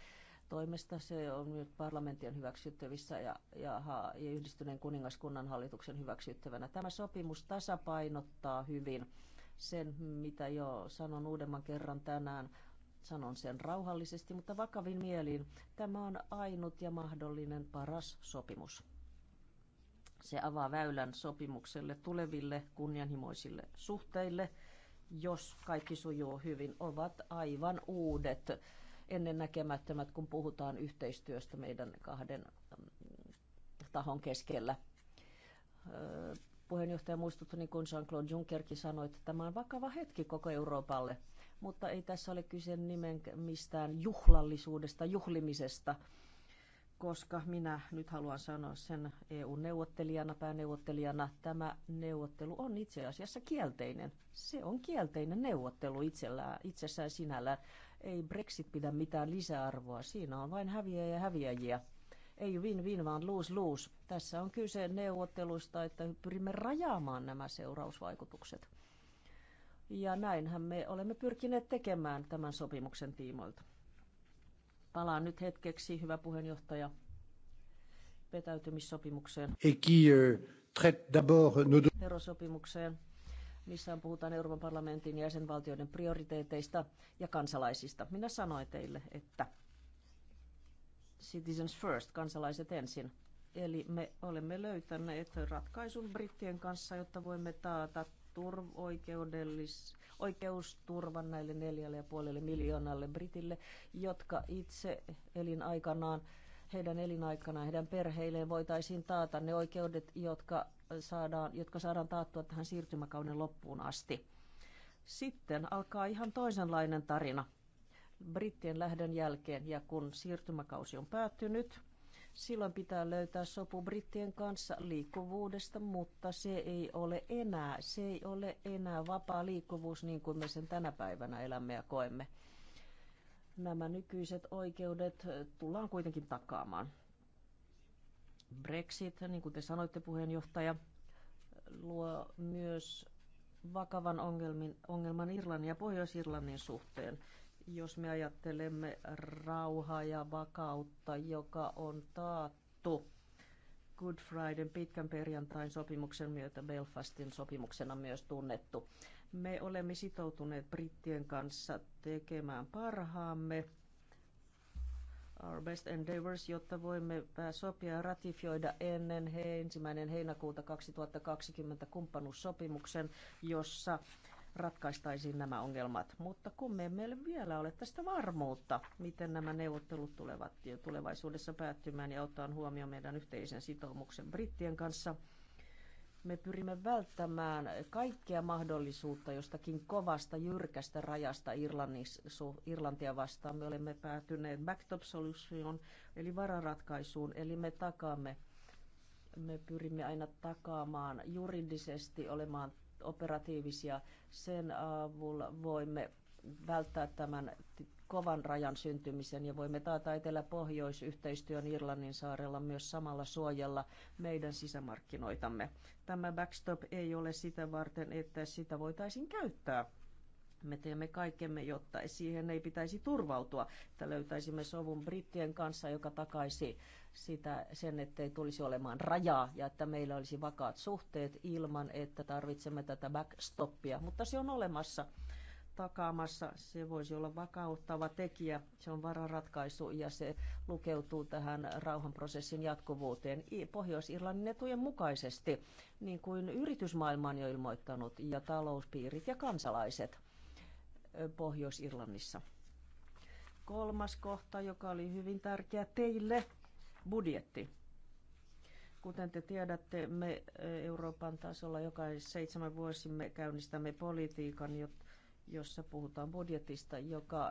toimesta. Se on nyt parlamentin hyväksyttävissä ja, ja, ja yhdistyneen kuningaskunnan hallituksen hyväksyttävänä. Tämä sopimus tasapainottaa hyvin sen, mitä jo sanon uudemman kerran tänään. Sanon sen rauhallisesti, mutta vakavin mielin. Tämä on ainut ja mahdollinen paras sopimus. Se avaa väylän sopimukselle tuleville kunnianhimoisille suhteille – jos kaikki sujuu hyvin, ovat aivan uudet, ennennäkemättömät, kun puhutaan yhteistyöstä meidän kahden mm, tahon keskellä. Puheenjohtaja muistutti, niin kuin Jean-Claude Junckerkin sanoi, että tämä on vakava hetki koko Euroopalle, mutta ei tässä ole kyse nimen mistään juhlallisuudesta, juhlimisesta – koska minä nyt haluan sanoa sen EU-neuvottelijana, pääneuvottelijana, tämä neuvottelu on itse asiassa kielteinen. Se on kielteinen neuvottelu itsellään, itsessään sinällään. Ei Brexit pidä mitään lisäarvoa, siinä on vain häviäjiä ja häviäjiä. Ei win-win, vaan lose-lose. Tässä on kyse neuvotteluista, että pyrimme rajaamaan nämä seurausvaikutukset. Ja näinhän me olemme pyrkineet tekemään tämän sopimuksen tiimoilta. Palaan nyt hetkeksi, hyvä puheenjohtaja, vetäytymissopimukseen. Et qui, euh, nos... missä puhutaan Euroopan parlamentin ja jäsenvaltioiden prioriteeteista ja kansalaisista. Minä sanoin teille, että citizens first, kansalaiset ensin. Eli me olemme löytäneet ratkaisun brittien kanssa, jotta voimme taata turv- oikeudellis- oikeusturvan näille neljälle ja puolelle miljoonalle britille, jotka itse elinaikanaan heidän elinaikanaan, heidän perheilleen voitaisiin taata ne oikeudet, jotka saadaan, jotka saadaan taattua tähän siirtymäkauden loppuun asti. Sitten alkaa ihan toisenlainen tarina brittien lähdön jälkeen ja kun siirtymäkausi on päättynyt, Silloin pitää löytää sopu brittien kanssa liikkuvuudesta, mutta se ei ole enää, se ei ole enää vapaa liikkuvuus niin kuin me sen tänä päivänä elämme ja koemme. Nämä nykyiset oikeudet tullaan kuitenkin takaamaan. Brexit, niin kuin te sanoitte puheenjohtaja, luo myös vakavan ongelmin, ongelman Irlannin ja Pohjois-Irlannin suhteen. Jos me ajattelemme rauhaa ja vakautta, joka on taattu Good Fridayn pitkän perjantain sopimuksen myötä Belfastin sopimuksena myös tunnettu. Me olemme sitoutuneet brittien kanssa tekemään parhaamme our best endeavors, jotta voimme sopia ja ratifioida ennen he, ensimmäinen heinäkuuta 2020 kumppanuussopimuksen, jossa ratkaistaisiin nämä ongelmat. Mutta kun me emme vielä ole tästä varmuutta, miten nämä neuvottelut tulevat tulevaisuudessa päättymään ja ottaen huomioon meidän yhteisen sitoumuksen brittien kanssa, me pyrimme välttämään kaikkea mahdollisuutta jostakin kovasta, jyrkästä rajasta Irlantia vastaan. Me olemme päätyneet backstop solution, eli vararatkaisuun, eli me takaamme me pyrimme aina takaamaan juridisesti olemaan operatiivisia. Sen avulla voimme välttää tämän kovan rajan syntymisen ja voimme taata etelä-pohjoisyhteistyön Irlannin saarella myös samalla suojella meidän sisämarkkinoitamme. Tämä backstop ei ole sitä varten, että sitä voitaisiin käyttää me teemme kaikkemme, jotta siihen ei pitäisi turvautua, että löytäisimme sovun brittien kanssa, joka takaisi sitä, sen, ettei tulisi olemaan rajaa ja että meillä olisi vakaat suhteet ilman, että tarvitsemme tätä backstoppia. Mutta se on olemassa takaamassa. Se voisi olla vakauttava tekijä, se on vararatkaisu ja se lukeutuu tähän rauhanprosessin jatkuvuuteen Pohjois-Irlannin etujen mukaisesti, niin kuin yritysmaailma on jo ilmoittanut, ja talouspiirit ja kansalaiset. Pohjois-Irlannissa. Kolmas kohta, joka oli hyvin tärkeä teille, budjetti. Kuten te tiedätte, me Euroopan tasolla joka seitsemän vuosi me käynnistämme politiikan, jossa puhutaan budjetista, joka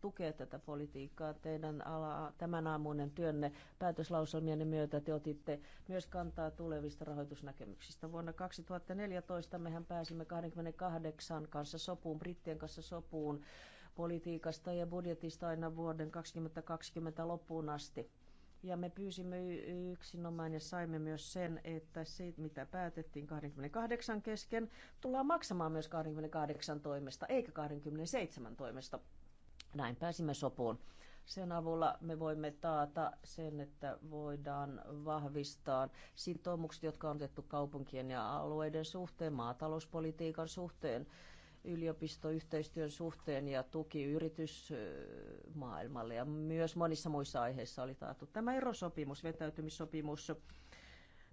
tukee tätä politiikkaa. Teidän ala, tämän aamuinen työnne päätöslauselmien myötä te otitte myös kantaa tulevista rahoitusnäkemyksistä. Vuonna 2014 mehän pääsimme 28 kanssa sopuun, brittien kanssa sopuun politiikasta ja budjetista aina vuoden 2020 loppuun asti. Ja me pyysimme yksinomaan ja saimme myös sen, että se, mitä päätettiin 28 kesken, tullaan maksamaan myös 28 toimesta, eikä 27 toimesta. Näin pääsimme sopuun. Sen avulla me voimme taata sen, että voidaan vahvistaa sitoumukset, jotka on otettu kaupunkien ja alueiden suhteen, maatalouspolitiikan suhteen, yliopistoyhteistyön suhteen ja tuki yritysmaailmalle. Ja myös monissa muissa aiheissa oli taattu tämä erosopimus, vetäytymissopimus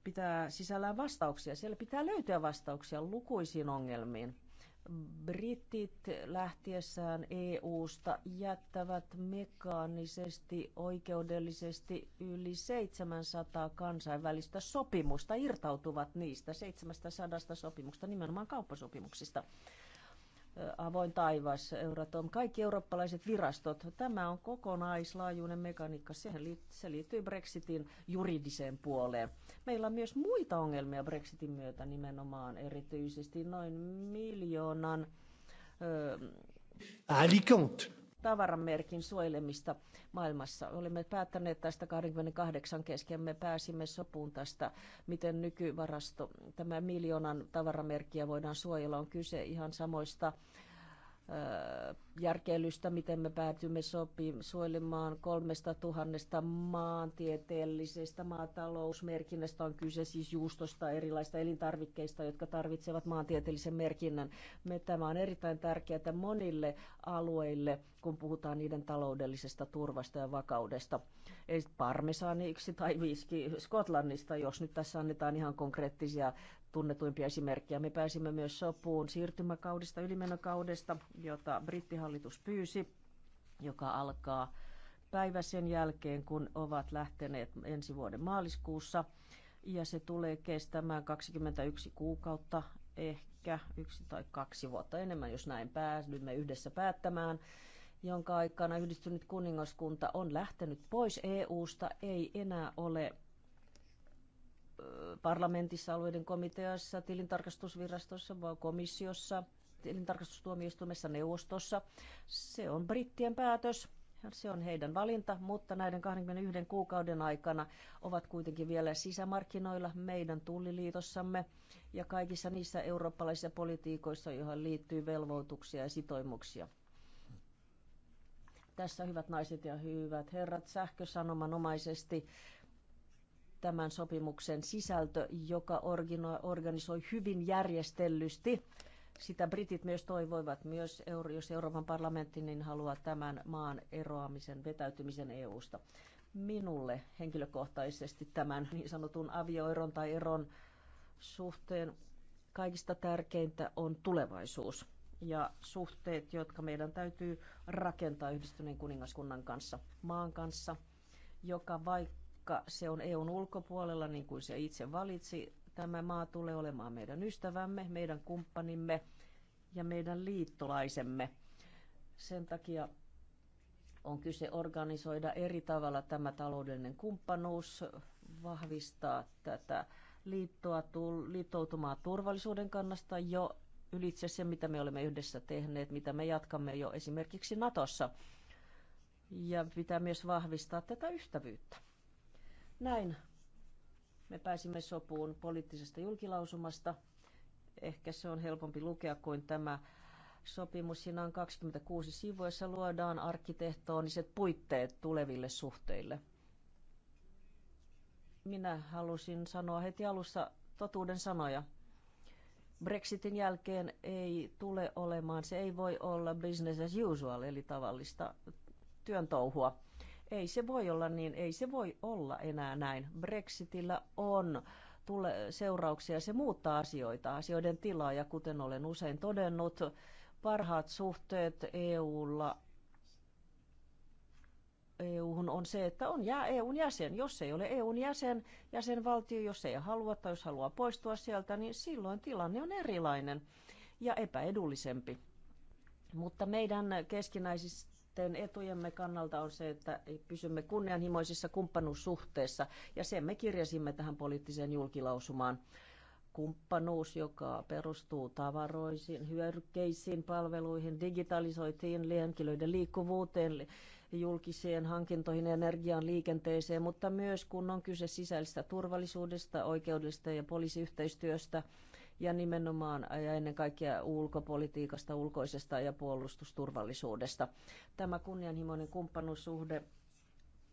pitää sisällään vastauksia. Siellä pitää löytyä vastauksia lukuisiin ongelmiin Britit lähtiessään EU-sta jättävät mekaanisesti oikeudellisesti yli 700 kansainvälistä sopimusta, irtautuvat niistä 700 sopimusta, nimenomaan kauppasopimuksista avoin taivas, Euratom, kaikki eurooppalaiset virastot. Tämä on kokonaislaajuinen mekaniikka. Sehän liittyy, se liittyy Brexitin juridiseen puoleen. Meillä on myös muita ongelmia Brexitin myötä nimenomaan, erityisesti noin miljoonan... Ö, Alicante tavaramerkin suojelemista maailmassa. Olemme päättäneet tästä 28 kesken. Me pääsimme sopuun tästä, miten nykyvarasto, tämä miljoonan tavaramerkkiä voidaan suojella. On kyse ihan samoista järkeilystä, miten me päätymme sopi, suojelemaan kolmesta tuhannesta maantieteellisestä maatalousmerkinnästä. On kyse siis juustosta erilaista elintarvikkeista, jotka tarvitsevat maantieteellisen merkinnän. Me, tämä on erittäin tärkeää monille alueille, kun puhutaan niiden taloudellisesta turvasta ja vakaudesta. Ei parmesaani tai viisi Skotlannista, jos nyt tässä annetaan ihan konkreettisia tunnetuimpia esimerkkejä. Me pääsimme myös sopuun siirtymäkaudesta, ylimenokaudesta, jota brittihallitus pyysi, joka alkaa päivä sen jälkeen, kun ovat lähteneet ensi vuoden maaliskuussa. Ja se tulee kestämään 21 kuukautta, ehkä yksi tai kaksi vuotta enemmän, jos näin päädymme yhdessä päättämään jonka aikana yhdistynyt kuningaskunta on lähtenyt pois EUsta, ei enää ole parlamentissa, alueiden komiteassa, tilintarkastusvirastossa, komissiossa, tilintarkastustuomioistuimessa, neuvostossa. Se on brittien päätös. Se on heidän valinta, mutta näiden 21 kuukauden aikana ovat kuitenkin vielä sisämarkkinoilla meidän tulliliitossamme ja kaikissa niissä eurooppalaisissa politiikoissa, joihin liittyy velvoituksia ja sitoimuksia. Tässä hyvät naiset ja hyvät herrat sähkösanomanomaisesti tämän sopimuksen sisältö, joka organisoi hyvin järjestellysti. Sitä britit myös toivoivat, myös jos Euroopan parlamentti niin haluaa tämän maan eroamisen, vetäytymisen EU-sta. Minulle henkilökohtaisesti tämän niin sanotun avioeron tai eron suhteen kaikista tärkeintä on tulevaisuus ja suhteet, jotka meidän täytyy rakentaa yhdistyneen kuningaskunnan kanssa, maan kanssa, joka vaikka vaikka se on EUn ulkopuolella, niin kuin se itse valitsi, tämä maa tulee olemaan meidän ystävämme, meidän kumppanimme ja meidän liittolaisemme. Sen takia on kyse organisoida eri tavalla tämä taloudellinen kumppanuus, vahvistaa tätä liittoa, liittoutumaa turvallisuuden kannasta jo ylitse se, mitä me olemme yhdessä tehneet, mitä me jatkamme jo esimerkiksi Natossa. Ja pitää myös vahvistaa tätä ystävyyttä. Näin me pääsimme sopuun poliittisesta julkilausumasta. Ehkä se on helpompi lukea kuin tämä sopimus. Siinä on 26 sivua, jossa luodaan arkkitehtooniset puitteet tuleville suhteille. Minä halusin sanoa heti alussa totuuden sanoja. Brexitin jälkeen ei tule olemaan, se ei voi olla business as usual, eli tavallista työn touhua ei se voi olla niin, ei se voi olla enää näin. Brexitillä on tule, seurauksia, se muuttaa asioita, asioiden tilaa ja kuten olen usein todennut, parhaat suhteet EUlla EUhun on se, että on jää EUn jäsen. Jos ei ole EUn jäsen, jäsenvaltio, jos ei halua tai jos haluaa poistua sieltä, niin silloin tilanne on erilainen ja epäedullisempi. Mutta meidän keskinäisistä yhteisten etujemme kannalta on se, että pysymme kunnianhimoisissa kumppanuussuhteissa, ja sen me kirjasimme tähän poliittiseen julkilausumaan kumppanuus, joka perustuu tavaroisiin, hyödykkeisiin, palveluihin, digitalisoitiin, henkilöiden liikkuvuuteen, julkiseen hankintoihin, energiaan, liikenteeseen, mutta myös kun on kyse sisäisestä turvallisuudesta, oikeudesta ja poliisiyhteistyöstä – ja nimenomaan ja ennen kaikkea ulkopolitiikasta, ulkoisesta ja puolustusturvallisuudesta. Tämä kunnianhimoinen kumppanuussuhde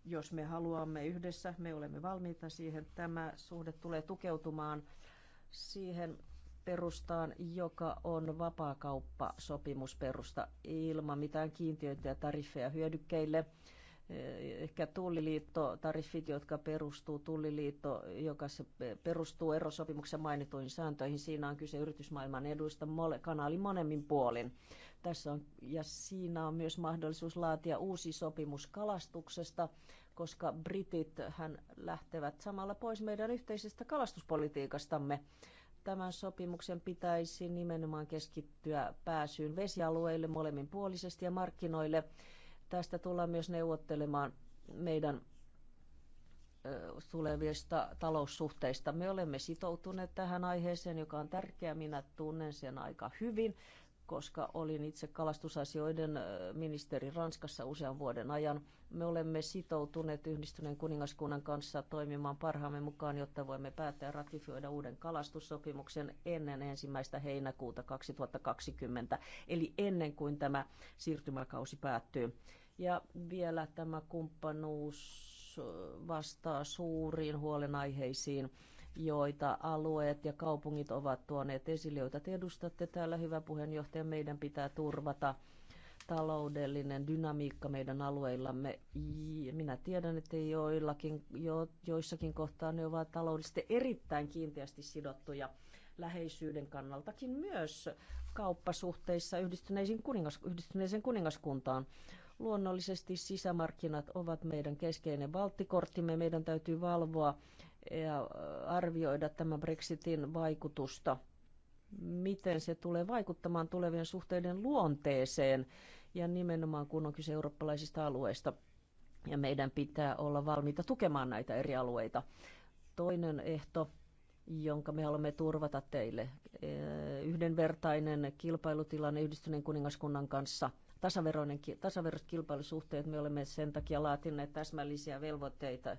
jos me haluamme yhdessä, me olemme valmiita siihen. Tämä suhde tulee tukeutumaan siihen perustaan, joka on vapaakauppasopimusperusta ilman mitään kiintiöitä ja tariffeja hyödykkeille – Eh, ehkä tulliliitto, tariffit, jotka perustuu tulliliitto, joka se perustuu erosopimuksen mainituihin sääntöihin. Siinä on kyse yritysmaailman eduista kanaali monemmin puolin. Tässä on, ja siinä on myös mahdollisuus laatia uusi sopimus kalastuksesta, koska britit hän lähtevät samalla pois meidän yhteisestä kalastuspolitiikastamme tämän sopimuksen pitäisi nimenomaan keskittyä pääsyyn vesialueille molemminpuolisesti ja markkinoille Tästä tullaan myös neuvottelemaan meidän tulevista taloussuhteista. Me olemme sitoutuneet tähän aiheeseen, joka on tärkeä. Minä tunnen sen aika hyvin koska olin itse kalastusasioiden ministeri Ranskassa usean vuoden ajan. Me olemme sitoutuneet yhdistyneen kuningaskunnan kanssa toimimaan parhaamme mukaan, jotta voimme päättää ratifioida uuden kalastussopimuksen ennen ensimmäistä heinäkuuta 2020, eli ennen kuin tämä siirtymäkausi päättyy. Ja vielä tämä kumppanuus vastaa suuriin huolenaiheisiin joita alueet ja kaupungit ovat tuoneet esille, joita te edustatte täällä, hyvä puheenjohtaja. Meidän pitää turvata taloudellinen dynamiikka meidän alueillamme. Minä tiedän, että joillakin, jo, joissakin kohtaa ne ovat taloudellisesti erittäin kiinteästi sidottuja läheisyyden kannaltakin myös kauppasuhteissa yhdistyneisiin kuningas, yhdistyneeseen kuningaskuntaan. Luonnollisesti sisämarkkinat ovat meidän keskeinen valttikorttimme. Meidän täytyy valvoa ja äh, arvioida tämän Brexitin vaikutusta, miten se tulee vaikuttamaan tulevien suhteiden luonteeseen ja nimenomaan kun on kyse eurooppalaisista alueista. Ja meidän pitää olla valmiita tukemaan näitä eri alueita. Toinen ehto, jonka me haluamme turvata teille, äh, yhdenvertainen kilpailutilanne yhdistyneen kuningaskunnan kanssa – tasaveroiset kilpailusuhteet. Me olemme sen takia laatineet täsmällisiä velvoitteita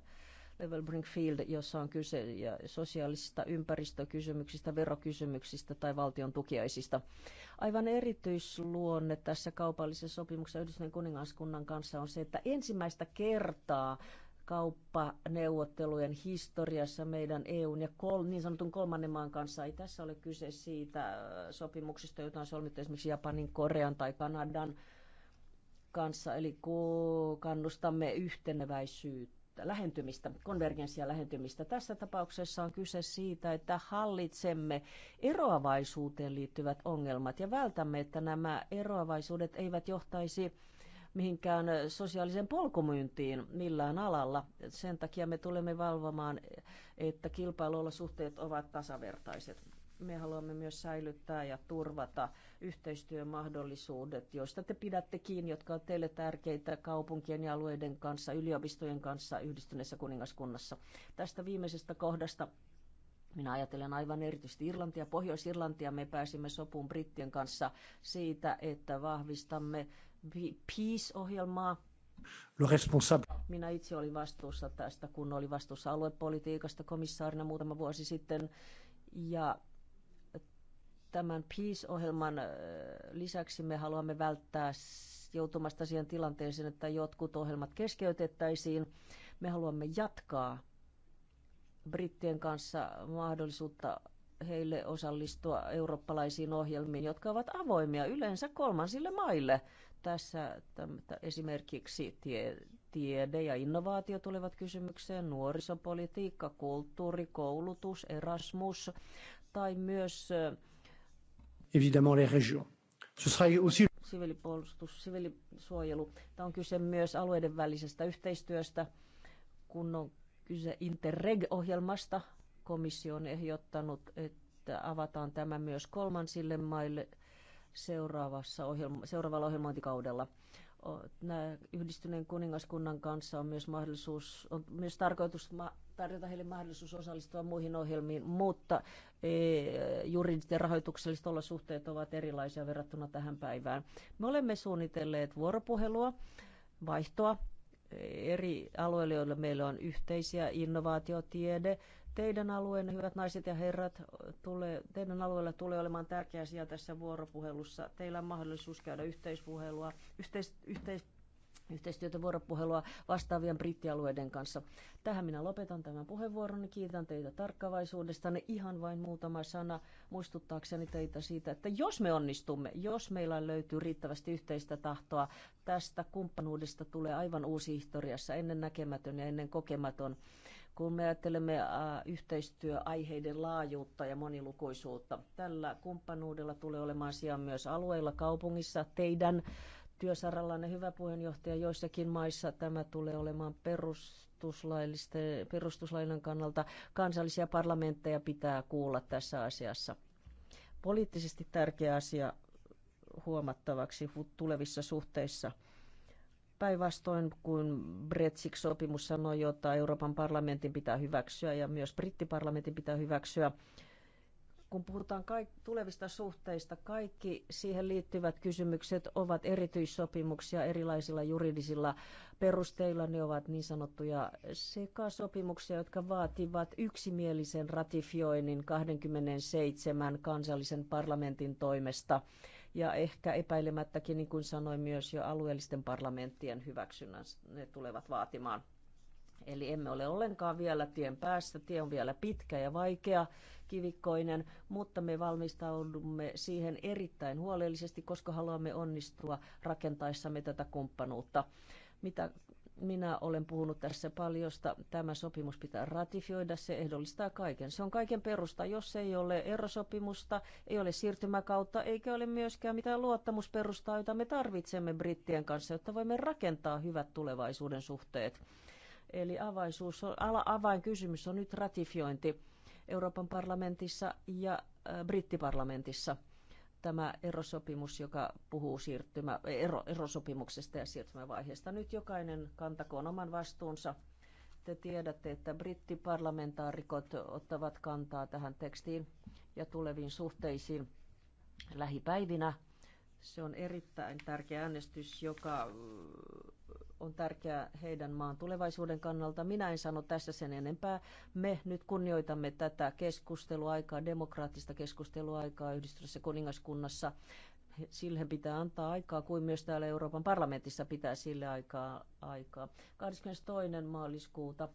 Level Field, jossa on kyse sosiaalisista ympäristökysymyksistä, verokysymyksistä tai valtion tukiaisista. Aivan erityisluonne tässä kaupallisessa sopimuksessa Yhdistyneen kuningaskunnan kanssa on se, että ensimmäistä kertaa kauppaneuvottelujen historiassa meidän EUn ja kol, niin sanotun kolmannen maan kanssa. Ei tässä ole kyse siitä äh, sopimuksista, jota on solmittu esimerkiksi Japanin, Korean tai Kanadan kanssa, eli kannustamme yhteneväisyyttä lähentymistä, konvergenssia lähentymistä. Tässä tapauksessa on kyse siitä, että hallitsemme eroavaisuuteen liittyvät ongelmat ja vältämme, että nämä eroavaisuudet eivät johtaisi mihinkään sosiaalisen polkumyyntiin millään alalla. Sen takia me tulemme valvomaan, että kilpailuolosuhteet ovat tasavertaiset me haluamme myös säilyttää ja turvata yhteistyömahdollisuudet, joista te pidätte kiinni, jotka ovat teille tärkeitä kaupunkien ja alueiden kanssa, yliopistojen kanssa yhdistyneessä kuningaskunnassa. Tästä viimeisestä kohdasta minä ajattelen aivan erityisesti Irlantia, Pohjois-Irlantia. Me pääsimme sopuun brittien kanssa siitä, että vahvistamme Peace-ohjelmaa, minä itse olin vastuussa tästä, kun olin vastuussa aluepolitiikasta komissaarina muutama vuosi sitten. Ja tämän Peace-ohjelman äh, lisäksi me haluamme välttää joutumasta siihen tilanteeseen, että jotkut ohjelmat keskeytettäisiin. Me haluamme jatkaa brittien kanssa mahdollisuutta heille osallistua eurooppalaisiin ohjelmiin, jotka ovat avoimia yleensä kolmansille maille. Tässä esimerkiksi tie, tiede ja innovaatio tulevat kysymykseen, nuorisopolitiikka, kulttuuri, koulutus, Erasmus tai myös äh, évidemment les régions. Ce sera aussi siviilipuolustus, siviilisuojelu. Tämä on kyse myös alueiden välisestä yhteistyöstä, kun on kyse Interreg-ohjelmasta. Komissio on ehdottanut, että avataan tämä myös kolmansille maille seuraavassa ohjelma, seuraavalla ohjelmointikaudella. Nämä yhdistyneen kuningaskunnan kanssa on myös mahdollisuus, on myös tarkoitus tarjota heille mahdollisuus osallistua muihin ohjelmiin, mutta e, juridiset ja rahoitukselliset olosuhteet ovat erilaisia verrattuna tähän päivään. Me olemme suunnitelleet vuoropuhelua, vaihtoa e, eri alueille, joilla meillä on yhteisiä innovaatiotiede, teidän alueen hyvät naiset ja herrat, tulee, teidän alueella tulee olemaan tärkeä asia tässä vuoropuhelussa. Teillä on mahdollisuus käydä yhteispuhelua, yhteis, yhteis, yhteistyötä vuoropuhelua vastaavien brittialueiden kanssa. Tähän minä lopetan tämän puheenvuoron. Kiitän teitä tarkkavaisuudesta. Ihan vain muutama sana muistuttaakseni teitä siitä, että jos me onnistumme, jos meillä löytyy riittävästi yhteistä tahtoa, tästä kumppanuudesta tulee aivan uusi historiassa, ennen näkemätön ja ennen kokematon, kun me ajattelemme äh, yhteistyöaiheiden laajuutta ja monilukuisuutta. Tällä kumppanuudella tulee olemaan sijaan myös alueilla, kaupungissa, teidän työsarallanne hyvä puheenjohtaja. Joissakin maissa tämä tulee olemaan perustuslaillinen kannalta. Kansallisia parlamentteja pitää kuulla tässä asiassa. Poliittisesti tärkeä asia huomattavaksi tulevissa suhteissa. Päinvastoin kuin Brexit-sopimus sanoi, jota Euroopan parlamentin pitää hyväksyä ja myös brittiparlamentin pitää hyväksyä, kun puhutaan kaik- tulevista suhteista, kaikki siihen liittyvät kysymykset ovat erityissopimuksia erilaisilla juridisilla perusteilla. Ne ovat niin sanottuja sekasopimuksia, jotka vaativat yksimielisen ratifioinnin 27 kansallisen parlamentin toimesta ja ehkä epäilemättäkin, niin kuin sanoin, myös jo alueellisten parlamenttien hyväksynnän ne tulevat vaatimaan. Eli emme ole ollenkaan vielä tien päässä. Tie on vielä pitkä ja vaikea, kivikkoinen, mutta me valmistaudumme siihen erittäin huolellisesti, koska haluamme onnistua rakentaessamme tätä kumppanuutta. Mitä minä olen puhunut tässä paljosta. Tämä sopimus pitää ratifioida, se ehdollistaa kaiken. Se on kaiken perusta. Jos ei ole erosopimusta, ei ole siirtymäkautta, eikä ole myöskään mitään luottamusperustaa, jota me tarvitsemme brittien kanssa, jotta voimme rakentaa hyvät tulevaisuuden suhteet. Eli avaisuus on, avainkysymys on nyt ratifiointi Euroopan parlamentissa ja äh, brittiparlamentissa tämä erosopimus, joka puhuu siirtymä, ero, erosopimuksesta ja siirtymävaiheesta. Nyt jokainen kantakoon oman vastuunsa. Te tiedätte, että brittiparlamentaarikot ottavat kantaa tähän tekstiin ja tuleviin suhteisiin lähipäivinä. Se on erittäin tärkeä äänestys, joka on tärkeää heidän maan tulevaisuuden kannalta. Minä en sano tässä sen enempää. Me nyt kunnioitamme tätä keskusteluaikaa, demokraattista keskusteluaikaa yhdistyvässä kuningaskunnassa. Sille pitää antaa aikaa, kuin myös täällä Euroopan parlamentissa pitää sille aikaa. aikaa. 22. maaliskuuta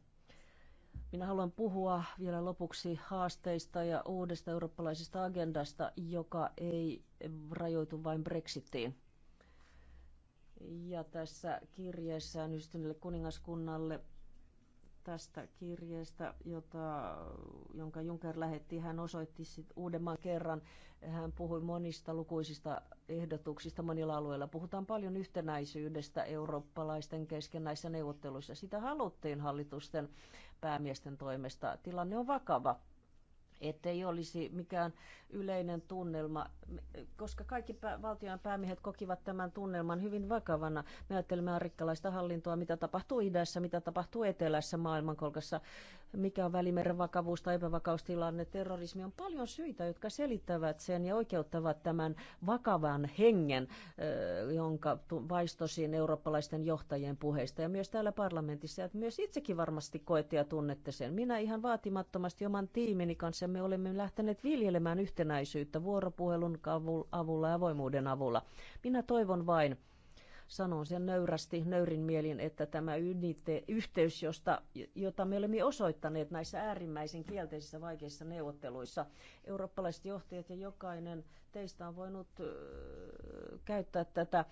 minä haluan puhua vielä lopuksi haasteista ja uudesta eurooppalaisesta agendasta, joka ei rajoitu vain Brexitiin. Ja tässä kirjeessä on kuningaskunnalle tästä kirjeestä, jota, jonka Juncker lähetti. Hän osoitti sit uudemman kerran. Hän puhui monista lukuisista ehdotuksista monilla alueilla. Puhutaan paljon yhtenäisyydestä eurooppalaisten kesken näissä neuvotteluissa. Sitä haluttiin hallitusten päämiesten toimesta. Tilanne on vakava ettei olisi mikään yleinen tunnelma, koska kaikki pä- valtion päämiehet kokivat tämän tunnelman hyvin vakavana. Me ajattelemme rikkalaista hallintoa, mitä tapahtuu idässä, mitä tapahtuu etelässä maailmankolkassa mikä on välimeren vakavuus tai epävakaustilanne, terrorismi, on paljon syitä, jotka selittävät sen ja oikeuttavat tämän vakavan hengen, eh, jonka vaistosin eurooppalaisten johtajien puheista ja myös täällä parlamentissa. Että myös itsekin varmasti koette ja tunnette sen. Minä ihan vaatimattomasti oman tiimini kanssa me olemme lähteneet viljelemään yhtenäisyyttä vuoropuhelun avulla ja avoimuuden avulla. Minä toivon vain, Sanon sen nöyrästi, nöyrin mielin, että tämä ynite, yhteys, josta, jota me olemme osoittaneet näissä äärimmäisen kielteisissä vaikeissa neuvotteluissa, eurooppalaiset johtajat ja jokainen teistä on voinut käyttää tätä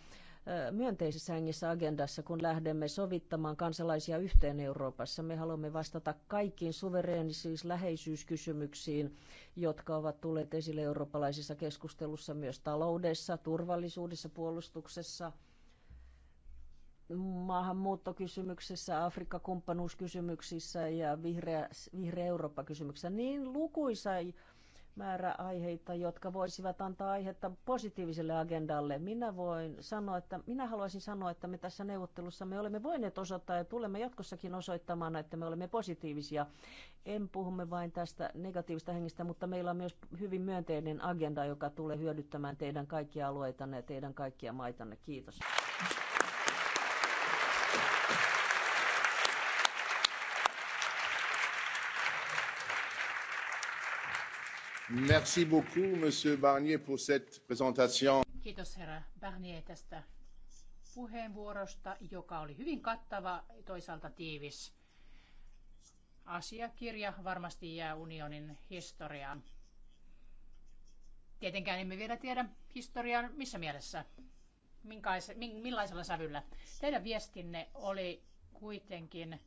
myönteisessä hengessä agendassa, kun lähdemme sovittamaan kansalaisia yhteen Euroopassa. Me haluamme vastata kaikkiin suvereenisiin läheisyyskysymyksiin, jotka ovat tulleet esille eurooppalaisessa keskustelussa myös taloudessa, turvallisuudessa, puolustuksessa – maahanmuuttokysymyksissä, Afrikka-kumppanuuskysymyksissä ja vihreä, vihreä Eurooppa-kysymyksessä niin lukuisa määrä aiheita, jotka voisivat antaa aihetta positiiviselle agendalle. Minä voin sanoa, että minä haluaisin sanoa, että me tässä neuvottelussa me olemme voineet osoittaa ja tulemme jatkossakin osoittamaan, että me olemme positiivisia. En puhumme vain tästä negatiivista hengestä, mutta meillä on myös hyvin myönteinen agenda, joka tulee hyödyttämään teidän kaikkia alueitanne ja teidän kaikkia maitanne. Kiitos. Kiitos herra Barnier tästä puheenvuorosta, joka oli hyvin kattava, toisaalta tiivis asiakirja varmasti jää unionin historiaan. Tietenkään emme vielä tiedä historian missä mielessä, millaisella sävyllä. Teidän viestinne oli kuitenkin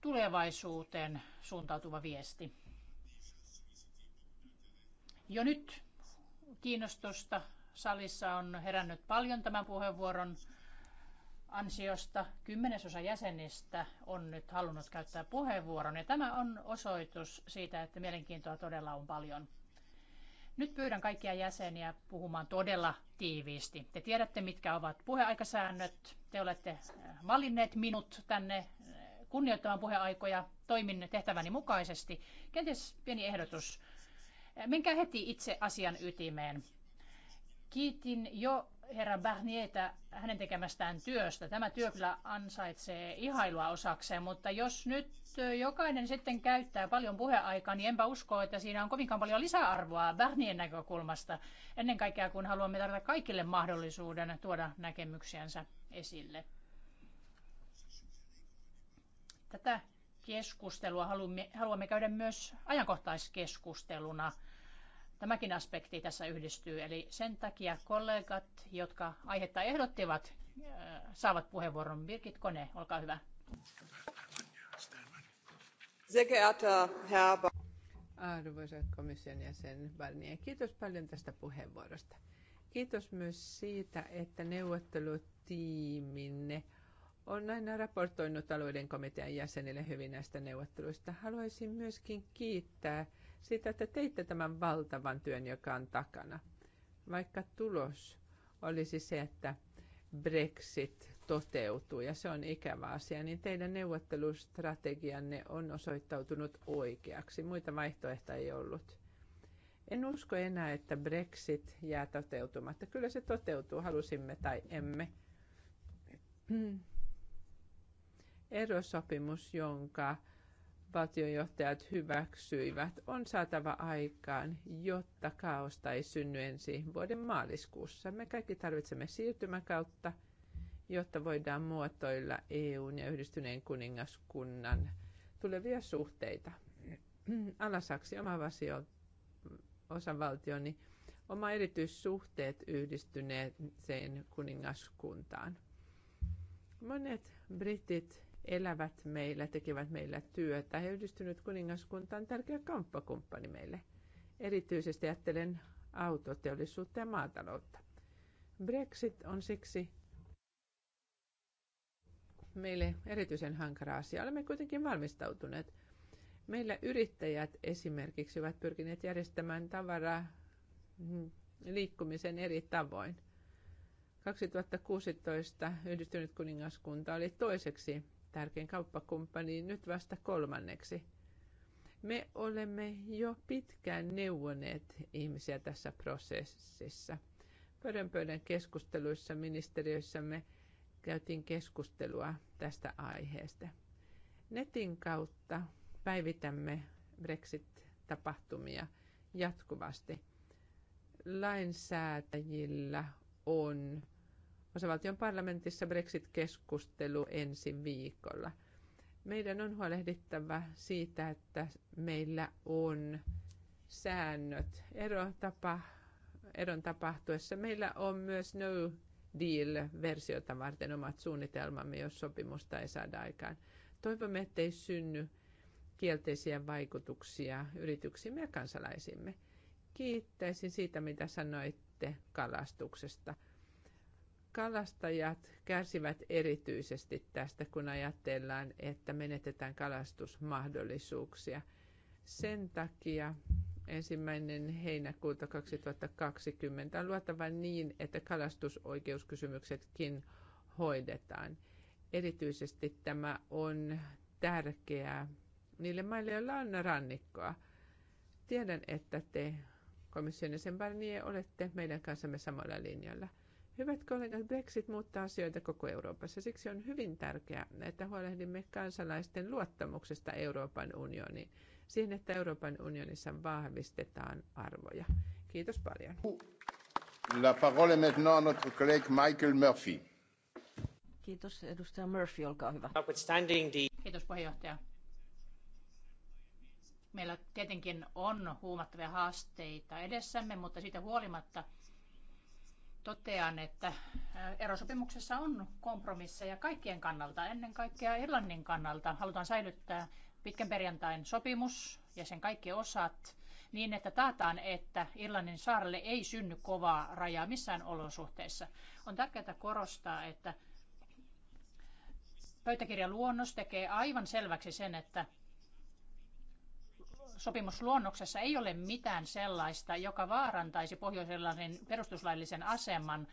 tulevaisuuteen suuntautuva viesti. Jo nyt kiinnostusta salissa on herännyt paljon tämän puheenvuoron ansiosta. Kymmenesosa jäsenistä on nyt halunnut käyttää puheenvuoron ja tämä on osoitus siitä, että mielenkiintoa todella on paljon. Nyt pyydän kaikkia jäseniä puhumaan todella tiiviisti. Te tiedätte, mitkä ovat puheaikasäännöt. Te olette äh, valinneet minut tänne äh, kunnioittamaan puheaikoja. Toimin tehtäväni mukaisesti. Kenties pieni ehdotus. Menkää heti itse asian ytimeen. Kiitin jo herra Barniertä hänen tekemästään työstä. Tämä työ kyllä ansaitsee ihailua osakseen, mutta jos nyt jokainen sitten käyttää paljon puheaikaa, niin enpä usko, että siinä on kovinkaan paljon lisäarvoa Barnien näkökulmasta. Ennen kaikkea, kun haluamme tarjota kaikille mahdollisuuden tuoda näkemyksiänsä esille. Tätä keskustelua haluamme, haluamme käydä myös ajankohtaiskeskusteluna. Tämäkin aspekti tässä yhdistyy, eli sen takia kollegat, jotka aihetta ehdottivat, äh, saavat puheenvuoron. Birgit Kone, olkaa hyvä. Arvoisa komission jäsen Barnier, kiitos paljon tästä puheenvuorosta. Kiitos myös siitä, että neuvottelutiiminne – on aina raportoinut talouden komitean jäsenille hyvin näistä neuvotteluista. Haluaisin myöskin kiittää siitä, että teitte tämän valtavan työn, joka on takana. Vaikka tulos olisi se, että Brexit toteutuu ja se on ikävä asia, niin teidän neuvottelustrategianne on osoittautunut oikeaksi. Muita vaihtoehtoja ei ollut. En usko enää, että Brexit jää toteutumatta. Kyllä se toteutuu, halusimme tai emme erosopimus, jonka valtionjohtajat hyväksyivät, on saatava aikaan, jotta kaaosta ei synny ensi vuoden maaliskuussa. Me kaikki tarvitsemme siirtymäkautta, jotta voidaan muotoilla EUn ja yhdistyneen kuningaskunnan tulevia suhteita. Alasaksi oma vasio, osavaltioni niin oma erityissuhteet yhdistyneeseen kuningaskuntaan. Monet britit elävät meillä, tekevät meillä työtä. He yhdistynyt kuningaskunta on tärkeä kamppakumppani meille. Erityisesti ajattelen autoteollisuutta ja maataloutta. Brexit on siksi meille erityisen hankara asia. Olemme kuitenkin valmistautuneet. Meillä yrittäjät esimerkiksi ovat pyrkineet järjestämään tavaraa mm, liikkumisen eri tavoin. 2016 yhdistynyt kuningaskunta oli toiseksi tärkein kauppakumppani, nyt vasta kolmanneksi. Me olemme jo pitkään neuvoneet ihmisiä tässä prosessissa. Pöydänpöydän keskusteluissa ministeriöissämme käytiin keskustelua tästä aiheesta. Netin kautta päivitämme Brexit-tapahtumia jatkuvasti. Lainsäätäjillä on osavaltion parlamentissa Brexit-keskustelu ensi viikolla. Meidän on huolehdittava siitä, että meillä on säännöt erotapa, eron tapahtuessa. Meillä on myös no deal-versiota varten omat suunnitelmamme, jos sopimusta ei saada aikaan. Toivomme, ettei synny kielteisiä vaikutuksia yrityksimme ja kansalaisimme. Kiittäisin siitä, mitä sanoitte kalastuksesta – Kalastajat kärsivät erityisesti tästä, kun ajatellaan, että menetetään kalastusmahdollisuuksia. Sen takia ensimmäinen heinäkuuta 2020 on luotava niin, että kalastusoikeuskysymyksetkin hoidetaan. Erityisesti tämä on tärkeää niille maille, joilla on rannikkoa. Tiedän, että te komission jäsen Barnier olette meidän kanssamme samalla linjalla. Hyvät kollegat, Brexit muuttaa asioita koko Euroopassa. Siksi on hyvin tärkeää, että huolehdimme kansalaisten luottamuksesta Euroopan unioniin. Siihen, että Euroopan unionissa vahvistetaan arvoja. Kiitos paljon. La parole maintenant notre collègue Michael Murphy. Kiitos. Edustaja Murphy, olkaa hyvä. Kiitos puheenjohtaja. Meillä tietenkin on huomattavia haasteita edessämme, mutta siitä huolimatta – totean, että äh, erosopimuksessa on kompromisseja kaikkien kannalta, ennen kaikkea Irlannin kannalta. Halutaan säilyttää pitkän perjantain sopimus ja sen kaikki osat niin, että taataan, että Irlannin saarelle ei synny kovaa rajaa missään olosuhteissa. On tärkeää korostaa, että pöytäkirjaluonnos tekee aivan selväksi sen, että sopimusluonnoksessa ei ole mitään sellaista, joka vaarantaisi Pohjois-Irlannin perustuslaillisen aseman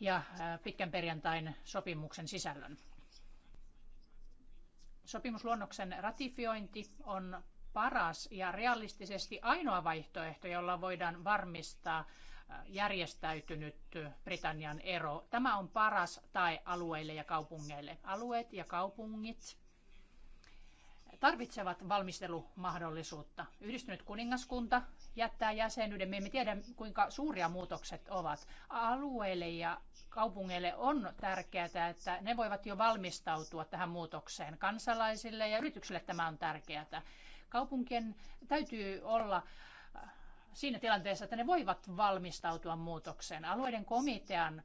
ja äh, pitkän perjantain sopimuksen sisällön. Sopimusluonnoksen ratifiointi on paras ja realistisesti ainoa vaihtoehto, jolla voidaan varmistaa äh, järjestäytynyt Britannian ero. Tämä on paras tae alueille ja kaupungeille. Alueet ja kaupungit tarvitsevat valmistelumahdollisuutta. Yhdistynyt kuningaskunta jättää jäsenyyden. Me emme tiedä, kuinka suuria muutokset ovat. Alueille ja kaupungeille on tärkeää, että ne voivat jo valmistautua tähän muutokseen. Kansalaisille ja yrityksille tämä on tärkeää. Kaupunkien täytyy olla äh, siinä tilanteessa, että ne voivat valmistautua muutokseen. Alueiden komitean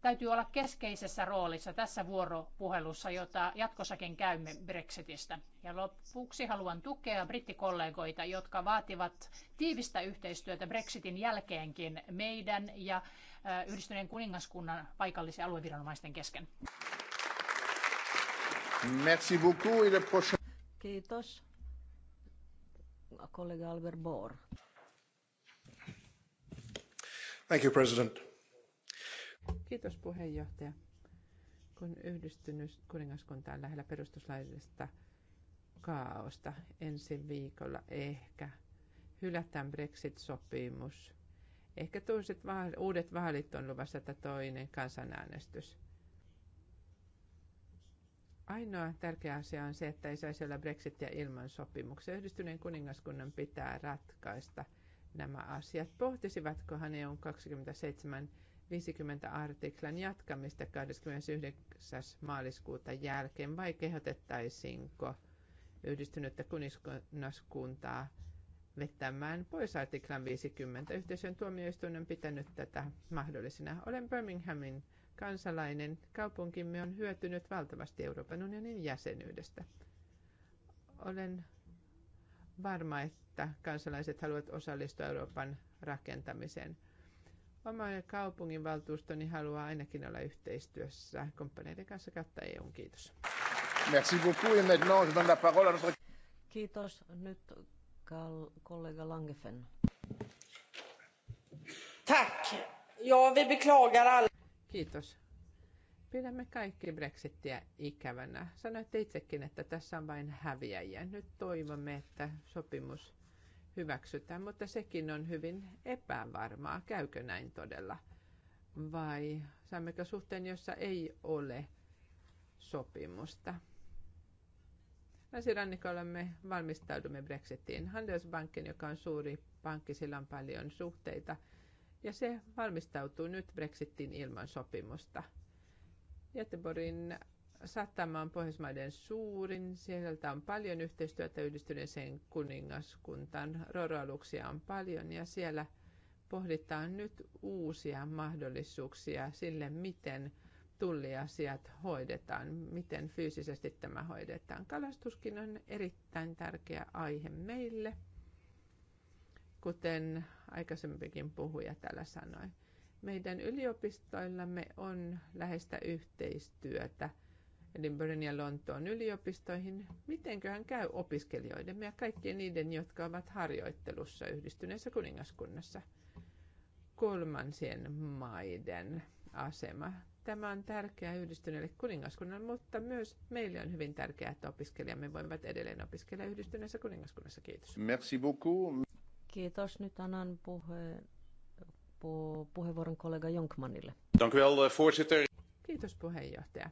täytyy olla keskeisessä roolissa tässä vuoropuhelussa, jota jatkossakin käymme Brexitistä. Ja lopuksi haluan tukea brittikollegoita, jotka vaativat tiivistä yhteistyötä Brexitin jälkeenkin meidän ja Yhdistyneen kuningaskunnan paikallisen alueviranomaisten kesken. Merci beaucoup. Kiitos. Kollega Albert Bohr. Thank you, President. Kiitos puheenjohtaja. Kun yhdistynyt kuningaskunta on lähellä perustuslaillista kaaosta ensi viikolla ehkä hylätään Brexit-sopimus. Ehkä toiset vaali, uudet vaalit on luvassa tai toinen kansanäänestys. Ainoa tärkeä asia on se, että ei saisi olla Brexitia ilman sopimuksia. Yhdistyneen kuningaskunnan pitää ratkaista nämä asiat. Pohtisivatkohan EU 27 50 artiklan jatkamista 29. maaliskuuta jälkeen vai kehotettaisiinko yhdistynyttä kuningaskuntaa vetämään pois artiklan 50. Yhteisön tuomioistuin on pitänyt tätä mahdollisena. Olen Birminghamin kansalainen. Kaupunkimme on hyötynyt valtavasti Euroopan unionin jäsenyydestä. Olen varma, että kansalaiset haluavat osallistua Euroopan rakentamiseen – kaupungin valtuustoni haluaa ainakin olla yhteistyössä kumppaneiden kanssa kautta EUn. Kiitos. Merci beaucoup. Et maintenant, je donne la parole à notre... Kiitos. Nyt kollega Langefen. Tack. Ja, vi beklagar alla. Kiitos. Pidämme kaikki Brexittiä ikävänä. Sanoitte itsekin, että tässä on vain häviäjiä. Nyt toivomme, että sopimus hyväksytään, mutta sekin on hyvin epävarmaa, käykö näin todella. Vai saammeko suhteen, jossa ei ole sopimusta? Länsirannikolla me valmistaudumme Brexitiin. Handelsbanken, joka on suuri pankki, sillä on paljon suhteita, ja se valmistautuu nyt Brexitiin ilman sopimusta. Göteborgin satama on Pohjoismaiden suurin. Sieltä on paljon yhteistyötä yhdistyneeseen kuningaskuntaan. Roroaluksia on paljon ja siellä pohditaan nyt uusia mahdollisuuksia sille, miten tulliasiat hoidetaan, miten fyysisesti tämä hoidetaan. Kalastuskin on erittäin tärkeä aihe meille, kuten aikaisempikin puhuja täällä sanoi. Meidän yliopistoillamme on läheistä yhteistyötä Edinburghin ja Lontoon yliopistoihin. Mitenköhän käy opiskelijoiden ja kaikkien niiden, jotka ovat harjoittelussa yhdistyneessä kuningaskunnassa? Kolmansien maiden asema. Tämä on tärkeää yhdistyneelle kuningaskunnalle, mutta myös meille on hyvin tärkeää, että opiskelijamme voivat edelleen opiskella yhdistyneessä kuningaskunnassa. Kiitos. Merci beaucoup. Kiitos. Nyt annan puhe, puheenvuoron kollega Jonkmanille. Dank u wel, eh, voorzitter. Kiitos puheenjohtaja.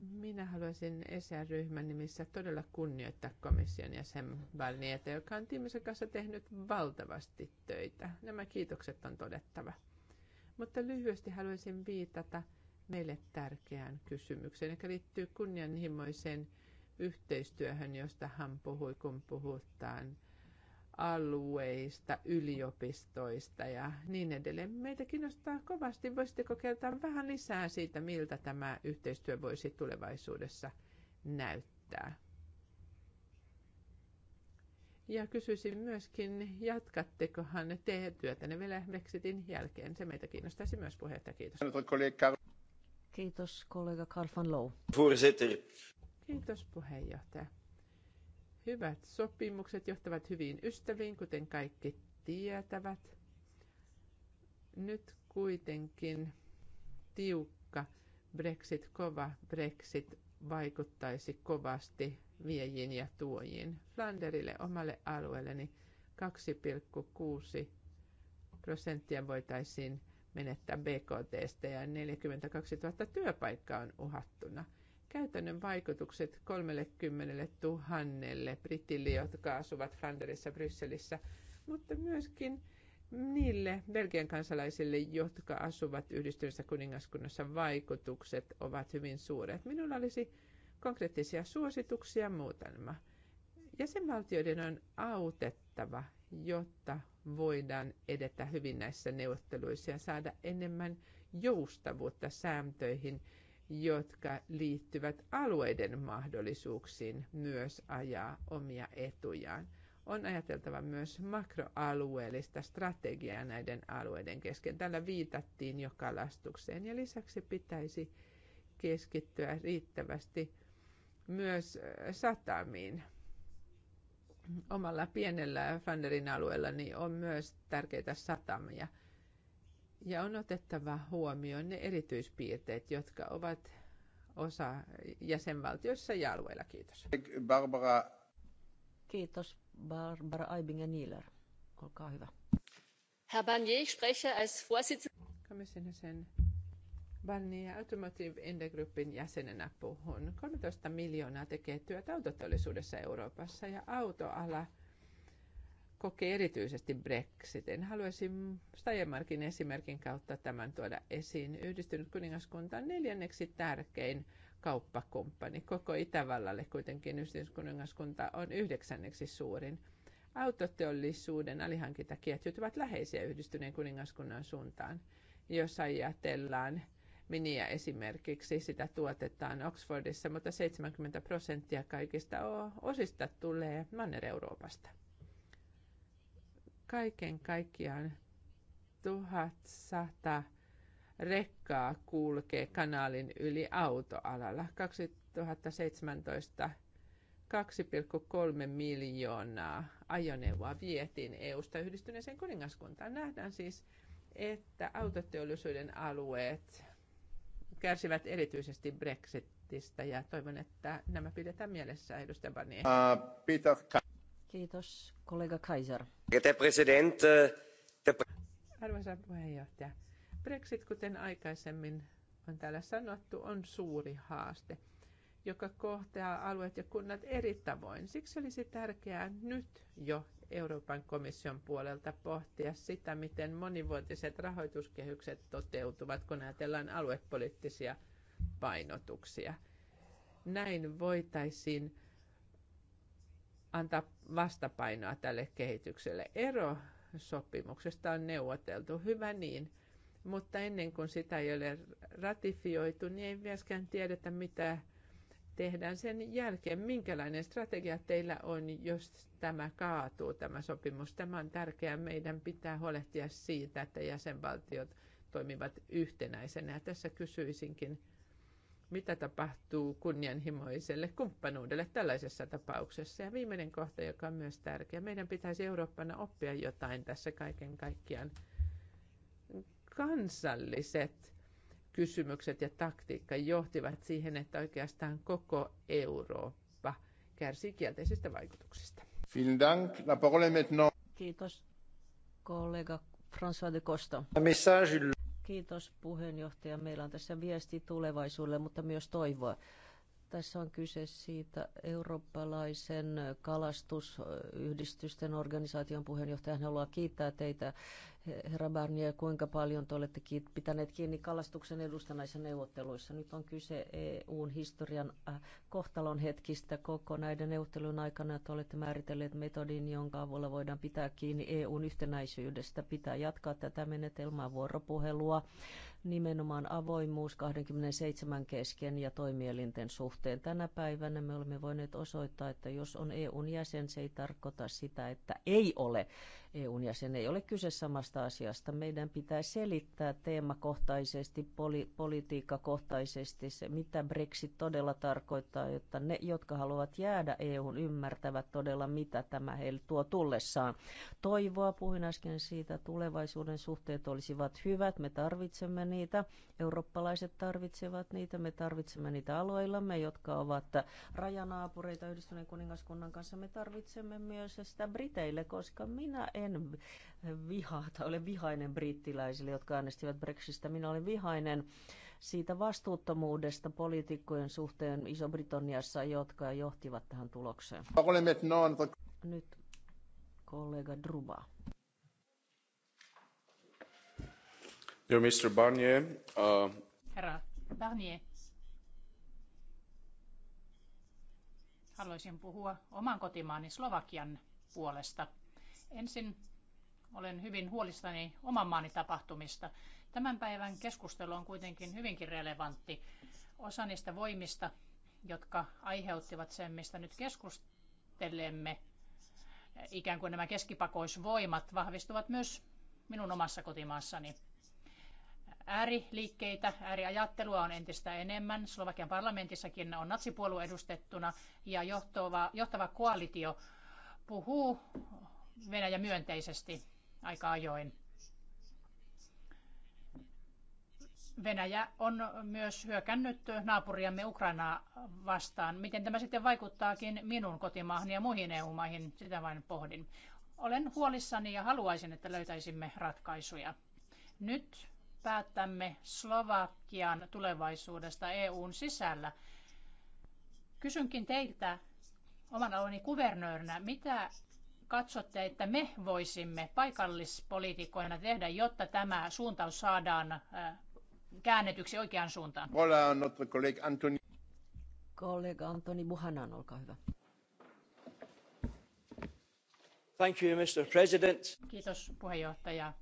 Minä haluaisin ESR-ryhmän nimissä todella kunnioittaa komission sen välineitä, joka on tiimisen kanssa tehnyt valtavasti töitä. Nämä kiitokset on todettava. Mutta lyhyesti haluaisin viitata meille tärkeään kysymykseen, joka liittyy kunnianhimoiseen yhteistyöhön, josta hän puhui, kun puhutaan alueista, yliopistoista ja niin edelleen. Meitä kiinnostaa kovasti. Voisitteko kertoa vähän lisää siitä, miltä tämä yhteistyö voisi tulevaisuudessa näyttää? Ja kysyisin myöskin, jatkattekohan te työtänne vielä Brexitin jälkeen? Se meitä kiinnostaisi myös puheenjohtaja. Kiitos. Kiitos kollega Carl van Loo. Kiitos puheenjohtaja. Hyvät sopimukset johtavat hyviin ystäviin, kuten kaikki tietävät. Nyt kuitenkin tiukka Brexit, kova Brexit vaikuttaisi kovasti viejiin ja tuojiin. Flanderille omalle alueelleni 2,6 prosenttia voitaisiin menettää BKTstä ja 42 000 työpaikkaa on uhattuna – käytännön vaikutukset 30 000 britille, jotka asuvat Flanderissa, Brysselissä, mutta myöskin niille Belgian kansalaisille, jotka asuvat yhdistyneessä kuningaskunnassa, vaikutukset ovat hyvin suuret. Minulla olisi konkreettisia suosituksia muutama. Jäsenvaltioiden on autettava, jotta voidaan edetä hyvin näissä neuvotteluissa ja saada enemmän joustavuutta sääntöihin – jotka liittyvät alueiden mahdollisuuksiin myös ajaa omia etujaan. On ajateltava myös makroalueellista strategiaa näiden alueiden kesken. Tällä viitattiin jo kalastukseen ja lisäksi pitäisi keskittyä riittävästi myös äh, satamiin. Omalla pienellä Fanderin alueella niin on myös tärkeitä satamia – ja on otettava huomioon ne erityispiirteet, jotka ovat osa jäsenvaltioissa ja alueilla. Kiitos. Barbara. Kiitos Barbara Aibinger-Niiler. Olkaa hyvä. Herr Barnier, ich spreche als Vorsitzender. Komission jäsen Barnier Automotive Indegruppin jäsenenä puhun. 13 miljoonaa tekee työtä autoteollisuudessa Euroopassa ja autoala – kokee erityisesti Brexitin. Haluaisin Steiermarkin esimerkin kautta tämän tuoda esiin. Yhdistynyt kuningaskunta on neljänneksi tärkein kauppakumppani. Koko Itävallalle kuitenkin yhdistynyt kuningaskunta on yhdeksänneksi suurin. Autoteollisuuden alihankintaketjut ovat läheisiä yhdistyneen kuningaskunnan suuntaan. Jos ajatellaan miniä esimerkiksi, sitä tuotetaan Oxfordissa, mutta 70 prosenttia kaikista osista tulee Manner-Euroopasta. Kaiken kaikkiaan 1100 rekkaa kulkee kanaalin yli autoalalla. 2017 2,3 miljoonaa ajoneuvoa vietiin EU-sta yhdistyneeseen kuningaskuntaan. Nähdään siis, että autoteollisuuden alueet kärsivät erityisesti Brexitistä ja toivon, että nämä pidetään mielessä, edustaja Barnier. Uh, Peter Kiitos, kollega Kaiser. Arvoisa puheenjohtaja, Brexit, kuten aikaisemmin on täällä sanottu, on suuri haaste, joka kohtaa alueet ja kunnat eri tavoin. Siksi olisi tärkeää nyt jo Euroopan komission puolelta pohtia sitä, miten monivuotiset rahoituskehykset toteutuvat, kun ajatellaan aluepoliittisia painotuksia. Näin voitaisiin antaa vastapainoa tälle kehitykselle. Ero sopimuksesta on neuvoteltu, hyvä niin, mutta ennen kuin sitä ei ole ratifioitu, niin ei myöskään tiedetä, mitä tehdään sen jälkeen. Minkälainen strategia teillä on, jos tämä kaatuu, tämä sopimus? Tämä on tärkeää. Meidän pitää huolehtia siitä, että jäsenvaltiot toimivat yhtenäisenä. Ja tässä kysyisinkin, mitä tapahtuu kunnianhimoiselle kumppanuudelle tällaisessa tapauksessa. Ja viimeinen kohta, joka on myös tärkeä. Meidän pitäisi Eurooppana oppia jotain tässä kaiken kaikkiaan. Kansalliset kysymykset ja taktiikka johtivat siihen, että oikeastaan koko Eurooppa kärsii kielteisistä vaikutuksista. Kiitos kollega François de Costa. Kiitos puheenjohtaja. Meillä on tässä viesti tulevaisuudelle, mutta myös toivoa. Tässä on kyse siitä eurooppalaisen kalastusyhdistysten organisaation puheenjohtaja. Hän haluaa kiittää teitä herra Barnier, kuinka paljon te olette pitäneet kiinni kalastuksen edustanaisissa neuvotteluissa. Nyt on kyse EUn historian äh, kohtalon hetkistä koko näiden neuvottelun aikana. Te olette määritelleet metodin, jonka avulla voidaan pitää kiinni EUn yhtenäisyydestä. Pitää jatkaa tätä menetelmää vuoropuhelua, nimenomaan avoimuus 27 kesken ja toimielinten suhteen. Tänä päivänä me olemme voineet osoittaa, että jos on EUn jäsen, se ei tarkoita sitä, että ei ole EUn jäsen. Ei ole kyse samasta asiasta. Meidän pitää selittää teemakohtaisesti, poli- politiikkakohtaisesti se, mitä Brexit todella tarkoittaa, jotta ne, jotka haluavat jäädä EUn, ymmärtävät todella, mitä tämä heille tuo tullessaan. Toivoa, puhuin äsken siitä, tulevaisuuden suhteet olisivat hyvät. Me tarvitsemme niitä. Eurooppalaiset tarvitsevat niitä. Me tarvitsemme niitä alueillamme, jotka ovat rajanaapureita Yhdistyneen kuningaskunnan kanssa. Me tarvitsemme myös sitä Briteille, koska minä en en viha, tai olen vihainen brittiläisille, jotka äänestivät Brexitistä. Minä olen vihainen siitä vastuuttomuudesta poliitikkojen suhteen Iso-Britanniassa, jotka johtivat tähän tulokseen. Nyt kollega Druba. Dear Mr. Barnier, uh... Herra Barnier, haluaisin puhua oman kotimaani Slovakian puolesta. Ensin olen hyvin huolissani oman maani tapahtumista. Tämän päivän keskustelu on kuitenkin hyvinkin relevantti. Osa niistä voimista, jotka aiheuttivat sen, mistä nyt keskustelemme, ikään kuin nämä keskipakoisvoimat vahvistuvat myös minun omassa kotimaassani. Ääriliikkeitä, ääriajattelua on entistä enemmän. Slovakian parlamentissakin on natsipuolue edustettuna ja johtava, johtava koalitio puhuu Venäjä myönteisesti aika ajoin. Venäjä on myös hyökännyt naapuriamme Ukrainaa vastaan. Miten tämä sitten vaikuttaakin minun kotimaahani ja muihin EU-maihin, sitä vain pohdin. Olen huolissani ja haluaisin, että löytäisimme ratkaisuja. Nyt päättämme Slovakian tulevaisuudesta EUn sisällä. Kysynkin teiltä oman aloni kuvernöörinä, mitä katsotte, että me voisimme paikallispoliitikkoina tehdä, jotta tämä suuntaus saadaan äh, käännetyksi oikeaan suuntaan? Voilà, notre collègue Kollega Antoni Buhanan, olkaa hyvä. Thank you, Mr. President. Kiitos puheenjohtaja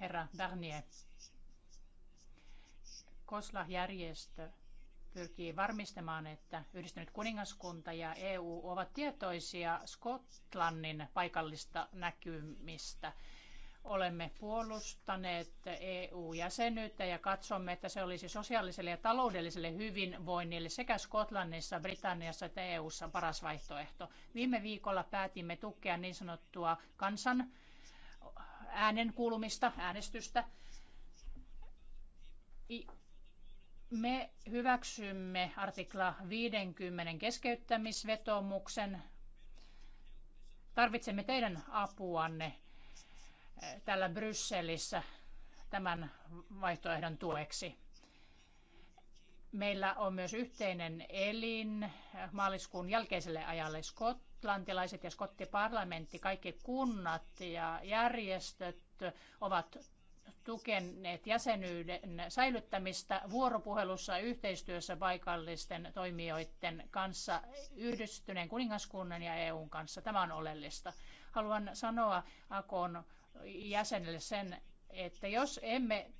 herra Barnier. Kosla-järjestö pyrkii varmistamaan, että yhdistynyt kuningaskunta ja EU ovat tietoisia Skotlannin paikallista näkymistä. Olemme puolustaneet EU-jäsenyyttä ja katsomme, että se olisi sosiaaliselle ja taloudelliselle hyvinvoinnille sekä Skotlannissa, Britanniassa että EU:ssa paras vaihtoehto. Viime viikolla päätimme tukea niin sanottua kansan äänen kuulumista, äänestystä me hyväksymme artikla 50 keskeyttämisvetomuksen. Tarvitsemme teidän apuanne eh, täällä Brysselissä tämän vaihtoehdon tueksi. Meillä on myös yhteinen elin eh, maaliskuun jälkeiselle ajalle skotlantilaiset ja skottiparlamentti, kaikki kunnat ja järjestöt ovat tukeneet jäsenyyden säilyttämistä vuoropuhelussa ja yhteistyössä paikallisten toimijoiden kanssa Yhdistyneen kuningaskunnan ja EUn kanssa. Tämä on oleellista. Haluan sanoa Akon jäsenille sen, että jos emme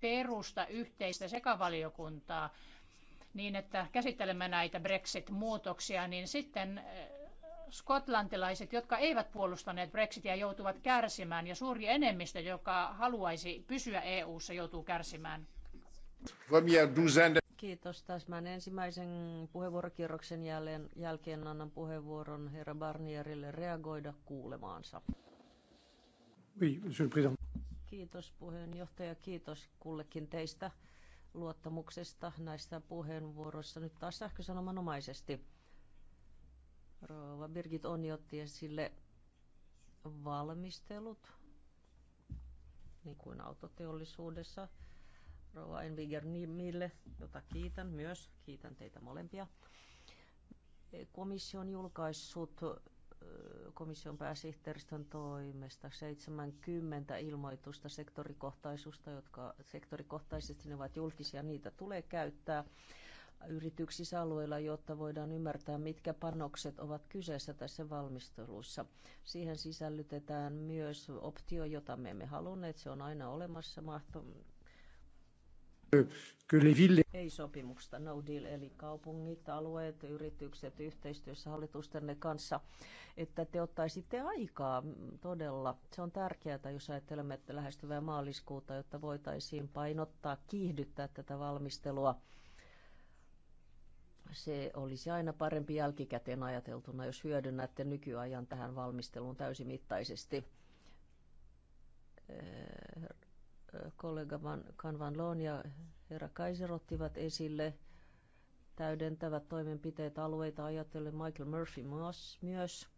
perusta yhteistä sekavaliokuntaa niin, että käsittelemme näitä Brexit-muutoksia, niin sitten skotlantilaiset, jotka eivät puolustaneet Brexitia, joutuvat kärsimään ja suuri enemmistö, joka haluaisi pysyä EU-ssa, joutuu kärsimään. Kiitos. Täsmän ensimmäisen puheenvuorokierroksen jälleen, jälkeen annan puheenvuoron herra Barnierille reagoida kuulemaansa. Kiitos puheenjohtaja, kiitos kullekin teistä luottamuksesta näissä puheenvuoroissa nyt taas sähkösanomanomaisesti. Rova Birgit Onni otti esille valmistelut, niin kuin autoteollisuudessa. Rova Enviger Nimmille, jota kiitän myös. Kiitän teitä molempia. Komissio on julkaissut komission pääsihteeristön toimesta 70 ilmoitusta sektorikohtaisusta, jotka sektorikohtaisesti ne ovat julkisia, niitä tulee käyttää yrityksissä alueilla, jotta voidaan ymmärtää, mitkä panokset ovat kyseessä tässä valmistelussa. Siihen sisällytetään myös optio, jota me emme halunneet. Se on aina olemassa ei sopimusta, no deal, eli kaupungit, alueet, yritykset yhteistyössä hallitustenne kanssa, että te ottaisitte aikaa todella. Se on tärkeää, jos ajattelemme että lähestyvää maaliskuuta, jotta voitaisiin painottaa, kiihdyttää tätä valmistelua se olisi aina parempi jälkikäteen ajateltuna, jos hyödynnätte nykyajan tähän valmisteluun täysimittaisesti. Äh, kollega Kanvan Loon ja herra Kaiser ottivat esille täydentävät toimenpiteet alueita ajatellen Michael Murphy myös.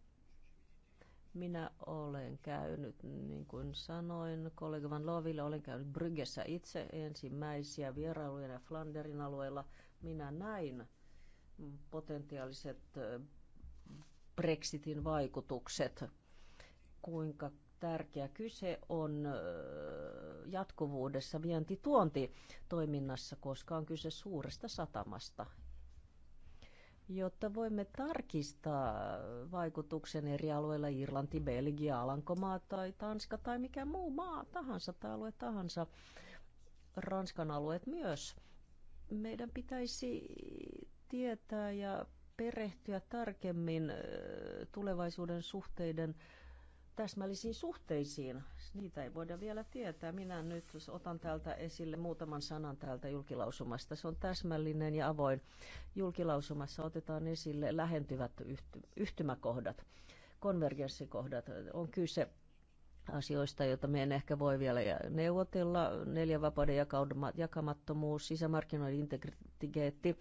Minä olen käynyt, niin kuin sanoin, kollega Van Loville, olen käynyt Bryggessä itse ensimmäisiä vierailuja Flanderin alueella. Minä näin potentiaaliset Brexitin vaikutukset, kuinka tärkeä kyse on jatkuvuudessa vientituontitoiminnassa, koska on kyse suuresta satamasta. Jotta voimme tarkistaa vaikutuksen eri alueilla, Irlanti, Belgia, Alankomaa tai Tanska tai mikä muu maa tahansa tai alue tahansa, Ranskan alueet myös, meidän pitäisi tietää ja perehtyä tarkemmin tulevaisuuden suhteiden täsmällisiin suhteisiin. Niitä ei voida vielä tietää. Minä nyt otan täältä esille muutaman sanan täältä julkilausumasta. Se on täsmällinen ja avoin. Julkilausumassa otetaan esille lähentyvät yhtymäkohdat, konvergenssikohdat. On kyse asioista, joita me ehkä voi vielä neuvotella. Neljän vapauden jakamattomuus, sisämarkkinoiden integriteetti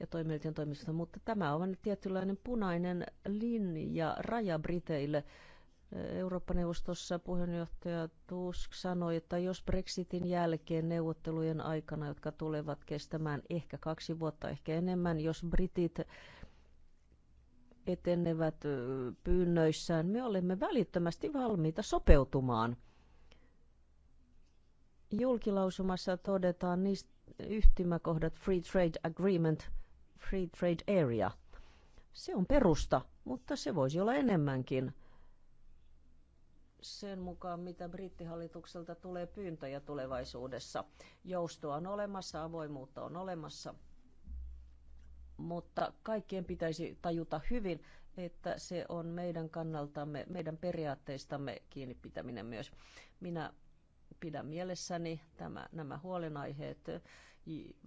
ja toimielinten toimista, mutta tämä on tietynlainen punainen linja raja Briteille. Eurooppa-neuvostossa puheenjohtaja Tusk sanoi, että jos Brexitin jälkeen neuvottelujen aikana, jotka tulevat kestämään ehkä kaksi vuotta, ehkä enemmän, jos Britit etenevät pyynnöissään, me olemme välittömästi valmiita sopeutumaan. Julkilausumassa todetaan niistä yhtymäkohdat Free Trade Agreement, Free Trade Area. Se on perusta, mutta se voisi olla enemmänkin sen mukaan, mitä brittihallitukselta tulee pyyntöjä tulevaisuudessa. Joustoa on olemassa, avoimuutta on olemassa – mutta kaikkien pitäisi tajuta hyvin, että se on meidän kannaltamme, meidän periaatteistamme kiinni pitäminen myös. Minä pidän mielessäni tämä, nämä huolenaiheet,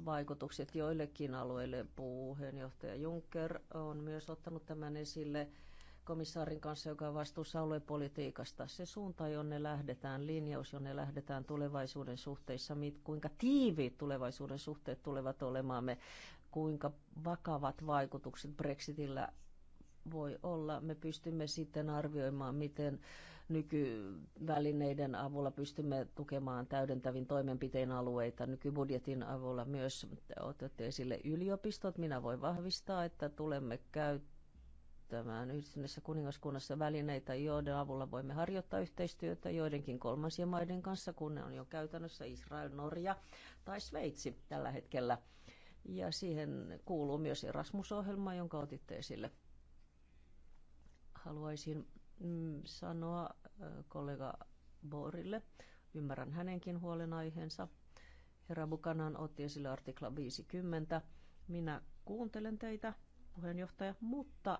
vaikutukset joillekin alueille. Puheenjohtaja Juncker on myös ottanut tämän esille komissaarin kanssa, joka on vastuussa aluepolitiikasta. Se suunta, jonne lähdetään, linjaus, jonne lähdetään tulevaisuuden suhteissa, kuinka tiiviit tulevaisuuden suhteet tulevat olemaan. Me kuinka vakavat vaikutukset Brexitillä voi olla. Me pystymme sitten arvioimaan, miten nykyvälineiden avulla pystymme tukemaan täydentävin toimenpiteen alueita. Nykybudjetin avulla myös otatte esille yliopistot. Minä voin vahvistaa, että tulemme käyttämään yhdistyneessä kuningaskunnassa välineitä, joiden avulla voimme harjoittaa yhteistyötä joidenkin kolmansien maiden kanssa, kun ne on jo käytännössä Israel, Norja tai Sveitsi tällä hetkellä. Ja siihen kuuluu myös Erasmus-ohjelma, jonka otitte esille. Haluaisin mm, sanoa kollega Borille, ymmärrän hänenkin huolenaiheensa. Herra Bukanan otti esille artikla 50. Minä kuuntelen teitä, puheenjohtaja, mutta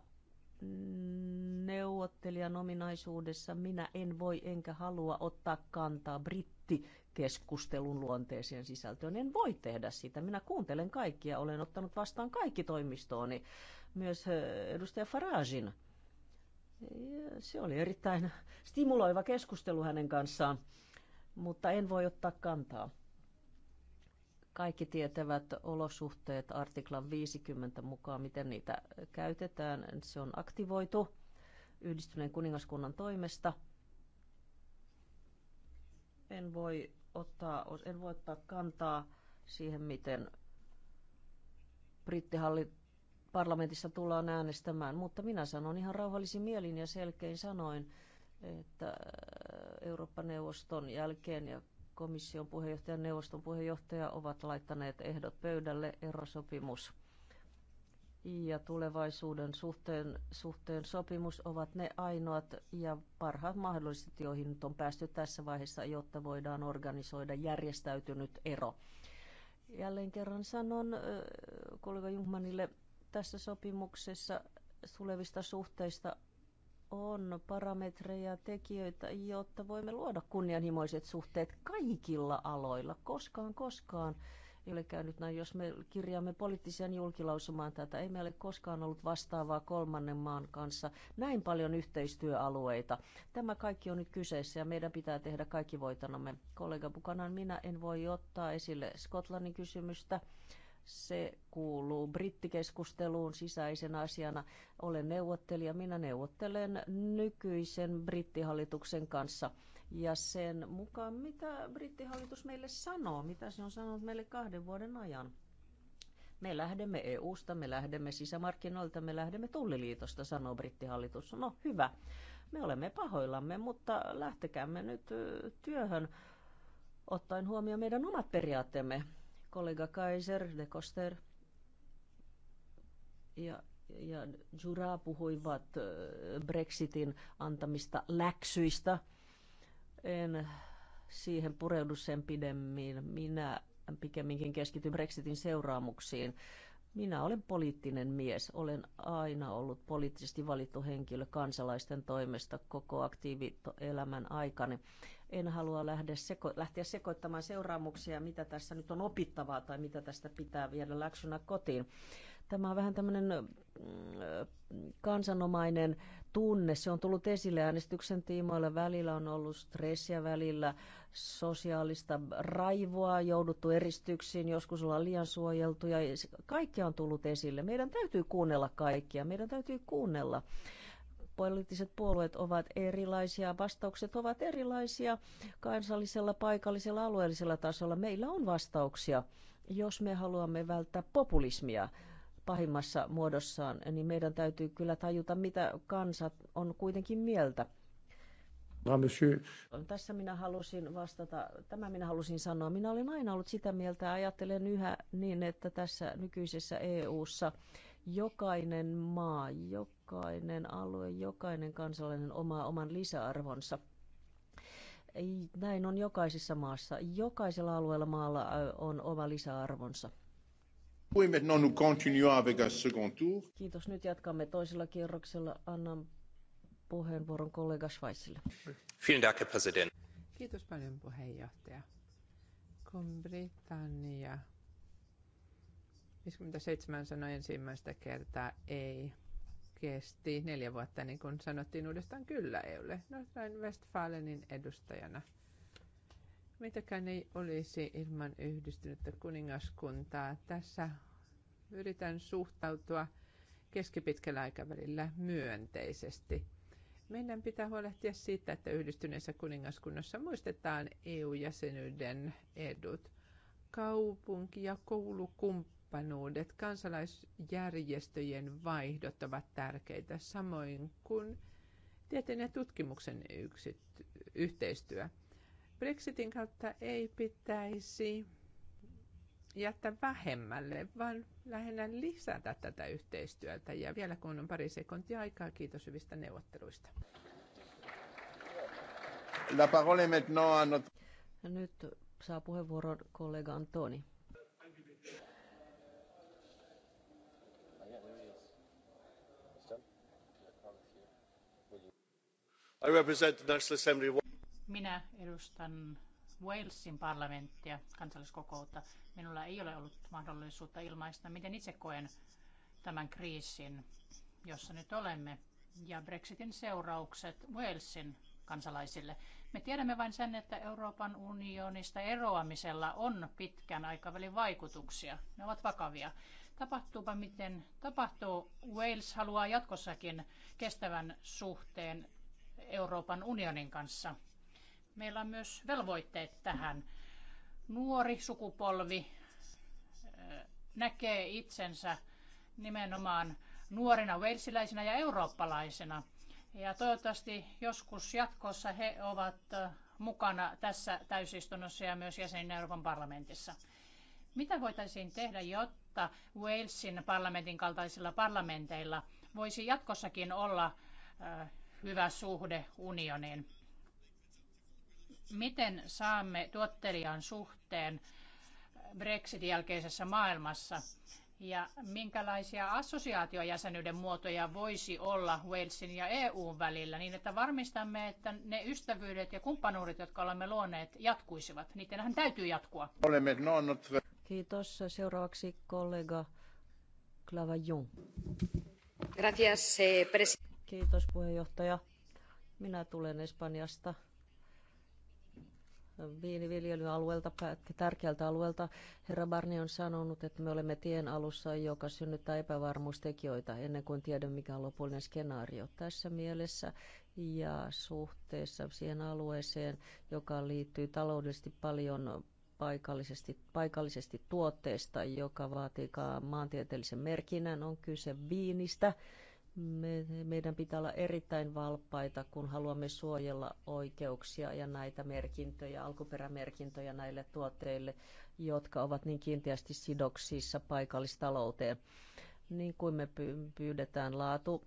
neuvottelijan ominaisuudessa minä en voi enkä halua ottaa kantaa Brit vaikutti keskustelun luonteeseen sisältöön. En voi tehdä sitä. Minä kuuntelen kaikkia. Olen ottanut vastaan kaikki toimistooni. Myös edustaja Faragin. Se oli erittäin stimuloiva keskustelu hänen kanssaan, mutta en voi ottaa kantaa. Kaikki tietävät olosuhteet artiklan 50 mukaan, miten niitä käytetään. Se on aktivoitu yhdistyneen kuningaskunnan toimesta – en voi ottaa, en voi ottaa kantaa siihen, miten brittihallit parlamentissa tullaan äänestämään, mutta minä sanon ihan rauhallisin mielin ja selkein sanoin, että Eurooppa-neuvoston jälkeen ja komission puheenjohtajan neuvoston puheenjohtaja ovat laittaneet ehdot pöydälle erosopimus ja tulevaisuuden suhteen, suhteen sopimus ovat ne ainoat ja parhaat mahdolliset, joihin nyt on päästy tässä vaiheessa, jotta voidaan organisoida järjestäytynyt ero. Jälleen kerran sanon kollega Jungmanille, tässä sopimuksessa tulevista suhteista on parametreja ja tekijöitä, jotta voimme luoda kunnianhimoiset suhteet kaikilla aloilla, koskaan, koskaan ei ole käynyt näin. Jos me kirjaamme poliittisen niin julkilausumaan tätä, ei meillä ole koskaan ollut vastaavaa kolmannen maan kanssa näin paljon yhteistyöalueita. Tämä kaikki on nyt kyseessä ja meidän pitää tehdä kaikki voitanamme. Kollega Bukanan, minä en voi ottaa esille Skotlannin kysymystä se kuuluu brittikeskusteluun sisäisen asiana. Olen neuvottelija, minä neuvottelen nykyisen brittihallituksen kanssa ja sen mukaan, mitä brittihallitus meille sanoo, mitä se on sanonut meille kahden vuoden ajan. Me lähdemme EU-sta, me lähdemme sisämarkkinoilta, me lähdemme tulliliitosta, sanoo brittihallitus. No hyvä, me olemme pahoillamme, mutta lähtekäämme nyt työhön ottaen huomioon meidän omat periaatteemme. Kollega Kaiser, De Koster ja ja Jura puhuivat Brexitin antamista läksyistä – en siihen pureudu sen pidemmin. Minä pikemminkin keskityn Brexitin seuraamuksiin. Minä olen poliittinen mies. Olen aina ollut poliittisesti valittu henkilö kansalaisten toimesta koko aktiivielämän aikana. En halua lähteä, seko- lähteä sekoittamaan seuraamuksia, mitä tässä nyt on opittavaa tai mitä tästä pitää viedä läksynä kotiin. Tämä on vähän tämmöinen kansanomainen tunne. Se on tullut esille äänestyksen tiimoilla. Välillä on ollut stressiä, välillä sosiaalista raivoa, jouduttu eristyksiin, joskus ollaan liian suojeltuja. kaikkea on tullut esille. Meidän täytyy kuunnella kaikkia. Meidän täytyy kuunnella poliittiset puolueet ovat erilaisia, vastaukset ovat erilaisia kansallisella, paikallisella, alueellisella tasolla. Meillä on vastauksia, jos me haluamme välttää populismia pahimmassa muodossaan, niin meidän täytyy kyllä tajuta, mitä kansat on kuitenkin mieltä. No, Tässä minä halusin vastata, tämä minä halusin sanoa. Minä olen aina ollut sitä mieltä, ajattelen yhä niin, että tässä nykyisessä EU:ssa jokainen maa, jokainen alue, jokainen kansalainen omaa oman lisäarvonsa. Näin on jokaisessa maassa. Jokaisella alueella maalla on oma lisäarvonsa. Kiitos. Nyt jatkamme toisella kierroksella. Annan puheenvuoron kollega Schweizille. Kiitos paljon puheenjohtaja. Kun Britannia 57 sanoi ensimmäistä kertaa ei, kesti neljä vuotta, niin kun sanottiin uudestaan kyllä EUlle. No sain Westfalenin edustajana – Mitäkään ei olisi ilman yhdistynyttä kuningaskuntaa. Tässä yritän suhtautua keskipitkällä aikavälillä myönteisesti. Meidän pitää huolehtia siitä, että yhdistyneessä kuningaskunnassa muistetaan EU-jäsenyyden edut. Kaupunki- ja koulukumppanuudet, kansalaisjärjestöjen vaihdot ovat tärkeitä, samoin kuin tieteen ja tutkimuksen yksit yhteistyö. Brexitin kautta ei pitäisi jättää vähemmälle, vaan lähinnä lisätä tätä yhteistyötä. Ja vielä kun on pari sekuntia aikaa, kiitos hyvistä neuvotteluista. La parole maintenant à Nyt saa puheenvuoron kollega Antoni. I represent the National Assembly minä edustan Walesin parlamenttia, kansalliskokoutta. Minulla ei ole ollut mahdollisuutta ilmaista, miten itse koen tämän kriisin, jossa nyt olemme, ja Brexitin seuraukset Walesin kansalaisille. Me tiedämme vain sen, että Euroopan unionista eroamisella on pitkän aikavälin vaikutuksia. Ne ovat vakavia. Tapahtuupa miten tapahtuu, Wales haluaa jatkossakin kestävän suhteen Euroopan unionin kanssa. Meillä on myös velvoitteet tähän. Nuori sukupolvi näkee itsensä nimenomaan nuorina walesiläisinä ja eurooppalaisina. Ja toivottavasti joskus jatkossa he ovat mukana tässä täysistunnossa ja myös jäseninä Euroopan parlamentissa. Mitä voitaisiin tehdä, jotta Walesin parlamentin kaltaisilla parlamenteilla voisi jatkossakin olla hyvä suhde unioniin? miten saamme tuottelijan suhteen Brexitin jälkeisessä maailmassa ja minkälaisia assosiaatiojäsenyyden muotoja voisi olla Walesin ja EUn välillä niin, että varmistamme, että ne ystävyydet ja kumppanuudet, jotka olemme luoneet, jatkuisivat. Niidenhän täytyy jatkua. Kiitos. Seuraavaksi kollega Clavajon. Gracias, eh, Kiitos puheenjohtaja. Minä tulen Espanjasta viiniviljelyalueelta, tärkeältä alueelta. Herra Barni on sanonut, että me olemme tien alussa, joka synnyttää epävarmuustekijöitä ennen kuin tiedämme, mikä on lopullinen skenaario tässä mielessä ja suhteessa siihen alueeseen, joka liittyy taloudellisesti paljon paikallisesti, paikallisesti tuotteesta, joka vaatii maantieteellisen merkinnän, on kyse viinistä – me, meidän pitää olla erittäin valppaita, kun haluamme suojella oikeuksia ja näitä merkintöjä, alkuperämerkintöjä näille tuotteille, jotka ovat niin kiinteästi sidoksissa paikallistalouteen. Niin kuin me pyydetään laatu,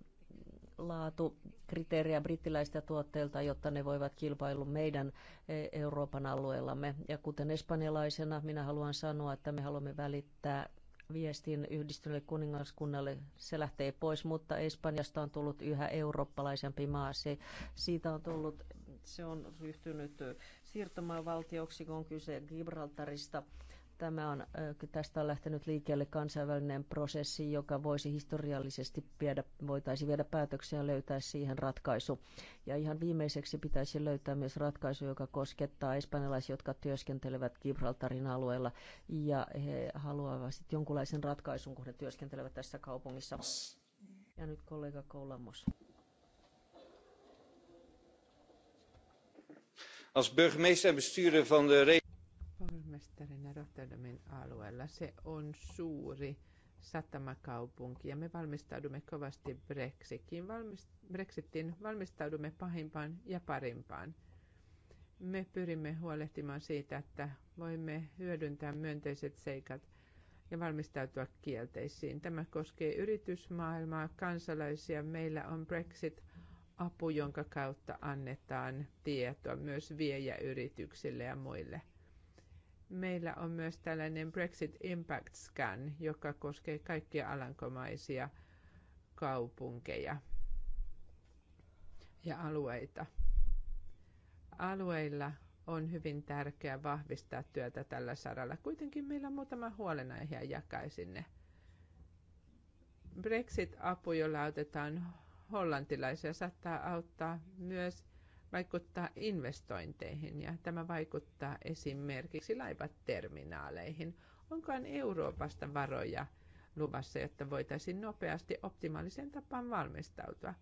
laatukriteerejä brittiläistä tuotteilta, jotta ne voivat kilpailla meidän e, Euroopan alueellamme. Ja kuten espanjalaisena minä haluan sanoa, että me haluamme välittää viestin yhdistyneelle kuningaskunnalle. Se lähtee pois, mutta Espanjasta on tullut yhä eurooppalaisempi maa. Se, siitä on tullut, se on ryhtynyt siirtomaavaltioksi, kun on kyse Gibraltarista. Tämä on, tästä on lähtenyt liikkeelle kansainvälinen prosessi, joka voisi historiallisesti viedä, voitaisi viedä päätöksiä ja löytää siihen ratkaisu. Ja ihan viimeiseksi pitäisi löytää myös ratkaisu, joka koskettaa espanjalaisia, jotka työskentelevät Gibraltarin alueella. Ja he haluavat sitten jonkunlaisen ratkaisun, kun he työskentelevät tässä kaupungissa. Ja nyt kollega Koulamos. Als burgemeester en bestuurder van de pormestarina Rotterdamin alueella. Se on suuri satamakaupunki ja me valmistaudumme kovasti Brexitiin. Valmist- Brexitin valmistaudumme pahimpaan ja parimpaan. Me pyrimme huolehtimaan siitä, että voimme hyödyntää myönteiset seikat ja valmistautua kielteisiin. Tämä koskee yritysmaailmaa, kansalaisia. Meillä on Brexit-apu, jonka kautta annetaan tietoa myös viejäyrityksille ja muille – meillä on myös tällainen Brexit Impact Scan, joka koskee kaikkia alankomaisia kaupunkeja ja alueita. Alueilla on hyvin tärkeää vahvistaa työtä tällä saralla. Kuitenkin meillä on muutama huolenaihe ja jakaisin ne. Brexit-apu, jolla autetaan hollantilaisia, saattaa auttaa myös vaikuttaa investointeihin ja tämä vaikuttaa esimerkiksi laivaterminaaleihin. Onkohan Euroopasta varoja luvassa, jotta voitaisiin nopeasti optimaaliseen tapaan valmistautua?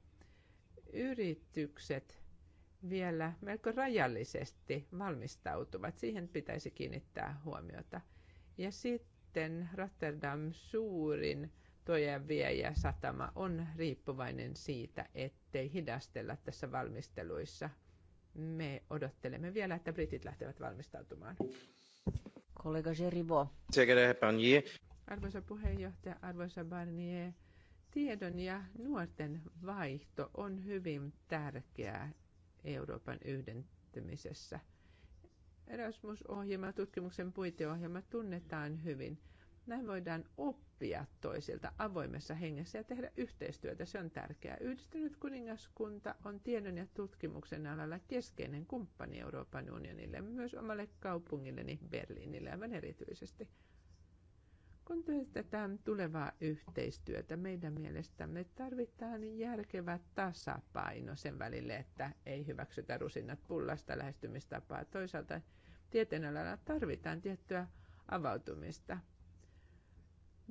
Yritykset vielä melko rajallisesti valmistautuvat. Siihen pitäisi kiinnittää huomiota. Ja sitten Rotterdam suurin tuoja viejä satama on riippuvainen siitä, että ettei hidastella tässä valmisteluissa. Me odottelemme vielä, että britit lähtevät valmistautumaan. Kollega Geribo. Arvoisa puheenjohtaja, arvoisa Barnier, tiedon ja nuorten vaihto on hyvin tärkeää Euroopan yhdentymisessä. Erasmus-ohjelma, tutkimuksen puiteohjelma tunnetaan hyvin – näin voidaan oppia toisilta avoimessa hengessä ja tehdä yhteistyötä. Se on tärkeää. Yhdistynyt kuningaskunta on tiedon ja tutkimuksen alalla keskeinen kumppani Euroopan unionille, myös omalle kaupungilleni Berliinille aivan erityisesti. Kun työstetään tulevaa yhteistyötä, meidän mielestämme tarvitaan järkevä tasapaino sen välille, että ei hyväksytä rusinat pullasta lähestymistapaa. Toisaalta tieteen alalla tarvitaan tiettyä avautumista –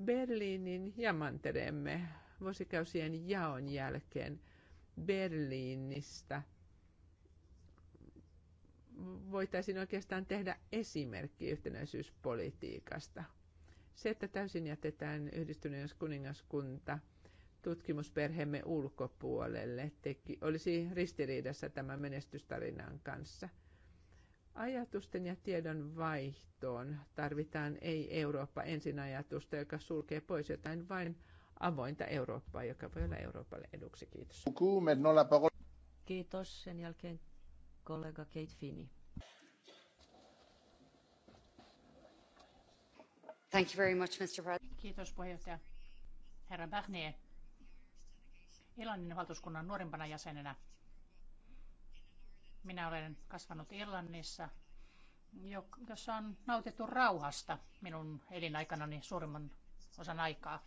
Berliinin ja mantereemme vuosikausien jaon jälkeen Berliinistä voitaisiin oikeastaan tehdä esimerkki yhtenäisyyspolitiikasta. Se, että täysin jätetään yhdistyneen kuningaskunta tutkimusperheemme ulkopuolelle, teki, olisi ristiriidassa tämän menestystarinan kanssa – Ajatusten ja tiedon vaihtoon tarvitaan ei Eurooppa ensin ajatusta, joka sulkee pois jotain vain avointa Eurooppaa, joka voi olla Euroopalle eduksi. Kiitos. Kiitos. Sen jälkeen kollega Kate Finney. Thank you very much, Mr. President. Kiitos puheenjohtaja. Herra Bernier, Ilanin valtuuskunnan nuorimpana jäsenenä minä olen kasvanut Irlannissa, jossa on nautittu rauhasta minun elinaikanani suurimman osan aikaa.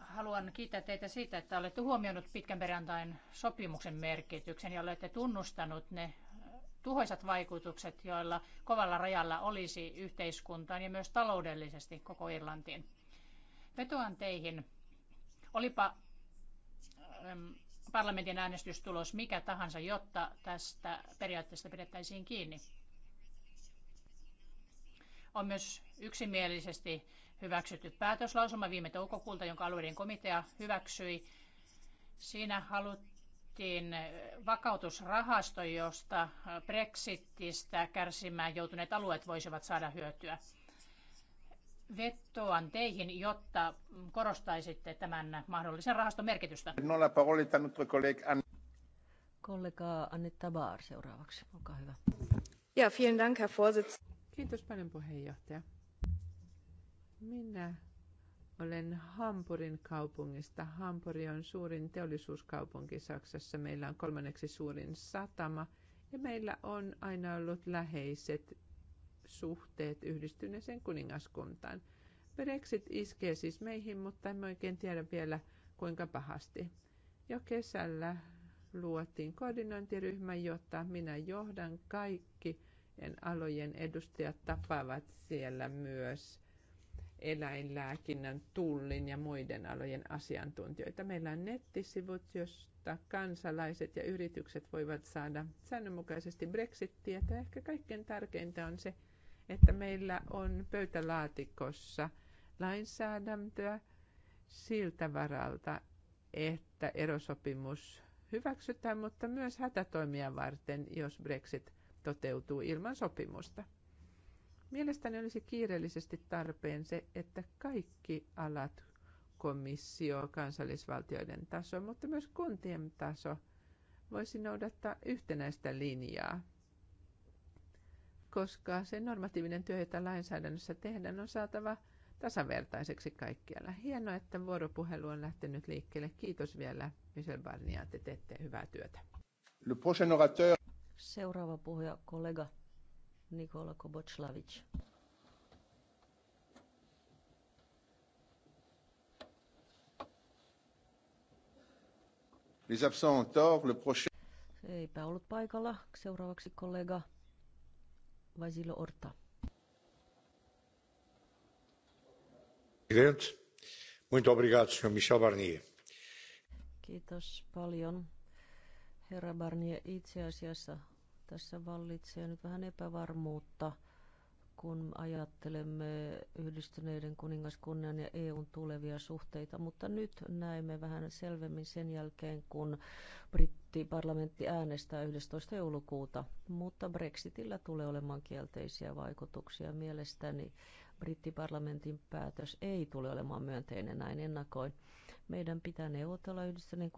Haluan kiittää teitä siitä, että olette huomioinut pitkän perjantain sopimuksen merkityksen ja olette tunnustanut ne tuhoisat vaikutukset, joilla kovalla rajalla olisi yhteiskuntaan ja myös taloudellisesti koko Irlantiin. Vetoan teihin. Olipa parlamentin äänestystulos mikä tahansa, jotta tästä periaatteesta pidettäisiin kiinni. On myös yksimielisesti hyväksytty päätöslausuma viime toukokuulta, jonka alueiden komitea hyväksyi. Siinä haluttiin vakautusrahasto, josta Brexitistä kärsimään joutuneet alueet voisivat saada hyötyä vetoan teihin, jotta korostaisitte tämän mahdollisen rahaston merkitystä. Kollega Anne Tabar seuraavaksi, olkaa hyvä. Ja, vielen dank, Herr Vorsitz. Kiitos paljon puheenjohtaja. Minä olen Hampurin kaupungista. Hampuri on suurin teollisuuskaupunki Saksassa. Meillä on kolmanneksi suurin satama ja meillä on aina ollut läheiset suhteet yhdistyneeseen kuningaskuntaan. Brexit iskee siis meihin, mutta emme oikein tiedä vielä kuinka pahasti. Jo kesällä luotiin koordinointiryhmä, jota minä johdan kaikki alojen edustajat tapaavat siellä myös eläinlääkinnän, tullin ja muiden alojen asiantuntijoita. Meillä on nettisivut, josta kansalaiset ja yritykset voivat saada säännönmukaisesti Brexit-tietoa. Ehkä kaikkein tärkeintä on se, että meillä on pöytälaatikossa lainsäädäntöä siltä varalta, että erosopimus hyväksytään, mutta myös hätätoimia varten, jos Brexit toteutuu ilman sopimusta. Mielestäni olisi kiireellisesti tarpeen se, että kaikki alat, komissio, kansallisvaltioiden taso, mutta myös kuntien taso, voisi noudattaa yhtenäistä linjaa koska se normatiivinen työ, jota lainsäädännössä tehdään, on saatava tasavertaiseksi kaikkialla. Hienoa, että vuoropuhelu on lähtenyt liikkeelle. Kiitos vielä Michel Barnia, että teette hyvää työtä. Seuraava puhuja, kollega Nikola Kobotslavic. Les absents ont tort, le prochain... Eipä ollut paikalla. Seuraavaksi kollega Vasilo Orta. Muito obrigado, senhor Michel Barnier. Kiitos paljon. Herra Barnier, itse asiassa tässä vallitsee nyt vähän epävarmuutta – kun ajattelemme yhdistyneiden kuningaskunnan ja EUn tulevia suhteita, mutta nyt näemme vähän selvemmin sen jälkeen, kun brittiparlamentti äänestää 11. joulukuuta, mutta Brexitillä tulee olemaan kielteisiä vaikutuksia. Mielestäni brittiparlamentin päätös ei tule olemaan myönteinen näin ennakoin. Meidän pitää neuvotella yhdistyneen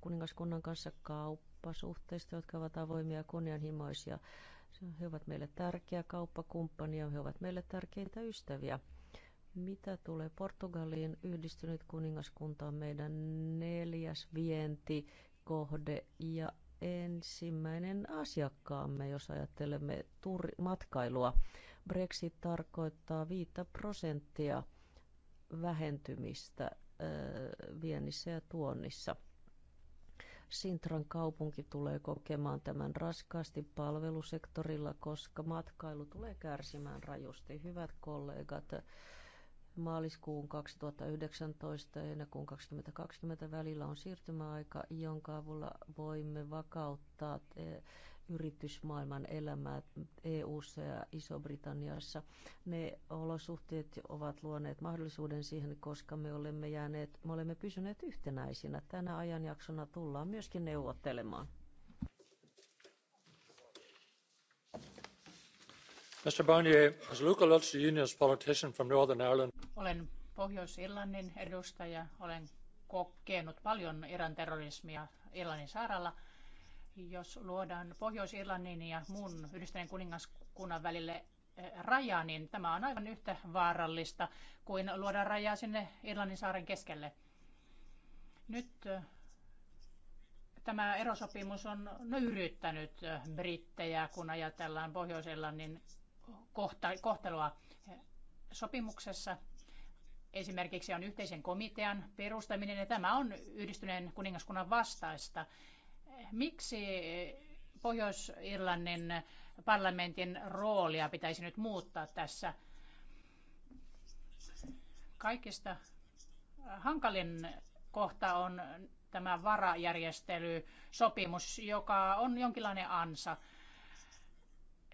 kuningaskunnan kanssa kauppasuhteista, jotka ovat avoimia ja kunnianhimoisia. He ovat meille tärkeä kauppakumppani ja he ovat meille tärkeitä ystäviä. Mitä tulee Portugaliin, yhdistynyt kuningaskunta on meidän neljäs vientikohde ja ensimmäinen asiakkaamme, jos ajattelemme tur- matkailua. Brexit tarkoittaa 5 prosenttia vähentymistä viennissä ja tuonnissa. Sintran kaupunki tulee kokemaan tämän raskaasti palvelusektorilla, koska matkailu tulee kärsimään rajusti. Hyvät kollegat, maaliskuun 2019 ja heinäkuun 2020 välillä on siirtymäaika, jonka avulla voimme vakauttaa eh, yritysmaailman elämää EU:ssa ja Iso-Britanniassa. Ne olosuhteet ovat luoneet mahdollisuuden siihen, koska me olemme jääneet, me olemme pysyneet yhtenäisinä. Tänä ajanjaksona tullaan myöskin neuvottelemaan. Mr. Barnier, as a local Union's politician from Northern Ireland. Olen Pohjois-Irlannin edustaja, olen kokenut paljon Iran terrorismia Irlannin saaralla – jos luodaan Pohjois-Irlannin ja muun yhdistyneen kuningaskunnan välille eh, raja, niin tämä on aivan yhtä vaarallista kuin luoda rajaa sinne Irlannin saaren keskelle. Nyt eh, tämä erosopimus on nöyryyttänyt eh, brittejä, kun ajatellaan Pohjois-Irlannin kohtelua sopimuksessa. Esimerkiksi on yhteisen komitean perustaminen, ja tämä on yhdistyneen kuningaskunnan vastaista. Miksi Pohjois-Irlannin parlamentin roolia pitäisi nyt muuttaa tässä? Kaikista hankalin kohta on tämä varajärjestelysopimus, joka on jonkinlainen ansa.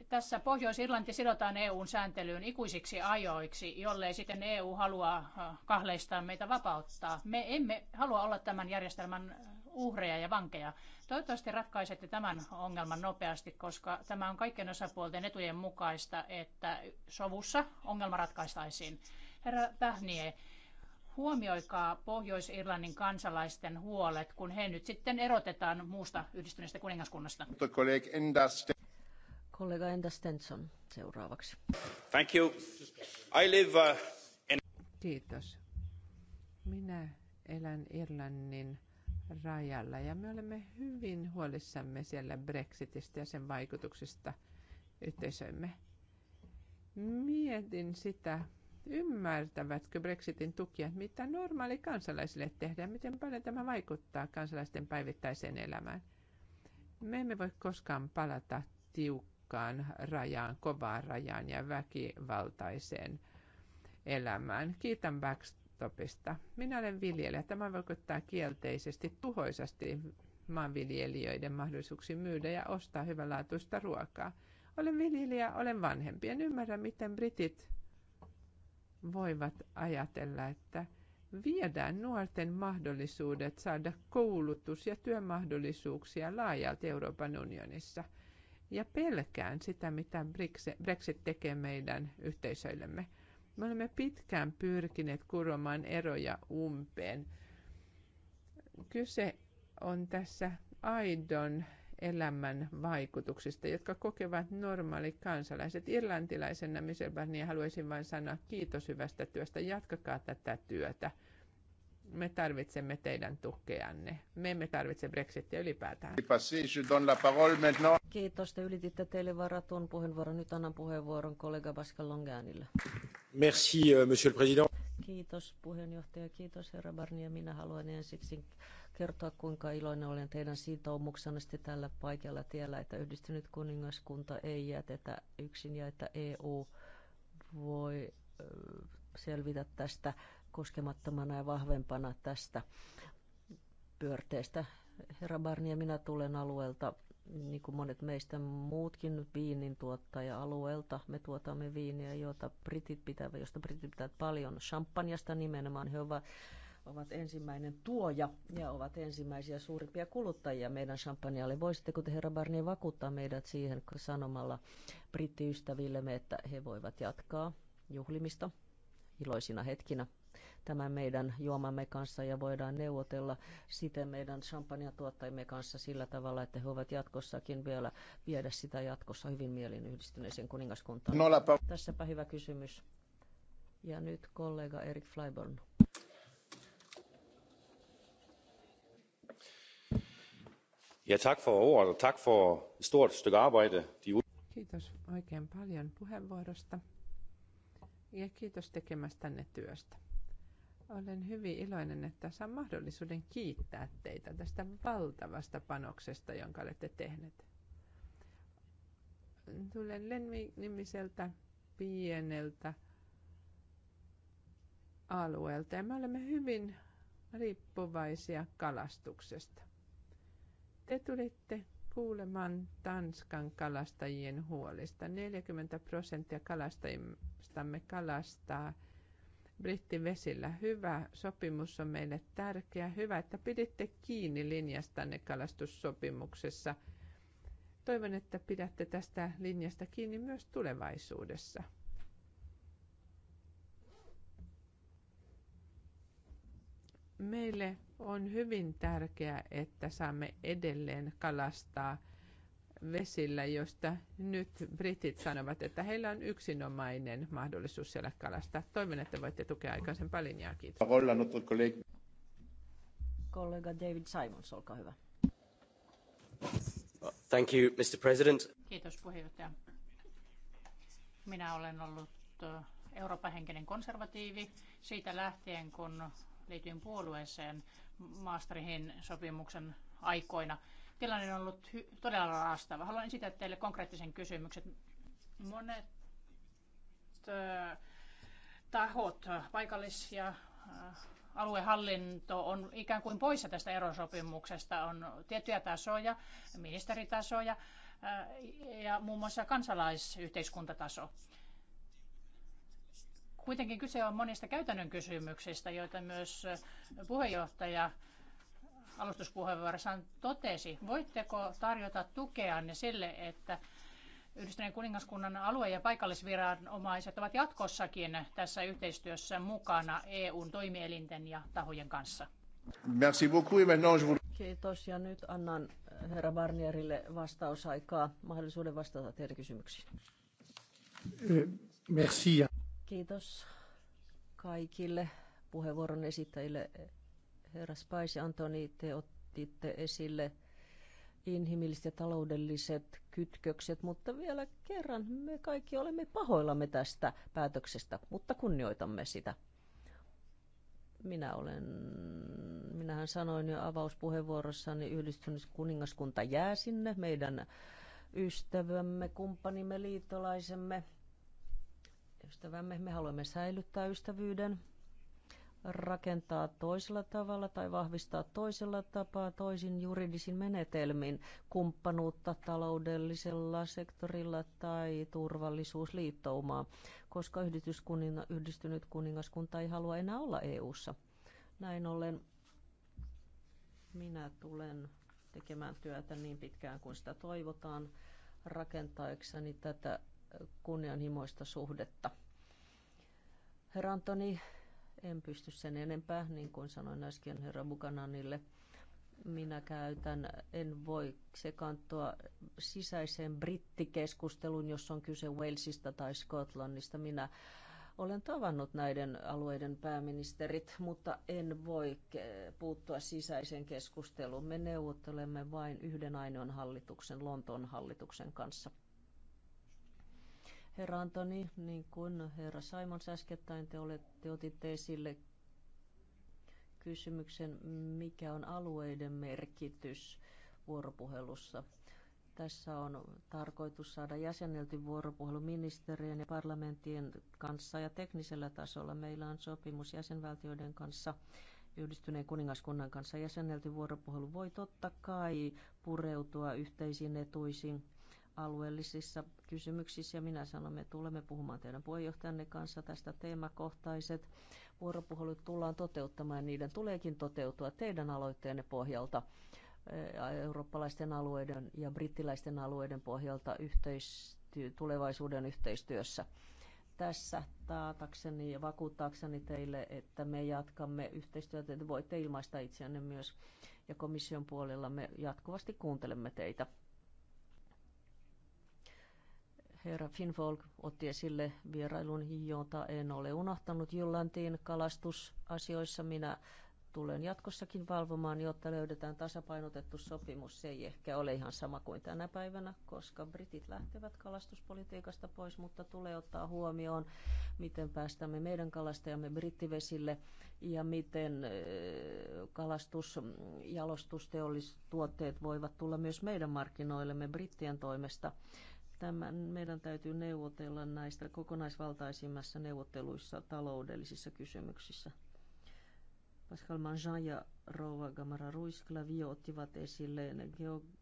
Tässä Pohjois-Irlanti sidotaan EUn sääntelyyn ikuisiksi ajoiksi, jollei sitten EU halua äh, kahleistaan meitä vapauttaa. Me emme halua olla tämän järjestelmän uhreja ja vankeja. Toivottavasti ratkaisette tämän ongelman nopeasti, koska tämä on kaikkien osapuolten etujen mukaista, että sovussa ongelma ratkaistaisiin. Herra Pähnie, huomioikaa Pohjois-Irlannin kansalaisten huolet, kun he nyt sitten erotetaan muusta yhdistyneestä kuningaskunnasta. Kollega Enda Stenson seuraavaksi. Thank you. I live, uh, in... Kiitos. Minä elän Irlannin rajalla ja me olemme hyvin huolissamme siellä Brexitistä ja sen vaikutuksista yhteisöimme. Mietin sitä, ymmärtävätkö Brexitin tukijat, mitä normaali kansalaisille tehdään, miten paljon tämä vaikuttaa kansalaisten päivittäiseen elämään. Me emme voi koskaan palata tiukkaan rajaan, kovaan rajaan ja väkivaltaiseen elämään. Kiitän Baxter backstopista. Minä olen viljelijä. Tämä vaikuttaa kielteisesti, tuhoisasti maanviljelijöiden mahdollisuuksiin myydä ja ostaa hyvänlaatuista ruokaa. Olen viljelijä, olen vanhempi. En ymmärrä, miten britit voivat ajatella, että viedään nuorten mahdollisuudet saada koulutus- ja työmahdollisuuksia laajalti Euroopan unionissa. Ja pelkään sitä, mitä Brexit tekee meidän yhteisöillemme. Me olemme pitkään pyrkineet kuromaan eroja umpeen. Kyse on tässä aidon elämän vaikutuksista, jotka kokevat normaali kansalaiset. Irlantilaisena Michel Barnier haluaisin vain sanoa kiitos hyvästä työstä, jatkakaa tätä työtä me tarvitsemme teidän tukeanne. Me emme tarvitse Brexitia ylipäätään. Kiitos, te ylititte teille varatun puheenvuoron. Nyt annan puheenvuoron kollega Pascal Longanille. Merci, euh, monsieur le président. Kiitos puheenjohtaja, kiitos herra Barnier. Minä haluan ensiksi kertoa, kuinka iloinen olen teidän sitoumuksennaste tällä paikalla tiellä, että yhdistynyt kuningaskunta ei jätetä yksin ja että EU voi selvitä tästä koskemattomana ja vahvempana tästä pyörteestä. Herra ja minä tulen alueelta, niin kuin monet meistä muutkin viinin tuottaja-alueelta. Me tuotamme viiniä, jota britit pitävät, josta britit pitävät paljon. Champanjasta nimenomaan he ovat ovat ensimmäinen tuoja ja ovat ensimmäisiä suurimpia kuluttajia meidän champanjalle. Voisitteko te, herra Barnier, vakuuttaa meidät siihen sanomalla brittiystävillemme, että he voivat jatkaa juhlimista iloisina hetkinä tämän meidän juomamme kanssa ja voidaan neuvotella siten meidän champagne tuottajimme kanssa sillä tavalla, että he ovat jatkossakin vielä viedä sitä jatkossa hyvin mielin yhdistyneeseen kuningaskuntaan. No, Tässäpä hyvä kysymys. Ja nyt kollega Erik Flyborn. Ja tack för ordet och tack för ett stort stycke arbete. Kiitos oikein paljon puheenvuorosta ja kiitos tekemästänne työstä. Olen hyvin iloinen, että saan mahdollisuuden kiittää teitä tästä valtavasta panoksesta, jonka olette tehneet. Tulen lenvi nimiseltä pieneltä alueelta ja me olemme hyvin riippuvaisia kalastuksesta. Te tulitte kuulemaan Tanskan kalastajien huolista. 40 prosenttia kalastajistamme kalastaa – brittivesillä. Hyvä sopimus on meille tärkeä. Hyvä, että piditte kiinni linjastanne kalastussopimuksessa. Toivon, että pidätte tästä linjasta kiinni myös tulevaisuudessa. Meille on hyvin tärkeää, että saamme edelleen kalastaa – vesillä, josta nyt britit sanovat, että heillä on yksinomainen mahdollisuus siellä kalastaa. Toivon, että voitte tukea aikaisempaa linjaa. Kiitos. Kollega David Simons, olkaa hyvä. Thank you, Mr. President. Kiitos puheenjohtaja. Minä olen ollut eh, Euroopan henkinen konservatiivi siitä lähtien, kun liityin puolueeseen Maastrihin sopimuksen aikoina – Tilanne on ollut todella raastava. Haluan esittää teille konkreettisen kysymyksen. Monet ö, tahot, paikallis- ja aluehallinto on ikään kuin poissa tästä erosopimuksesta. On tiettyjä tasoja, ministeritasoja ja muun muassa kansalaisyhteiskuntataso. Kuitenkin kyse on monista käytännön kysymyksistä, joita myös puheenjohtaja alustuspuheenvuorossaan totesi. Voitteko tarjota tukeanne sille, että Yhdistyneen kuningaskunnan alue- ja paikallisviranomaiset ovat jatkossakin tässä yhteistyössä mukana EUn toimielinten ja tahojen kanssa? Merci beaucoup. Kiitos. Ja nyt annan herra Barnierille vastausaikaa, mahdollisuuden vastata teidän kysymyksiin. Eh, merci. Kiitos kaikille puheenvuoron esittäjille Herra Spice ja Antoni, te otitte esille inhimilliset ja taloudelliset kytkökset, mutta vielä kerran me kaikki olemme pahoillamme tästä päätöksestä, mutta kunnioitamme sitä. Minä olen, minähän sanoin jo avauspuheenvuorossani, yhdistynyt kuningaskunta jää sinne, meidän ystävämme, kumppanimme, liittolaisemme, ystävämme, me haluamme säilyttää ystävyyden, rakentaa toisella tavalla tai vahvistaa toisella tapaa toisin juridisin menetelmin kumppanuutta taloudellisella sektorilla tai turvallisuusliittoumaa, koska yhdistynyt kuningaskunta ei halua enää olla EU:ssa. Näin ollen minä tulen tekemään työtä niin pitkään kuin sitä toivotaan rakentaakseni tätä kunnianhimoista suhdetta. Herra Antoni, en pysty sen enempää, niin kuin sanoin äsken herra Bukananille. Minä käytän, en voi sekaantua sisäiseen brittikeskusteluun, jos on kyse Walesista tai Skotlannista. Minä olen tavannut näiden alueiden pääministerit, mutta en voi puuttua sisäiseen keskusteluun. Me neuvottelemme vain yhden ainoan hallituksen, Lontoon hallituksen kanssa. Herra Antoni, niin kuin herra Simon äskettäin te, olette, otitte esille kysymyksen, mikä on alueiden merkitys vuoropuhelussa. Tässä on tarkoitus saada jäsennelty vuoropuhelu ministerien ja parlamenttien kanssa ja teknisellä tasolla. Meillä on sopimus jäsenvaltioiden kanssa, yhdistyneen kuningaskunnan kanssa. Jäsennelty vuoropuhelu voi totta kai pureutua yhteisiin etuisiin alueellisissa kysymyksissä. Ja minä sanon, että tulemme puhumaan teidän puheenjohtajanne kanssa tästä teemakohtaiset vuoropuhelut tullaan toteuttamaan. Niiden tuleekin toteutua teidän aloitteenne pohjalta eurooppalaisten alueiden ja brittiläisten alueiden pohjalta yhteistyö, tulevaisuuden yhteistyössä tässä taatakseni ja vakuuttaakseni teille, että me jatkamme yhteistyötä. että voitte ilmaista itseänne myös ja komission puolella me jatkuvasti kuuntelemme teitä herra Finfolk otti esille vierailun, jota en ole unohtanut Jyllantiin kalastusasioissa. Minä tulen jatkossakin valvomaan, jotta löydetään tasapainotettu sopimus. Se ei ehkä ole ihan sama kuin tänä päivänä, koska britit lähtevät kalastuspolitiikasta pois, mutta tulee ottaa huomioon, miten päästämme meidän kalastajamme brittivesille ja miten kalastus- tuotteet voivat tulla myös meidän markkinoillemme brittien toimesta. Tämän, meidän täytyy neuvotella näistä kokonaisvaltaisimmassa neuvotteluissa taloudellisissa kysymyksissä. Pascal Manjan ja Rouva Gamara Ruisklavio ottivat esille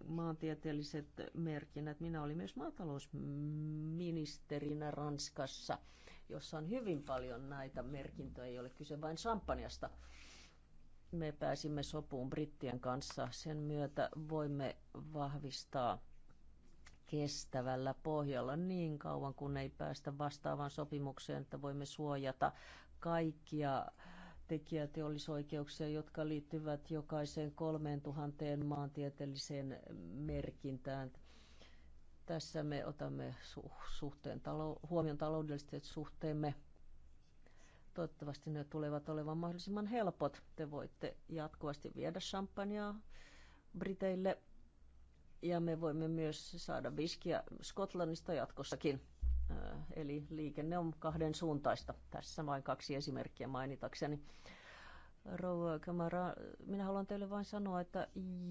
maantieteelliset merkinnät. Minä olin myös maatalousministerinä Ranskassa, jossa on hyvin paljon näitä merkintöjä, ei ole kyse vain champanjasta. Me pääsimme sopuun brittien kanssa. Sen myötä voimme vahvistaa kestävällä pohjalla niin kauan, kun ei päästä vastaavaan sopimukseen, että voimme suojata kaikkia tekijäteollisoikeuksia, jotka liittyvät jokaiseen 3000 maantieteelliseen merkintään. Tässä me otamme suhteen, huomioon taloudelliset suhteemme toivottavasti ne tulevat olemaan mahdollisimman helpot. Te voitte jatkuvasti viedä champagnea Briteille ja me voimme myös saada viskiä Skotlannista jatkossakin. Äh, eli liikenne on kahden suuntaista. Tässä vain kaksi esimerkkiä mainitakseni. Rouva Kamara, minä haluan teille vain sanoa, että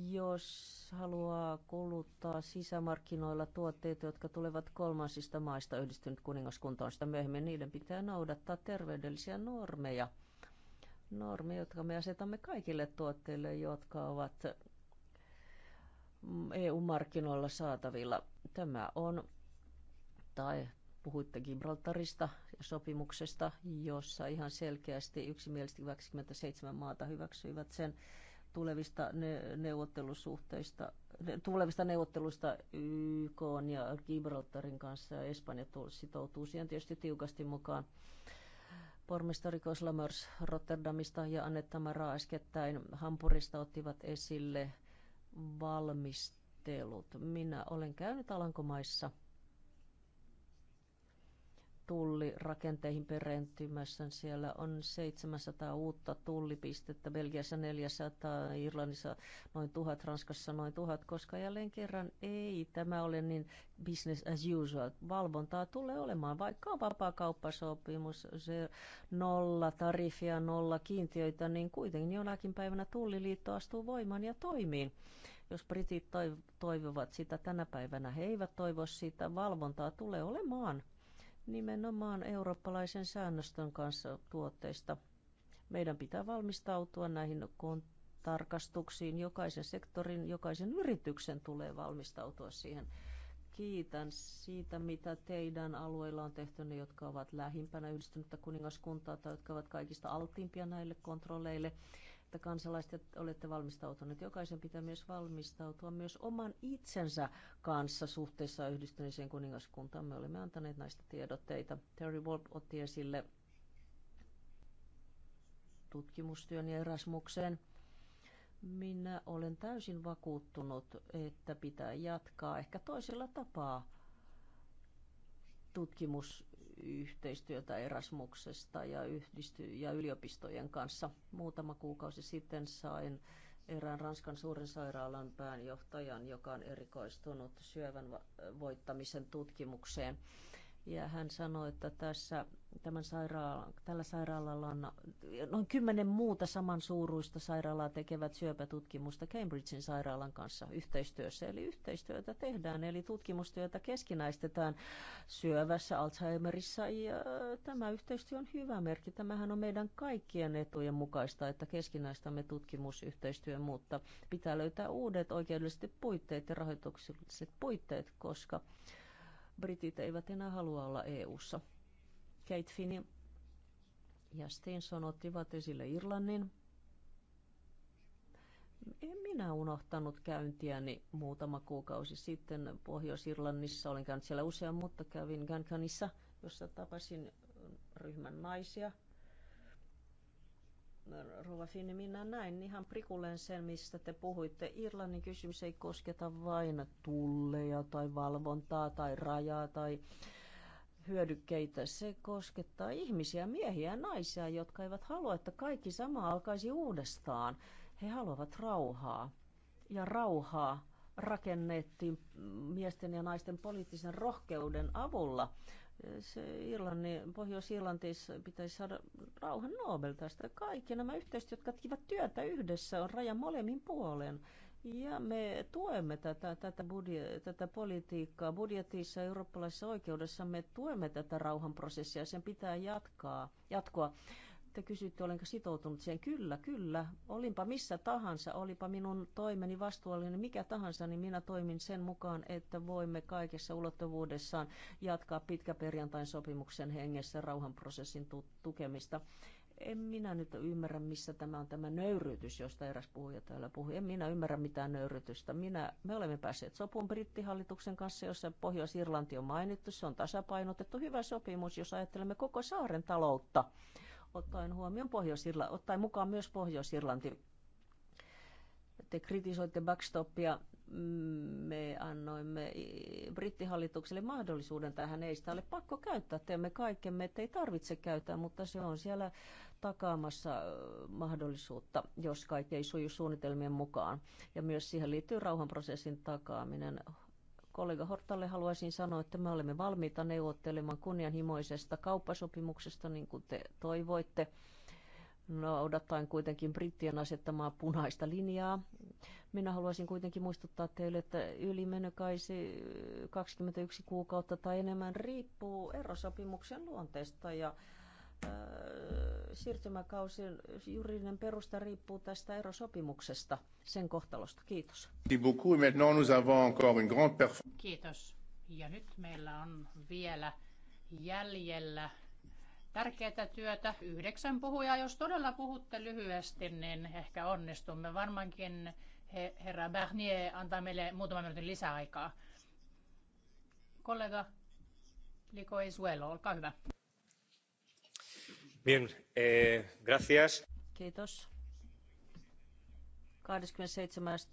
jos haluaa kuluttaa sisämarkkinoilla tuotteita, jotka tulevat kolmansista maista, yhdistynyt kuningaskunta on sitä myöhemmin, niiden pitää noudattaa terveydellisiä normeja. Normeja, jotka me asetamme kaikille tuotteille, jotka ovat EU-markkinoilla saatavilla. Tämä on, tai puhuitte Gibraltarista ja sopimuksesta, jossa ihan selkeästi yksimielisesti 27 maata hyväksyivät sen tulevista ne, neuvottelusuhteista, tulevista neuvotteluista YK ja Gibraltarin kanssa ja Espanja sitoutuu siihen tietysti tiukasti mukaan. Pormestari Koslamers Rotterdamista ja Annetta Mara äskettäin Hampurista ottivat esille valmistelut. Minä olen käynyt Alankomaissa – tullirakenteihin perentymässä. Siellä on 700 uutta tullipistettä, Belgiassa 400, Irlannissa noin 1000, Ranskassa noin 1000, koska jälleen kerran ei tämä ole niin business as usual. Valvontaa tulee olemaan, vaikka on vapaa kauppasopimus, se nolla tarifia, nolla kiintiöitä, niin kuitenkin jonakin päivänä tulliliitto astuu voimaan ja toimii jos britit toivovat sitä tänä päivänä, he eivät toivo sitä, valvontaa tulee olemaan nimenomaan eurooppalaisen säännöstön kanssa tuotteista. Meidän pitää valmistautua näihin tarkastuksiin. Jokaisen sektorin, jokaisen yrityksen tulee valmistautua siihen. Kiitän siitä, mitä teidän alueilla on tehty, ne jotka ovat lähimpänä yhdistynyttä kuningaskuntaa tai jotka ovat kaikista altimpia näille kontrolleille että kansalaiset olette valmistautuneet. Jokaisen pitää myös valmistautua myös oman itsensä kanssa suhteessa yhdistyneeseen kuningaskuntaan. Me olemme antaneet näistä tiedotteita. Terry Wolf otti esille tutkimustyön ja Erasmukseen. Minä olen täysin vakuuttunut, että pitää jatkaa ehkä toisella tapaa tutkimus yhteistyötä Erasmuksesta ja, yhdisty- ja yliopistojen kanssa. Muutama kuukausi sitten sain erään Ranskan suuren sairaalan pääjohtajan, joka on erikoistunut syövän voittamisen tutkimukseen. Ja hän sanoi, että tässä, tämän sairaala, tällä sairaalalla on noin kymmenen muuta samansuuruista sairaalaa tekevät syöpätutkimusta Cambridgein sairaalan kanssa yhteistyössä. Eli yhteistyötä tehdään, eli tutkimustyötä keskinäistetään syövässä, Alzheimerissa. Ja tämä yhteistyö on hyvä merkki. Tämähän on meidän kaikkien etujen mukaista, että keskinäistämme tutkimusyhteistyön, mutta pitää löytää uudet oikeudelliset puitteet ja rahoitukselliset puitteet, koska britit eivät enää halua olla EU-ssa. Kate Finney ja Stinson ottivat esille Irlannin. En minä unohtanut käyntiäni muutama kuukausi sitten Pohjois-Irlannissa. Olen käynyt siellä usean, mutta kävin Gankanissa, jossa tapasin ryhmän naisia – rouva Finni, minä näin ihan prikulleen sen, mistä te puhuitte. Irlannin kysymys ei kosketa vain tulleja tai valvontaa tai rajaa tai hyödykkeitä. Se koskettaa ihmisiä, miehiä ja naisia, jotka eivät halua, että kaikki sama alkaisi uudestaan. He haluavat rauhaa. Ja rauhaa rakennettiin miesten ja naisten poliittisen rohkeuden avulla se Irlanti, Pohjois-Irlantissa pitäisi saada rauhan Nobel tästä. Kaikki nämä yhteistyöt, jotka tekivät työtä yhdessä, on rajan molemmin puolen. Ja me tuemme tätä, tätä, budje, tätä politiikkaa budjetissa ja eurooppalaisessa oikeudessa. Me tuemme tätä rauhanprosessia ja sen pitää jatkaa, jatkoa. Te kysytte, olenko sitoutunut siihen. Kyllä, kyllä. Olinpa missä tahansa, olipa minun toimeni vastuullinen mikä tahansa, niin minä toimin sen mukaan, että voimme kaikessa ulottuvuudessaan jatkaa pitkäperjantain sopimuksen hengessä rauhanprosessin tukemista en minä nyt ymmärrä, missä tämä on tämä nöyrytys, josta eräs puhuja täällä puhui. En minä ymmärrä mitään nöyrytystä. Minä, me olemme päässeet sopuun brittihallituksen kanssa, jossa Pohjois-Irlanti on mainittu. Se on tasapainotettu hyvä sopimus, jos ajattelemme koko saaren taloutta ottaen huomioon pohjois ottaen mukaan myös Pohjois-Irlanti. Te kritisoitte backstopia. Mm, me annoimme brittihallitukselle mahdollisuuden tähän. Ei sitä ole pakko käyttää. Teemme kaikkemme, ei tarvitse käyttää, mutta se on siellä takaamassa mahdollisuutta, jos kaikki ei suju suunnitelmien mukaan. Ja myös siihen liittyy rauhanprosessin takaaminen kollega Hortalle haluaisin sanoa, että me olemme valmiita neuvottelemaan kunnianhimoisesta kauppasopimuksesta, niin kuin te toivoitte. No, odottaen kuitenkin brittien asettamaa punaista linjaa. Minä haluaisin kuitenkin muistuttaa teille, että yli ylimenökaisi 21 kuukautta tai enemmän riippuu erosopimuksen luonteesta ja siirtymäkausin juridinen perusta riippuu tästä erosopimuksesta, sen kohtalosta. Kiitos. Kiitos. Ja nyt meillä on vielä jäljellä tärkeää työtä. Yhdeksän puhujaa. Jos todella puhutte lyhyesti, niin ehkä onnistumme. Varmaankin herra Bernier antaa meille muutaman minuutin lisäaikaa. Kollega Liko Isuelo, olkaa hyvä. Bien, eh,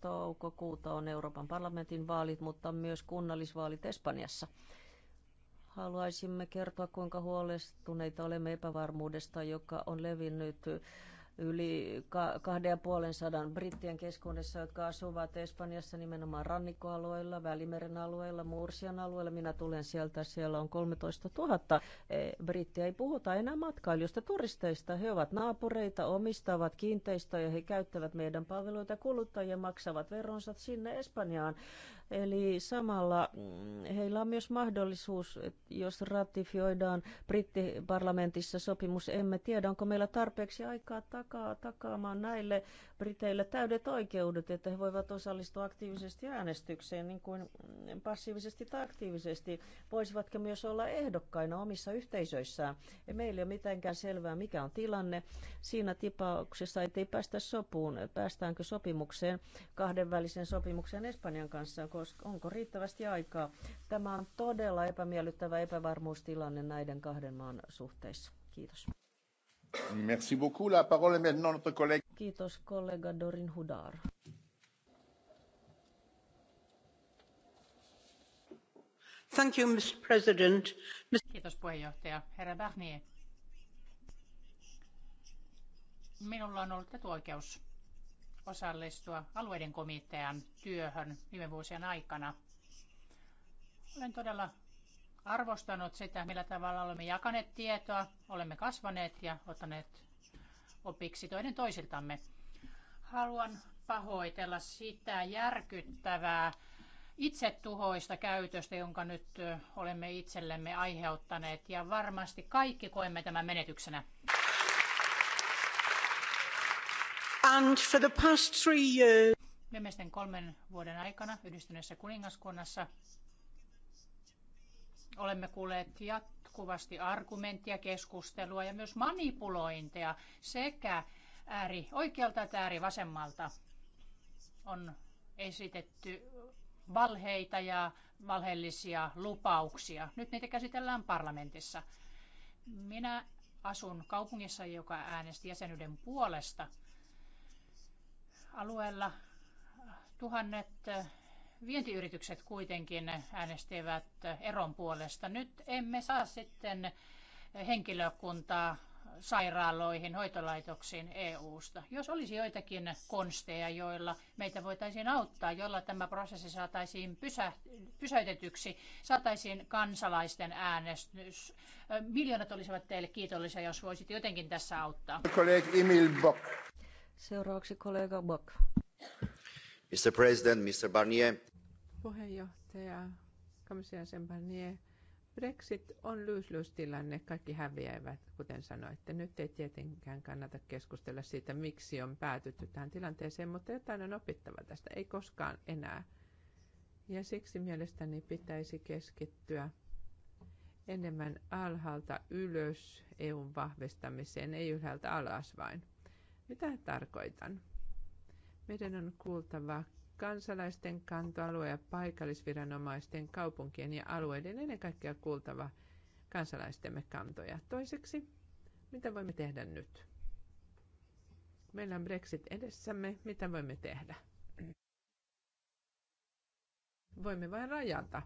toukokuuta on Euroopan parlamentin vaalit, mutta myös kunnallisvaalit Espanjassa. Haluaisimme kertoa, kuinka huolestuneita olemme epävarmuudesta, joka on levinnyt yli sadan brittien keskuudessa, jotka asuvat Espanjassa nimenomaan rannikkoalueilla, Välimeren alueilla, Mursian alueilla. Minä tulen sieltä, siellä on 13 000 e, brittiä. Ei puhuta enää matkailijoista, turisteista. He ovat naapureita, omistavat kiinteistöjä, he käyttävät meidän palveluita, kuluttajia maksavat veronsa sinne Espanjaan. Eli samalla mm, heillä on myös mahdollisuus, jos ratifioidaan brittiparlamentissa sopimus, emme tiedä, onko meillä tarpeeksi aikaa takaa, takaamaan näille Briteillä täydet oikeudet, että he voivat osallistua aktiivisesti äänestykseen, niin kuin passiivisesti tai aktiivisesti, voisivatko myös olla ehdokkaina omissa yhteisöissään. Ja meillä ei ole mitenkään selvää, mikä on tilanne. Siinä tapauksessa, ettei päästä sopuun, päästäänkö sopimukseen, kahdenvälisen sopimukseen Espanjan kanssa, koska onko riittävästi aikaa. Tämä on todella epämiellyttävä epävarmuustilanne näiden kahden maan suhteissa. Kiitos. Merci beaucoup. La parole est maintenant notre collègue. Kiitos kollega Dorin Hudar. Thank you, Mr. President. Kiitos puheenjohtaja. Herra Barnier. Minulla on ollut etuoikeus osallistua alueiden komitean työhön viime vuosien aikana. Olen todella arvostanut sitä, millä tavalla olemme jakaneet tietoa, olemme kasvaneet ja ottaneet opiksi toinen toisiltamme. Haluan pahoitella sitä järkyttävää itsetuhoista käytöstä, jonka nyt olemme itsellemme aiheuttaneet ja varmasti kaikki koemme tämän menetyksenä. And for the past three years... Viimeisten kolmen vuoden aikana yhdistyneessä kuningaskunnassa olemme kuulleet jat- jatkuvasti argumenttia, keskustelua ja myös manipulointia sekä ääri oikealta että ääri vasemmalta. On esitetty valheita ja valheellisia lupauksia. Nyt niitä käsitellään parlamentissa. Minä asun kaupungissa, joka äänesti jäsenyyden puolesta. Alueella tuhannet vientiyritykset kuitenkin äänestivät eron puolesta. Nyt emme saa sitten henkilökuntaa sairaaloihin, hoitolaitoksiin EU-sta. Jos olisi joitakin konsteja, joilla meitä voitaisiin auttaa, jolla tämä prosessi saataisiin pysä, pysäytetyksi, saataisiin kansalaisten äänestys. Miljoonat olisivat teille kiitollisia, jos voisit jotenkin tässä auttaa. Kollega Emil Bock. Seuraavaksi kollega Bock. Mr. President, Mr. Barnier. Puheenjohtaja, komission Barnier. Brexit on lose-lose-tilanne, kaikki häviävät, kuten sanoitte. Nyt ei tietenkään kannata keskustella siitä, miksi on päätytty tähän tilanteeseen, mutta jotain on opittava tästä, ei koskaan enää. Ja siksi mielestäni pitäisi keskittyä enemmän alhaalta ylös EUn vahvistamiseen, ei ylhäältä alas vain. Mitä tarkoitan? Meidän on kuultava kansalaisten kantoalue- ja paikallisviranomaisten, kaupunkien ja alueiden ennen kaikkea kuultava kansalaistemme kantoja. Toiseksi, mitä voimme tehdä nyt? Meillä on Brexit edessämme. Mitä voimme tehdä? Voimme vain rajata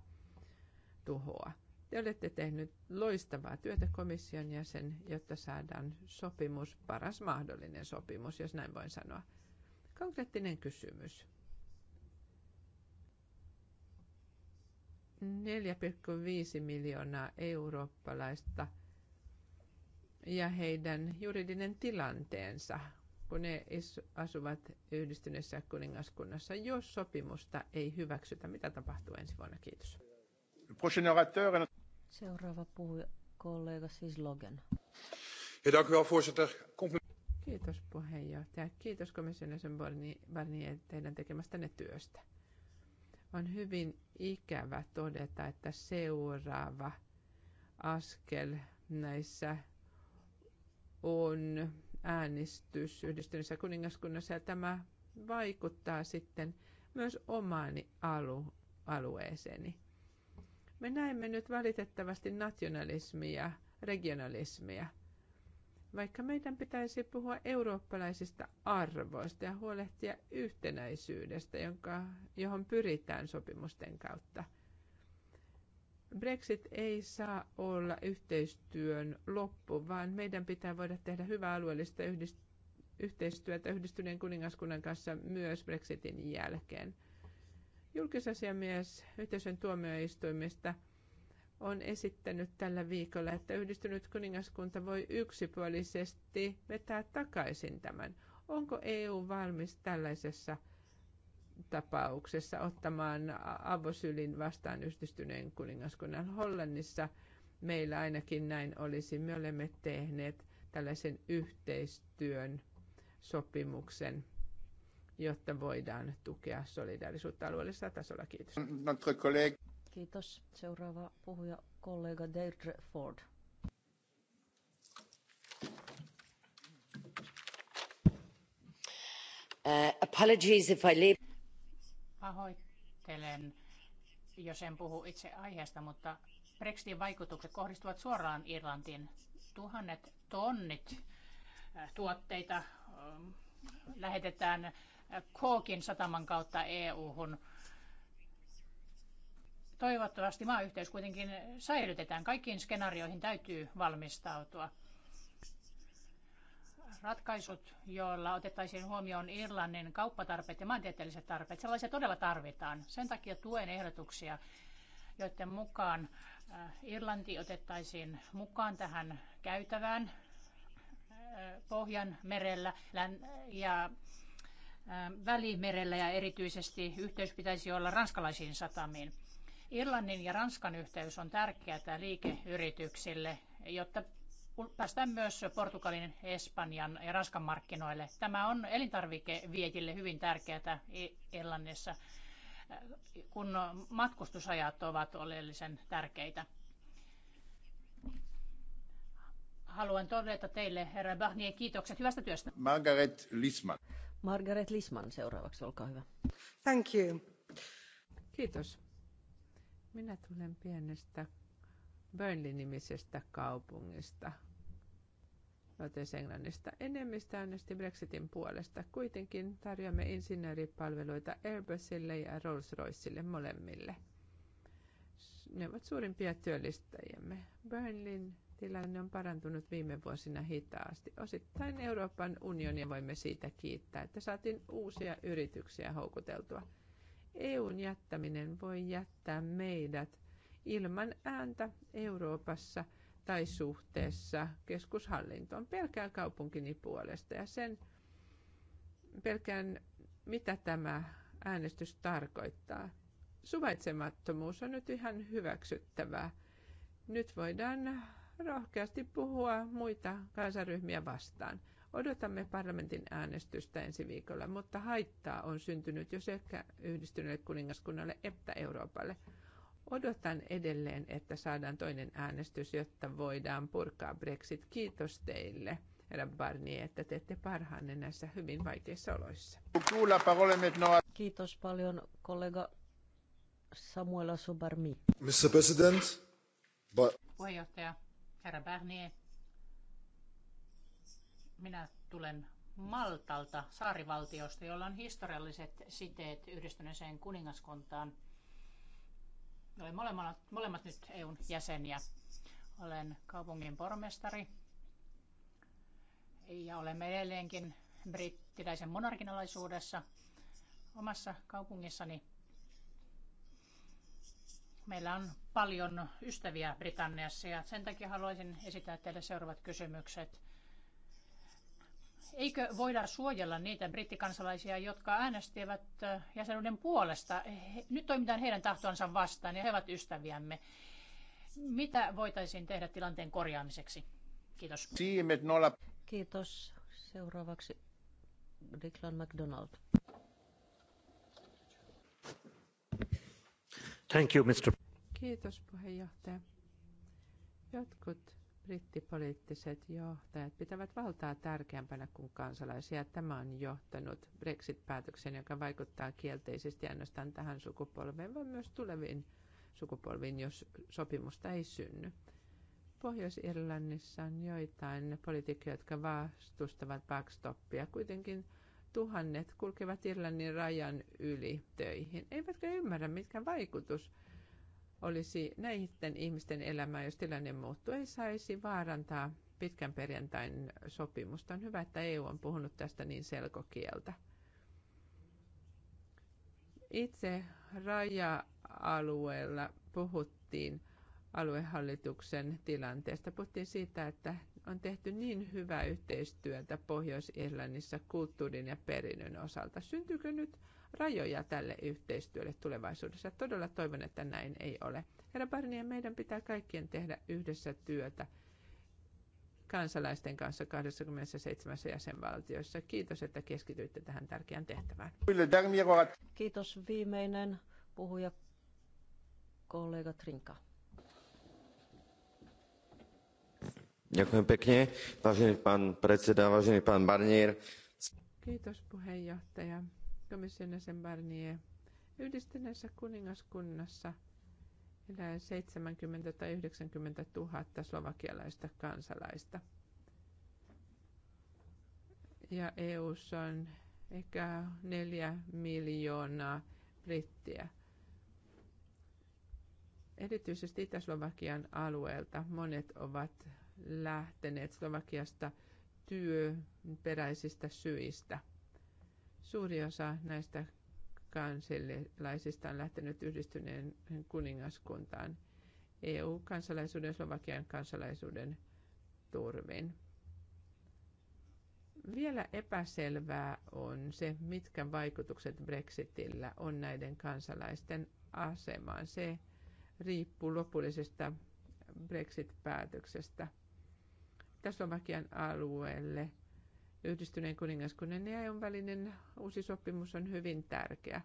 tuhoa. Te olette tehnyt loistavaa työtä komission jäsen, jotta saadaan sopimus, paras mahdollinen sopimus, jos näin voin sanoa – Konkreettinen kysymys. 4,5 miljoonaa eurooppalaista ja heidän juridinen tilanteensa, kun ne asuvat yhdistyneessä kuningaskunnassa, jos sopimusta ei hyväksytä. Mitä tapahtuu ensi vuonna? Kiitos. Seuraava puhuja kollega siis Logan. Ja, dank u euh, wel, voorzitter. Kiitos puheenjohtaja. Kiitos komission jäsen Barnier teidän tekemästänne työstä. On hyvin ikävä todeta, että seuraava askel näissä on äänestys yhdistyneessä kuningaskunnassa ja tämä vaikuttaa sitten myös omaani alu, alueeseeni. Me näemme nyt valitettavasti nationalismia, regionalismia – vaikka meidän pitäisi puhua eurooppalaisista arvoista ja huolehtia yhtenäisyydestä, jonka, johon pyritään sopimusten kautta. Brexit ei saa olla yhteistyön loppu, vaan meidän pitää voida tehdä hyvää alueellista yhdist- yhteistyötä yhdistyneen kuningaskunnan kanssa myös Brexitin jälkeen. Julkisasiamies yhteisön tuomioistuimista – on esittänyt tällä viikolla, että yhdistynyt kuningaskunta voi yksipuolisesti vetää takaisin tämän. Onko EU valmis tällaisessa tapauksessa ottamaan avosylin vastaan yhdistyneen kuningaskunnan Hollannissa? Meillä ainakin näin olisi. Me olemme tehneet tällaisen yhteistyön sopimuksen jotta voidaan tukea solidaarisuutta alueellisella tasolla. Kiitos. Kiitos. Seuraava puhuja kollega Deirdre Ford. Uh, apologies if I leave. Pahoittelen, jos en puhu itse aiheesta, mutta Brexitin vaikutukset kohdistuvat suoraan Irlantiin. Tuhannet tonnit äh, tuotteita ähm, lähetetään Kookin äh, sataman kautta EU-hun Toivottavasti maayhteys kuitenkin säilytetään. Kaikkiin skenaarioihin täytyy valmistautua. Ratkaisut, joilla otettaisiin huomioon Irlannin kauppatarpeet ja maantieteelliset tarpeet, sellaisia todella tarvitaan. Sen takia tuen ehdotuksia, joiden mukaan äh, Irlanti otettaisiin mukaan tähän käytävään äh, Pohjan merellä ja äh, Välimerellä ja erityisesti yhteys pitäisi olla ranskalaisiin satamiin. Irlannin ja Ranskan yhteys on tärkeää liikeyrityksille, jotta päästään myös Portugalin, Espanjan ja Ranskan markkinoille. Tämä on elintarvikeviejille hyvin tärkeää Irlannissa, kun matkustusajat ovat oleellisen tärkeitä. Haluan todeta teille, herra Barnier, kiitokset hyvästä työstä. Margaret Lisman. Margaret Lisman seuraavaksi, olkaa hyvä. Thank you. Kiitos. Minä tulen pienestä Burnley-nimisestä kaupungista, Lotes-Englannista. Enemmistö äänesti Brexitin puolesta. Kuitenkin tarjoamme insinööripalveluita Airbusille ja Rolls-Roycelle molemmille. Ne ovat suurimpia työllistäjiämme. Berlin tilanne on parantunut viime vuosina hitaasti. Osittain Euroopan unionia voimme siitä kiittää, että saatiin uusia yrityksiä houkuteltua – EUn jättäminen voi jättää meidät ilman ääntä Euroopassa tai suhteessa keskushallintoon. Pelkään kaupunkini puolesta ja sen pelkään, mitä tämä äänestys tarkoittaa. Suvaitsemattomuus on nyt ihan hyväksyttävää. Nyt voidaan rohkeasti puhua muita kansaryhmiä vastaan. Odotamme parlamentin äänestystä ensi viikolla, mutta haittaa on syntynyt jo sekä yhdistyneelle kuningaskunnalle että Euroopalle. Odotan edelleen, että saadaan toinen äänestys, jotta voidaan purkaa Brexit. Kiitos teille, herra Barnier, että teette parhaanne näissä hyvin vaikeissa oloissa. Kiitos paljon, kollega Samuela Sobarmi. Mr. President, but... Puheenjohtaja, herra Barnier, minä tulen Maltalta, saarivaltiosta, jolla on historialliset siteet yhdistyneeseen kuningaskuntaan. Olen molemmat, molemmat nyt EUn jäseniä. Olen kaupungin pormestari ja olemme edelleenkin brittiläisen monarkin alaisuudessa omassa kaupungissani. Meillä on paljon ystäviä Britanniassa ja sen takia haluaisin esittää teille seuraavat kysymykset. Eikö voida suojella niitä brittikansalaisia, jotka äänestivät äh, jäsenyyden puolesta? Nyt toimitaan heidän tahtoansa vastaan ja he ovat ystäviämme. Mitä voitaisiin tehdä tilanteen korjaamiseksi? Kiitos. Kiitos. Seuraavaksi Declan MacDonald. Thank you, Mr. Kiitos puheenjohtaja. Jotkut brittipoliittiset johtajat pitävät valtaa tärkeämpänä kuin kansalaisia. Tämä on johtanut Brexit-päätökseen, joka vaikuttaa kielteisesti ainoastaan tähän sukupolveen, vaan myös tuleviin sukupolviin, jos sopimusta ei synny. Pohjois-Irlannissa on joitain poliitikkoja, jotka vastustavat backstoppia. Kuitenkin tuhannet kulkevat Irlannin rajan yli töihin. Eivätkö ymmärrä, mitkä vaikutus olisi näiden ihmisten elämää, jos tilanne muuttuu, ei saisi vaarantaa pitkän perjantain sopimusta. On hyvä, että EU on puhunut tästä niin selkokieltä. Itse raja-alueella puhuttiin aluehallituksen tilanteesta. Puhuttiin siitä, että on tehty niin hyvää yhteistyötä Pohjois-Irlannissa kulttuurin ja perinnön osalta. Syntyykö nyt rajoja tälle yhteistyölle tulevaisuudessa. Todella toivon, että näin ei ole. Herra Barnier, meidän pitää kaikkien tehdä yhdessä työtä kansalaisten kanssa 27 jäsenvaltiossa. Kiitos, että keskityitte tähän tärkeään tehtävään. Kiitos viimeinen puhuja kollega Trinka. Ďakujem pekne, vážený pán predseda, vážený pán Barnier. Kiitos puheenjohtaja komission jäsen Barnier, yhdistyneessä kuningaskunnassa elää 70 tai 90 000 slovakialaista kansalaista. Ja EU:ssa on ehkä neljä miljoonaa brittiä. Erityisesti Itä-Slovakian alueelta monet ovat lähteneet Slovakiasta työperäisistä syistä – Suuri osa näistä kansalaisista on lähtenyt yhdistyneen kuningaskuntaan EU-kansalaisuuden, Slovakian kansalaisuuden turvin. Vielä epäselvää on se, mitkä vaikutukset Brexitillä on näiden kansalaisten asemaan. Se riippuu lopullisesta Brexit-päätöksestä. Tässä Slovakian alueelle Yhdistyneen kuningaskunnan ja EUn välinen uusi sopimus on hyvin tärkeä.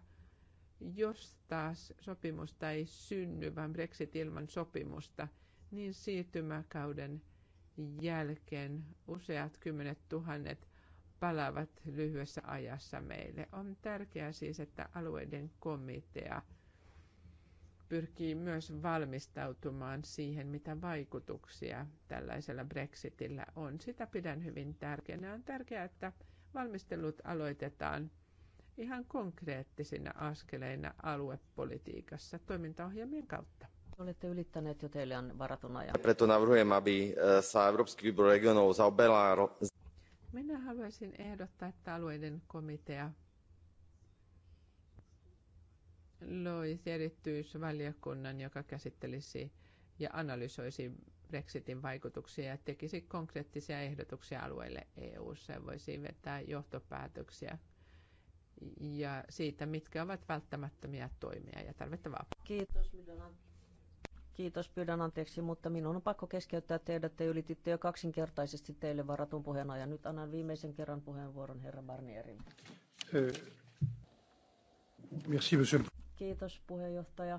Jos taas sopimusta ei synny, vaan Brexit ilman sopimusta, niin siirtymäkauden jälkeen useat kymmenet tuhannet palaavat lyhyessä ajassa meille. On tärkeää siis, että alueiden komitea – pyrkii myös valmistautumaan siihen, mitä vaikutuksia tällaisella Brexitillä on. Sitä pidän hyvin tärkeänä. On tärkeää, että valmistelut aloitetaan ihan konkreettisina askeleina aluepolitiikassa toimintaohjelmien kautta. Olette ylittäneet jo teille on varatun ajan. Preto navrhujem, aby eh, sa Európsky výbor regionov Minä haluaisin ehdottaa, että alueiden komitea loisi erityisvaliokunnan, joka käsittelisi ja analysoisi Brexitin vaikutuksia ja tekisi konkreettisia ehdotuksia alueille EU-ssa ja voisi vetää johtopäätöksiä ja siitä, mitkä ovat välttämättömiä toimia ja tarvittavaa. Kiitos, Kiitos, pyydän anteeksi, mutta minun on pakko keskeyttää teidät. Te ylititte jo kaksinkertaisesti teille varatun puheenajan. Nyt annan viimeisen kerran puheenvuoron herra Barnierille. Eh, merci, monsieur. Kiitos puheenjohtaja.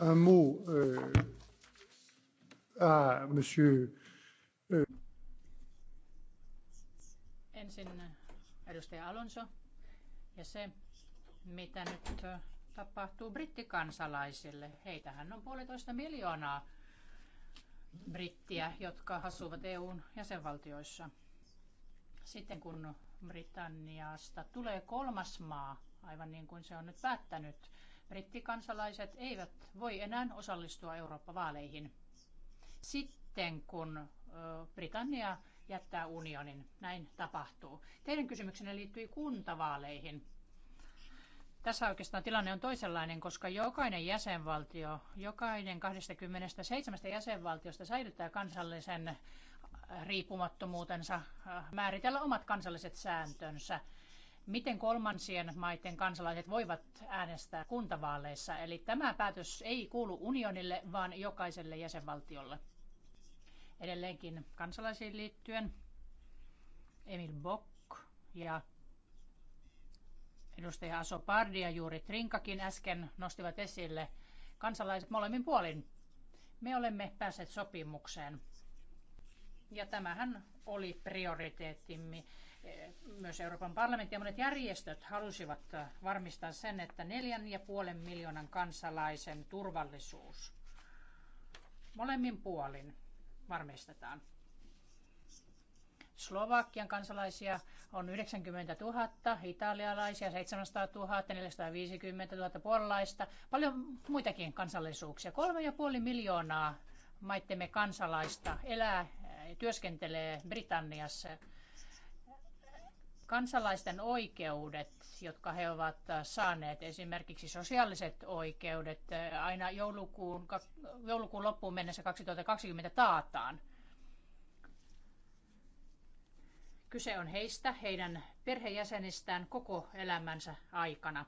Un mot euh, à monsieur euh... Ensin edustaja Alonso ja se, mitä nyt tapahtuu brittikansalaisille. Heitähän on puolitoista miljoonaa brittiä, jotka asuvat EUn jäsenvaltioissa. Sitten kun Britanniasta tulee kolmas maa, aivan niin kuin se on nyt päättänyt. Brittikansalaiset eivät voi enää osallistua Eurooppa-vaaleihin sitten, kun Britannia jättää unionin. Näin tapahtuu. Teidän kysymyksenne liittyy kuntavaaleihin. Tässä oikeastaan tilanne on toisenlainen, koska jokainen jäsenvaltio, jokainen 27 jäsenvaltiosta säilyttää kansallisen riippumattomuutensa, äh, määritellä omat kansalliset sääntönsä, miten kolmansien maiden kansalaiset voivat äänestää kuntavaaleissa. Eli tämä päätös ei kuulu unionille, vaan jokaiselle jäsenvaltiolle. Edelleenkin kansalaisiin liittyen Emil Bock ja edustaja Aso Pardi ja juuri Trinkakin äsken nostivat esille kansalaiset molemmin puolin. Me olemme päässeet sopimukseen ja tämähän oli prioriteettimme. Myös Euroopan parlamentti ja monet järjestöt halusivat varmistaa sen, että neljän ja puolen miljoonan kansalaisen turvallisuus molemmin puolin varmistetaan. Slovakian kansalaisia on 90 000, italialaisia 700 000, 450 000 puolalaista, paljon muitakin kansallisuuksia. 3,5 miljoonaa maittemme kansalaista elää työskentelee Britanniassa. Kansalaisten oikeudet, jotka he ovat saaneet, esimerkiksi sosiaaliset oikeudet, aina joulukuun, joulukuun loppuun mennessä 2020 taataan. Kyse on heistä, heidän perhejäsenistään koko elämänsä aikana.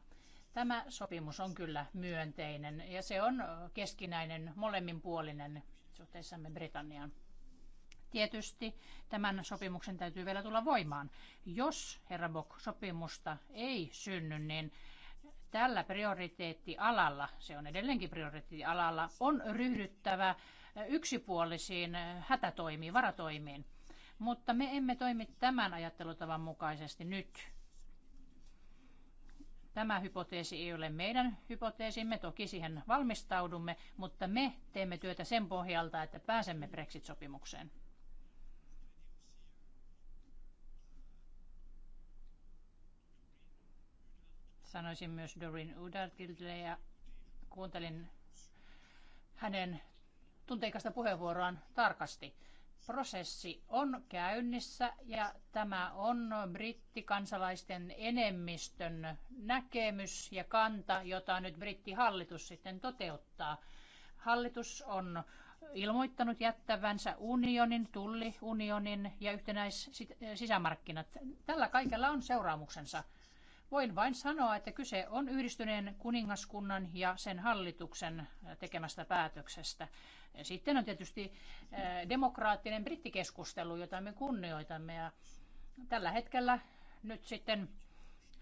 Tämä sopimus on kyllä myönteinen ja se on keskinäinen molemminpuolinen suhteessamme Britanniaan. Tietysti tämän sopimuksen täytyy vielä tulla voimaan. Jos herra Bok sopimusta ei synny, niin tällä prioriteettialalla, se on edelleenkin prioriteettialalla, on ryhdyttävä yksipuolisiin hätätoimiin, varatoimiin. Mutta me emme toimi tämän ajattelutavan mukaisesti nyt. Tämä hypoteesi ei ole meidän hypoteesimme, toki siihen valmistaudumme, mutta me teemme työtä sen pohjalta, että pääsemme Brexit-sopimukseen. Sanoisin myös Dorin Udartille ja kuuntelin hänen tunteikasta puheenvuoroaan tarkasti. Prosessi on käynnissä ja tämä on brittikansalaisten enemmistön näkemys ja kanta, jota nyt brittihallitus sitten toteuttaa. Hallitus on ilmoittanut jättävänsä unionin, tulliunionin ja yhtenäis sisämarkkinat. Tällä kaikella on seuraamuksensa. Voin vain sanoa, että kyse on yhdistyneen kuningaskunnan ja sen hallituksen äh, tekemästä päätöksestä. Sitten on tietysti äh, demokraattinen brittikeskustelu, jota me kunnioitamme. Ja tällä hetkellä nyt sitten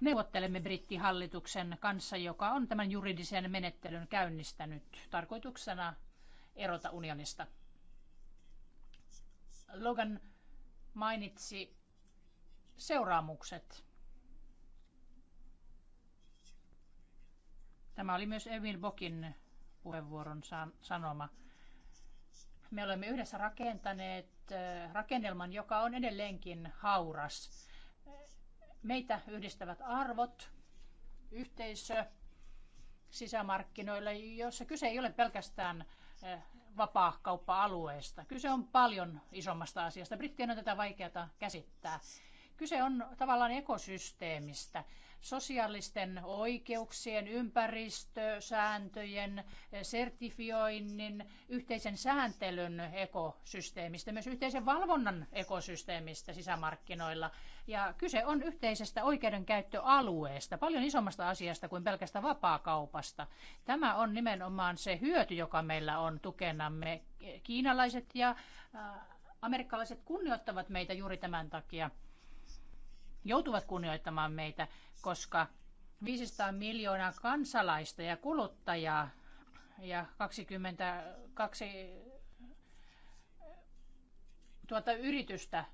neuvottelemme brittihallituksen kanssa, joka on tämän juridisen menettelyn käynnistänyt tarkoituksena erota unionista. Logan mainitsi seuraamukset Tämä oli myös Emil Bokin puheenvuoron sanoma. Me olemme yhdessä rakentaneet äh, rakennelman, joka on edelleenkin hauras. Meitä yhdistävät arvot, yhteisö sisämarkkinoilla, jossa kyse ei ole pelkästään äh, kauppa alueesta Kyse on paljon isommasta asiasta. Brittien on tätä vaikeata käsittää. Kyse on tavallaan ekosysteemistä sosiaalisten oikeuksien, ympäristösääntöjen, sertifioinnin, yhteisen sääntelyn ekosysteemistä, myös yhteisen valvonnan ekosysteemistä sisämarkkinoilla. Ja kyse on yhteisestä oikeudenkäyttöalueesta, paljon isommasta asiasta kuin pelkästä vapaakaupasta. Tämä on nimenomaan se hyöty, joka meillä on tukenamme. Kiinalaiset ja äh, amerikkalaiset kunnioittavat meitä juuri tämän takia joutuvat kunnioittamaan meitä koska 500 miljoonaa kansalaista ja kuluttajaa ja 22 tuota yritystä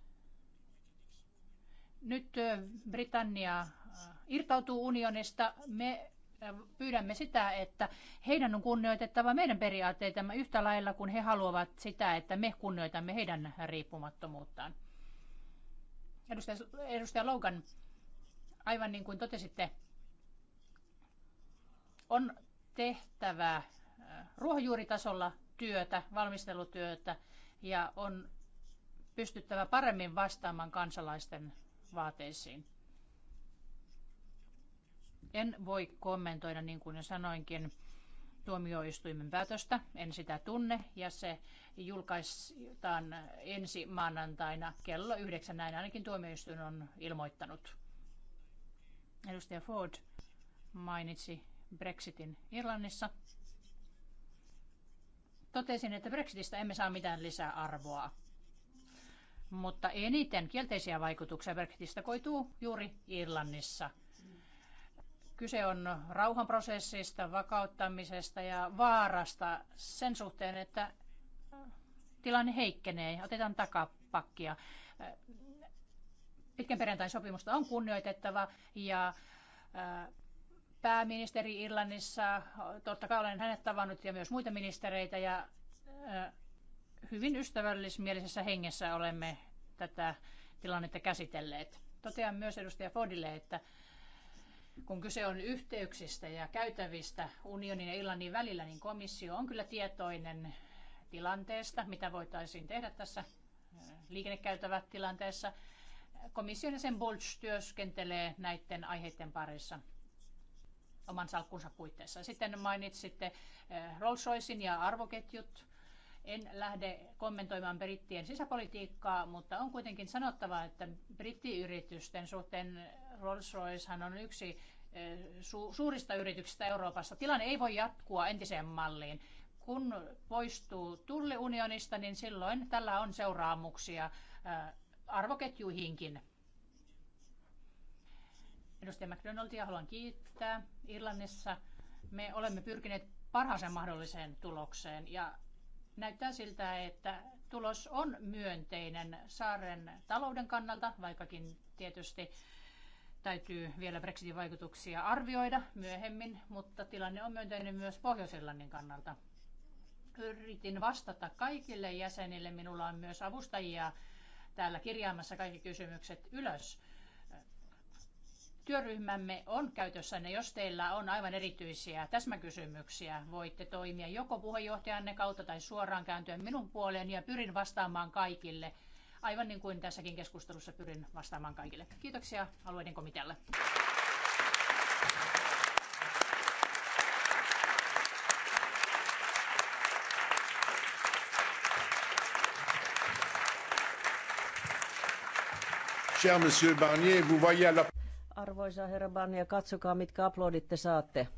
nyt Britannia irtautuu unionista. Me pyydämme sitä, että heidän on kunnioitettava meidän periaatteitamme yhtä lailla kuin he haluavat sitä, että me kunnioitamme heidän riippumattomuuttaan. Edustaja, edustaja Logan Aivan niin kuin totesitte, on tehtävä äh, ruohonjuuritasolla työtä, valmistelutyötä ja on pystyttävä paremmin vastaamaan kansalaisten vaateisiin. En voi kommentoida, niin kuin jo sanoinkin, tuomioistuimen päätöstä. En sitä tunne ja se julkaistaan ensi maanantaina kello yhdeksän. Näin ainakin tuomioistuin on ilmoittanut. Edustaja Ford mainitsi Brexitin Irlannissa. Totesin, että Brexitistä emme saa mitään lisäarvoa. Mutta eniten kielteisiä vaikutuksia Brexitistä koituu juuri Irlannissa. Kyse on rauhanprosessista, vakauttamisesta ja vaarasta sen suhteen, että tilanne heikkenee ja otetaan takapakkia pitkän perjantain sopimusta on kunnioitettava ja pääministeri Irlannissa, totta kai olen hänet tavannut ja myös muita ministereitä ja hyvin ystävällismielisessä hengessä olemme tätä tilannetta käsitelleet. Totean myös edustaja Fodille, että kun kyse on yhteyksistä ja käytävistä unionin ja Irlannin välillä, niin komissio on kyllä tietoinen tilanteesta, mitä voitaisiin tehdä tässä liikennekäytävät tilanteessa komission sen Bulge työskentelee näiden aiheiden parissa oman salkkunsa puitteissa. Sitten mainitsitte eh, Rolls-Roycein ja arvoketjut. En lähde kommentoimaan brittien sisäpolitiikkaa, mutta on kuitenkin sanottava, että brittiyritysten suhteen rolls royce on yksi eh, su- suurista yrityksistä Euroopassa. Tilanne ei voi jatkua entiseen malliin. Kun poistuu tulliunionista, niin silloin tällä on seuraamuksia eh, arvoketjuihinkin. Edustaja McDonaldia haluan kiittää. Irlannissa me olemme pyrkineet parhaaseen mahdolliseen tulokseen ja näyttää siltä, että tulos on myönteinen saaren talouden kannalta, vaikkakin tietysti täytyy vielä Brexitin vaikutuksia arvioida myöhemmin, mutta tilanne on myönteinen myös Pohjois-Irlannin kannalta. Yritin vastata kaikille jäsenille. Minulla on myös avustajia täällä kirjaamassa kaikki kysymykset ylös. Työryhmämme on käytössä, jos teillä on aivan erityisiä täsmäkysymyksiä. Voitte toimia joko puheenjohtajanne kautta tai suoraan kääntyä minun puoleeni ja pyrin vastaamaan kaikille, aivan niin kuin tässäkin keskustelussa pyrin vastaamaan kaikille. Kiitoksia alueiden komitealle. Cher monsieur Barnier, vous voyez la... Arvoisa herra Barnier, katsokaa mitkä aplodit te saatte.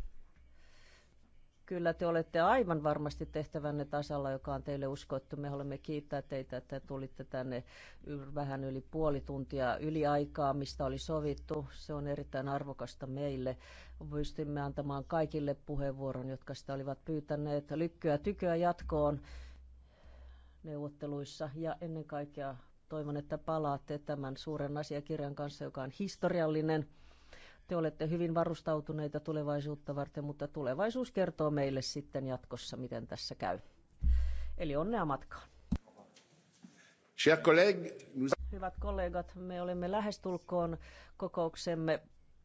Kyllä te olette aivan varmasti tehtävänne tasalla, joka on teille uskottu. Me haluamme kiittää teitä, että tulitte tänne vähän yli puoli tuntia yli aikaa, mistä oli sovittu. Se on erittäin arvokasta meille. Pystymme antamaan kaikille puheenvuoron, jotka sitä olivat pyytäneet. Lykkyä tyköä jatkoon neuvotteluissa ja ennen kaikkea Toivon, että palaatte tämän suuren asiakirjan kanssa, joka on historiallinen. Te olette hyvin varustautuneita tulevaisuutta varten, mutta tulevaisuus kertoo meille sitten jatkossa, miten tässä käy. Eli onnea matkaan. Hyvät kollegat, me olemme lähestulkoon kokouksemme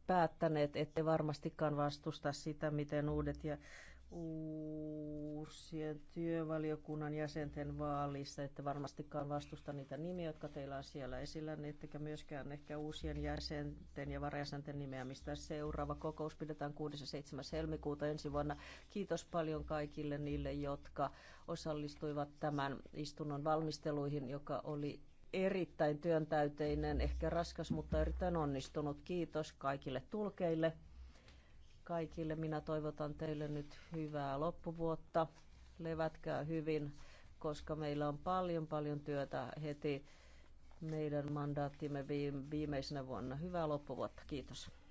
päättäneet, ette varmastikaan vastusta sitä, miten uudet ja uusien työvaliokunnan jäsenten vaalissa, että varmastikaan vastusta niitä nimiä, jotka teillä on siellä esillä, niin ettekä myöskään ehkä uusien jäsenten ja varajäsenten mistä Seuraava kokous pidetään 6. ja 7. helmikuuta ensi vuonna. Kiitos paljon kaikille niille, jotka osallistuivat tämän istunnon valmisteluihin, joka oli erittäin työntäyteinen, ehkä raskas, mutta erittäin onnistunut. Kiitos kaikille tulkeille kaikille. Minä toivotan teille nyt hyvää loppuvuotta. Levätkää hyvin, koska meillä on paljon paljon työtä heti meidän mandaattimme viimeisenä vuonna. Hyvää loppuvuotta. Kiitos.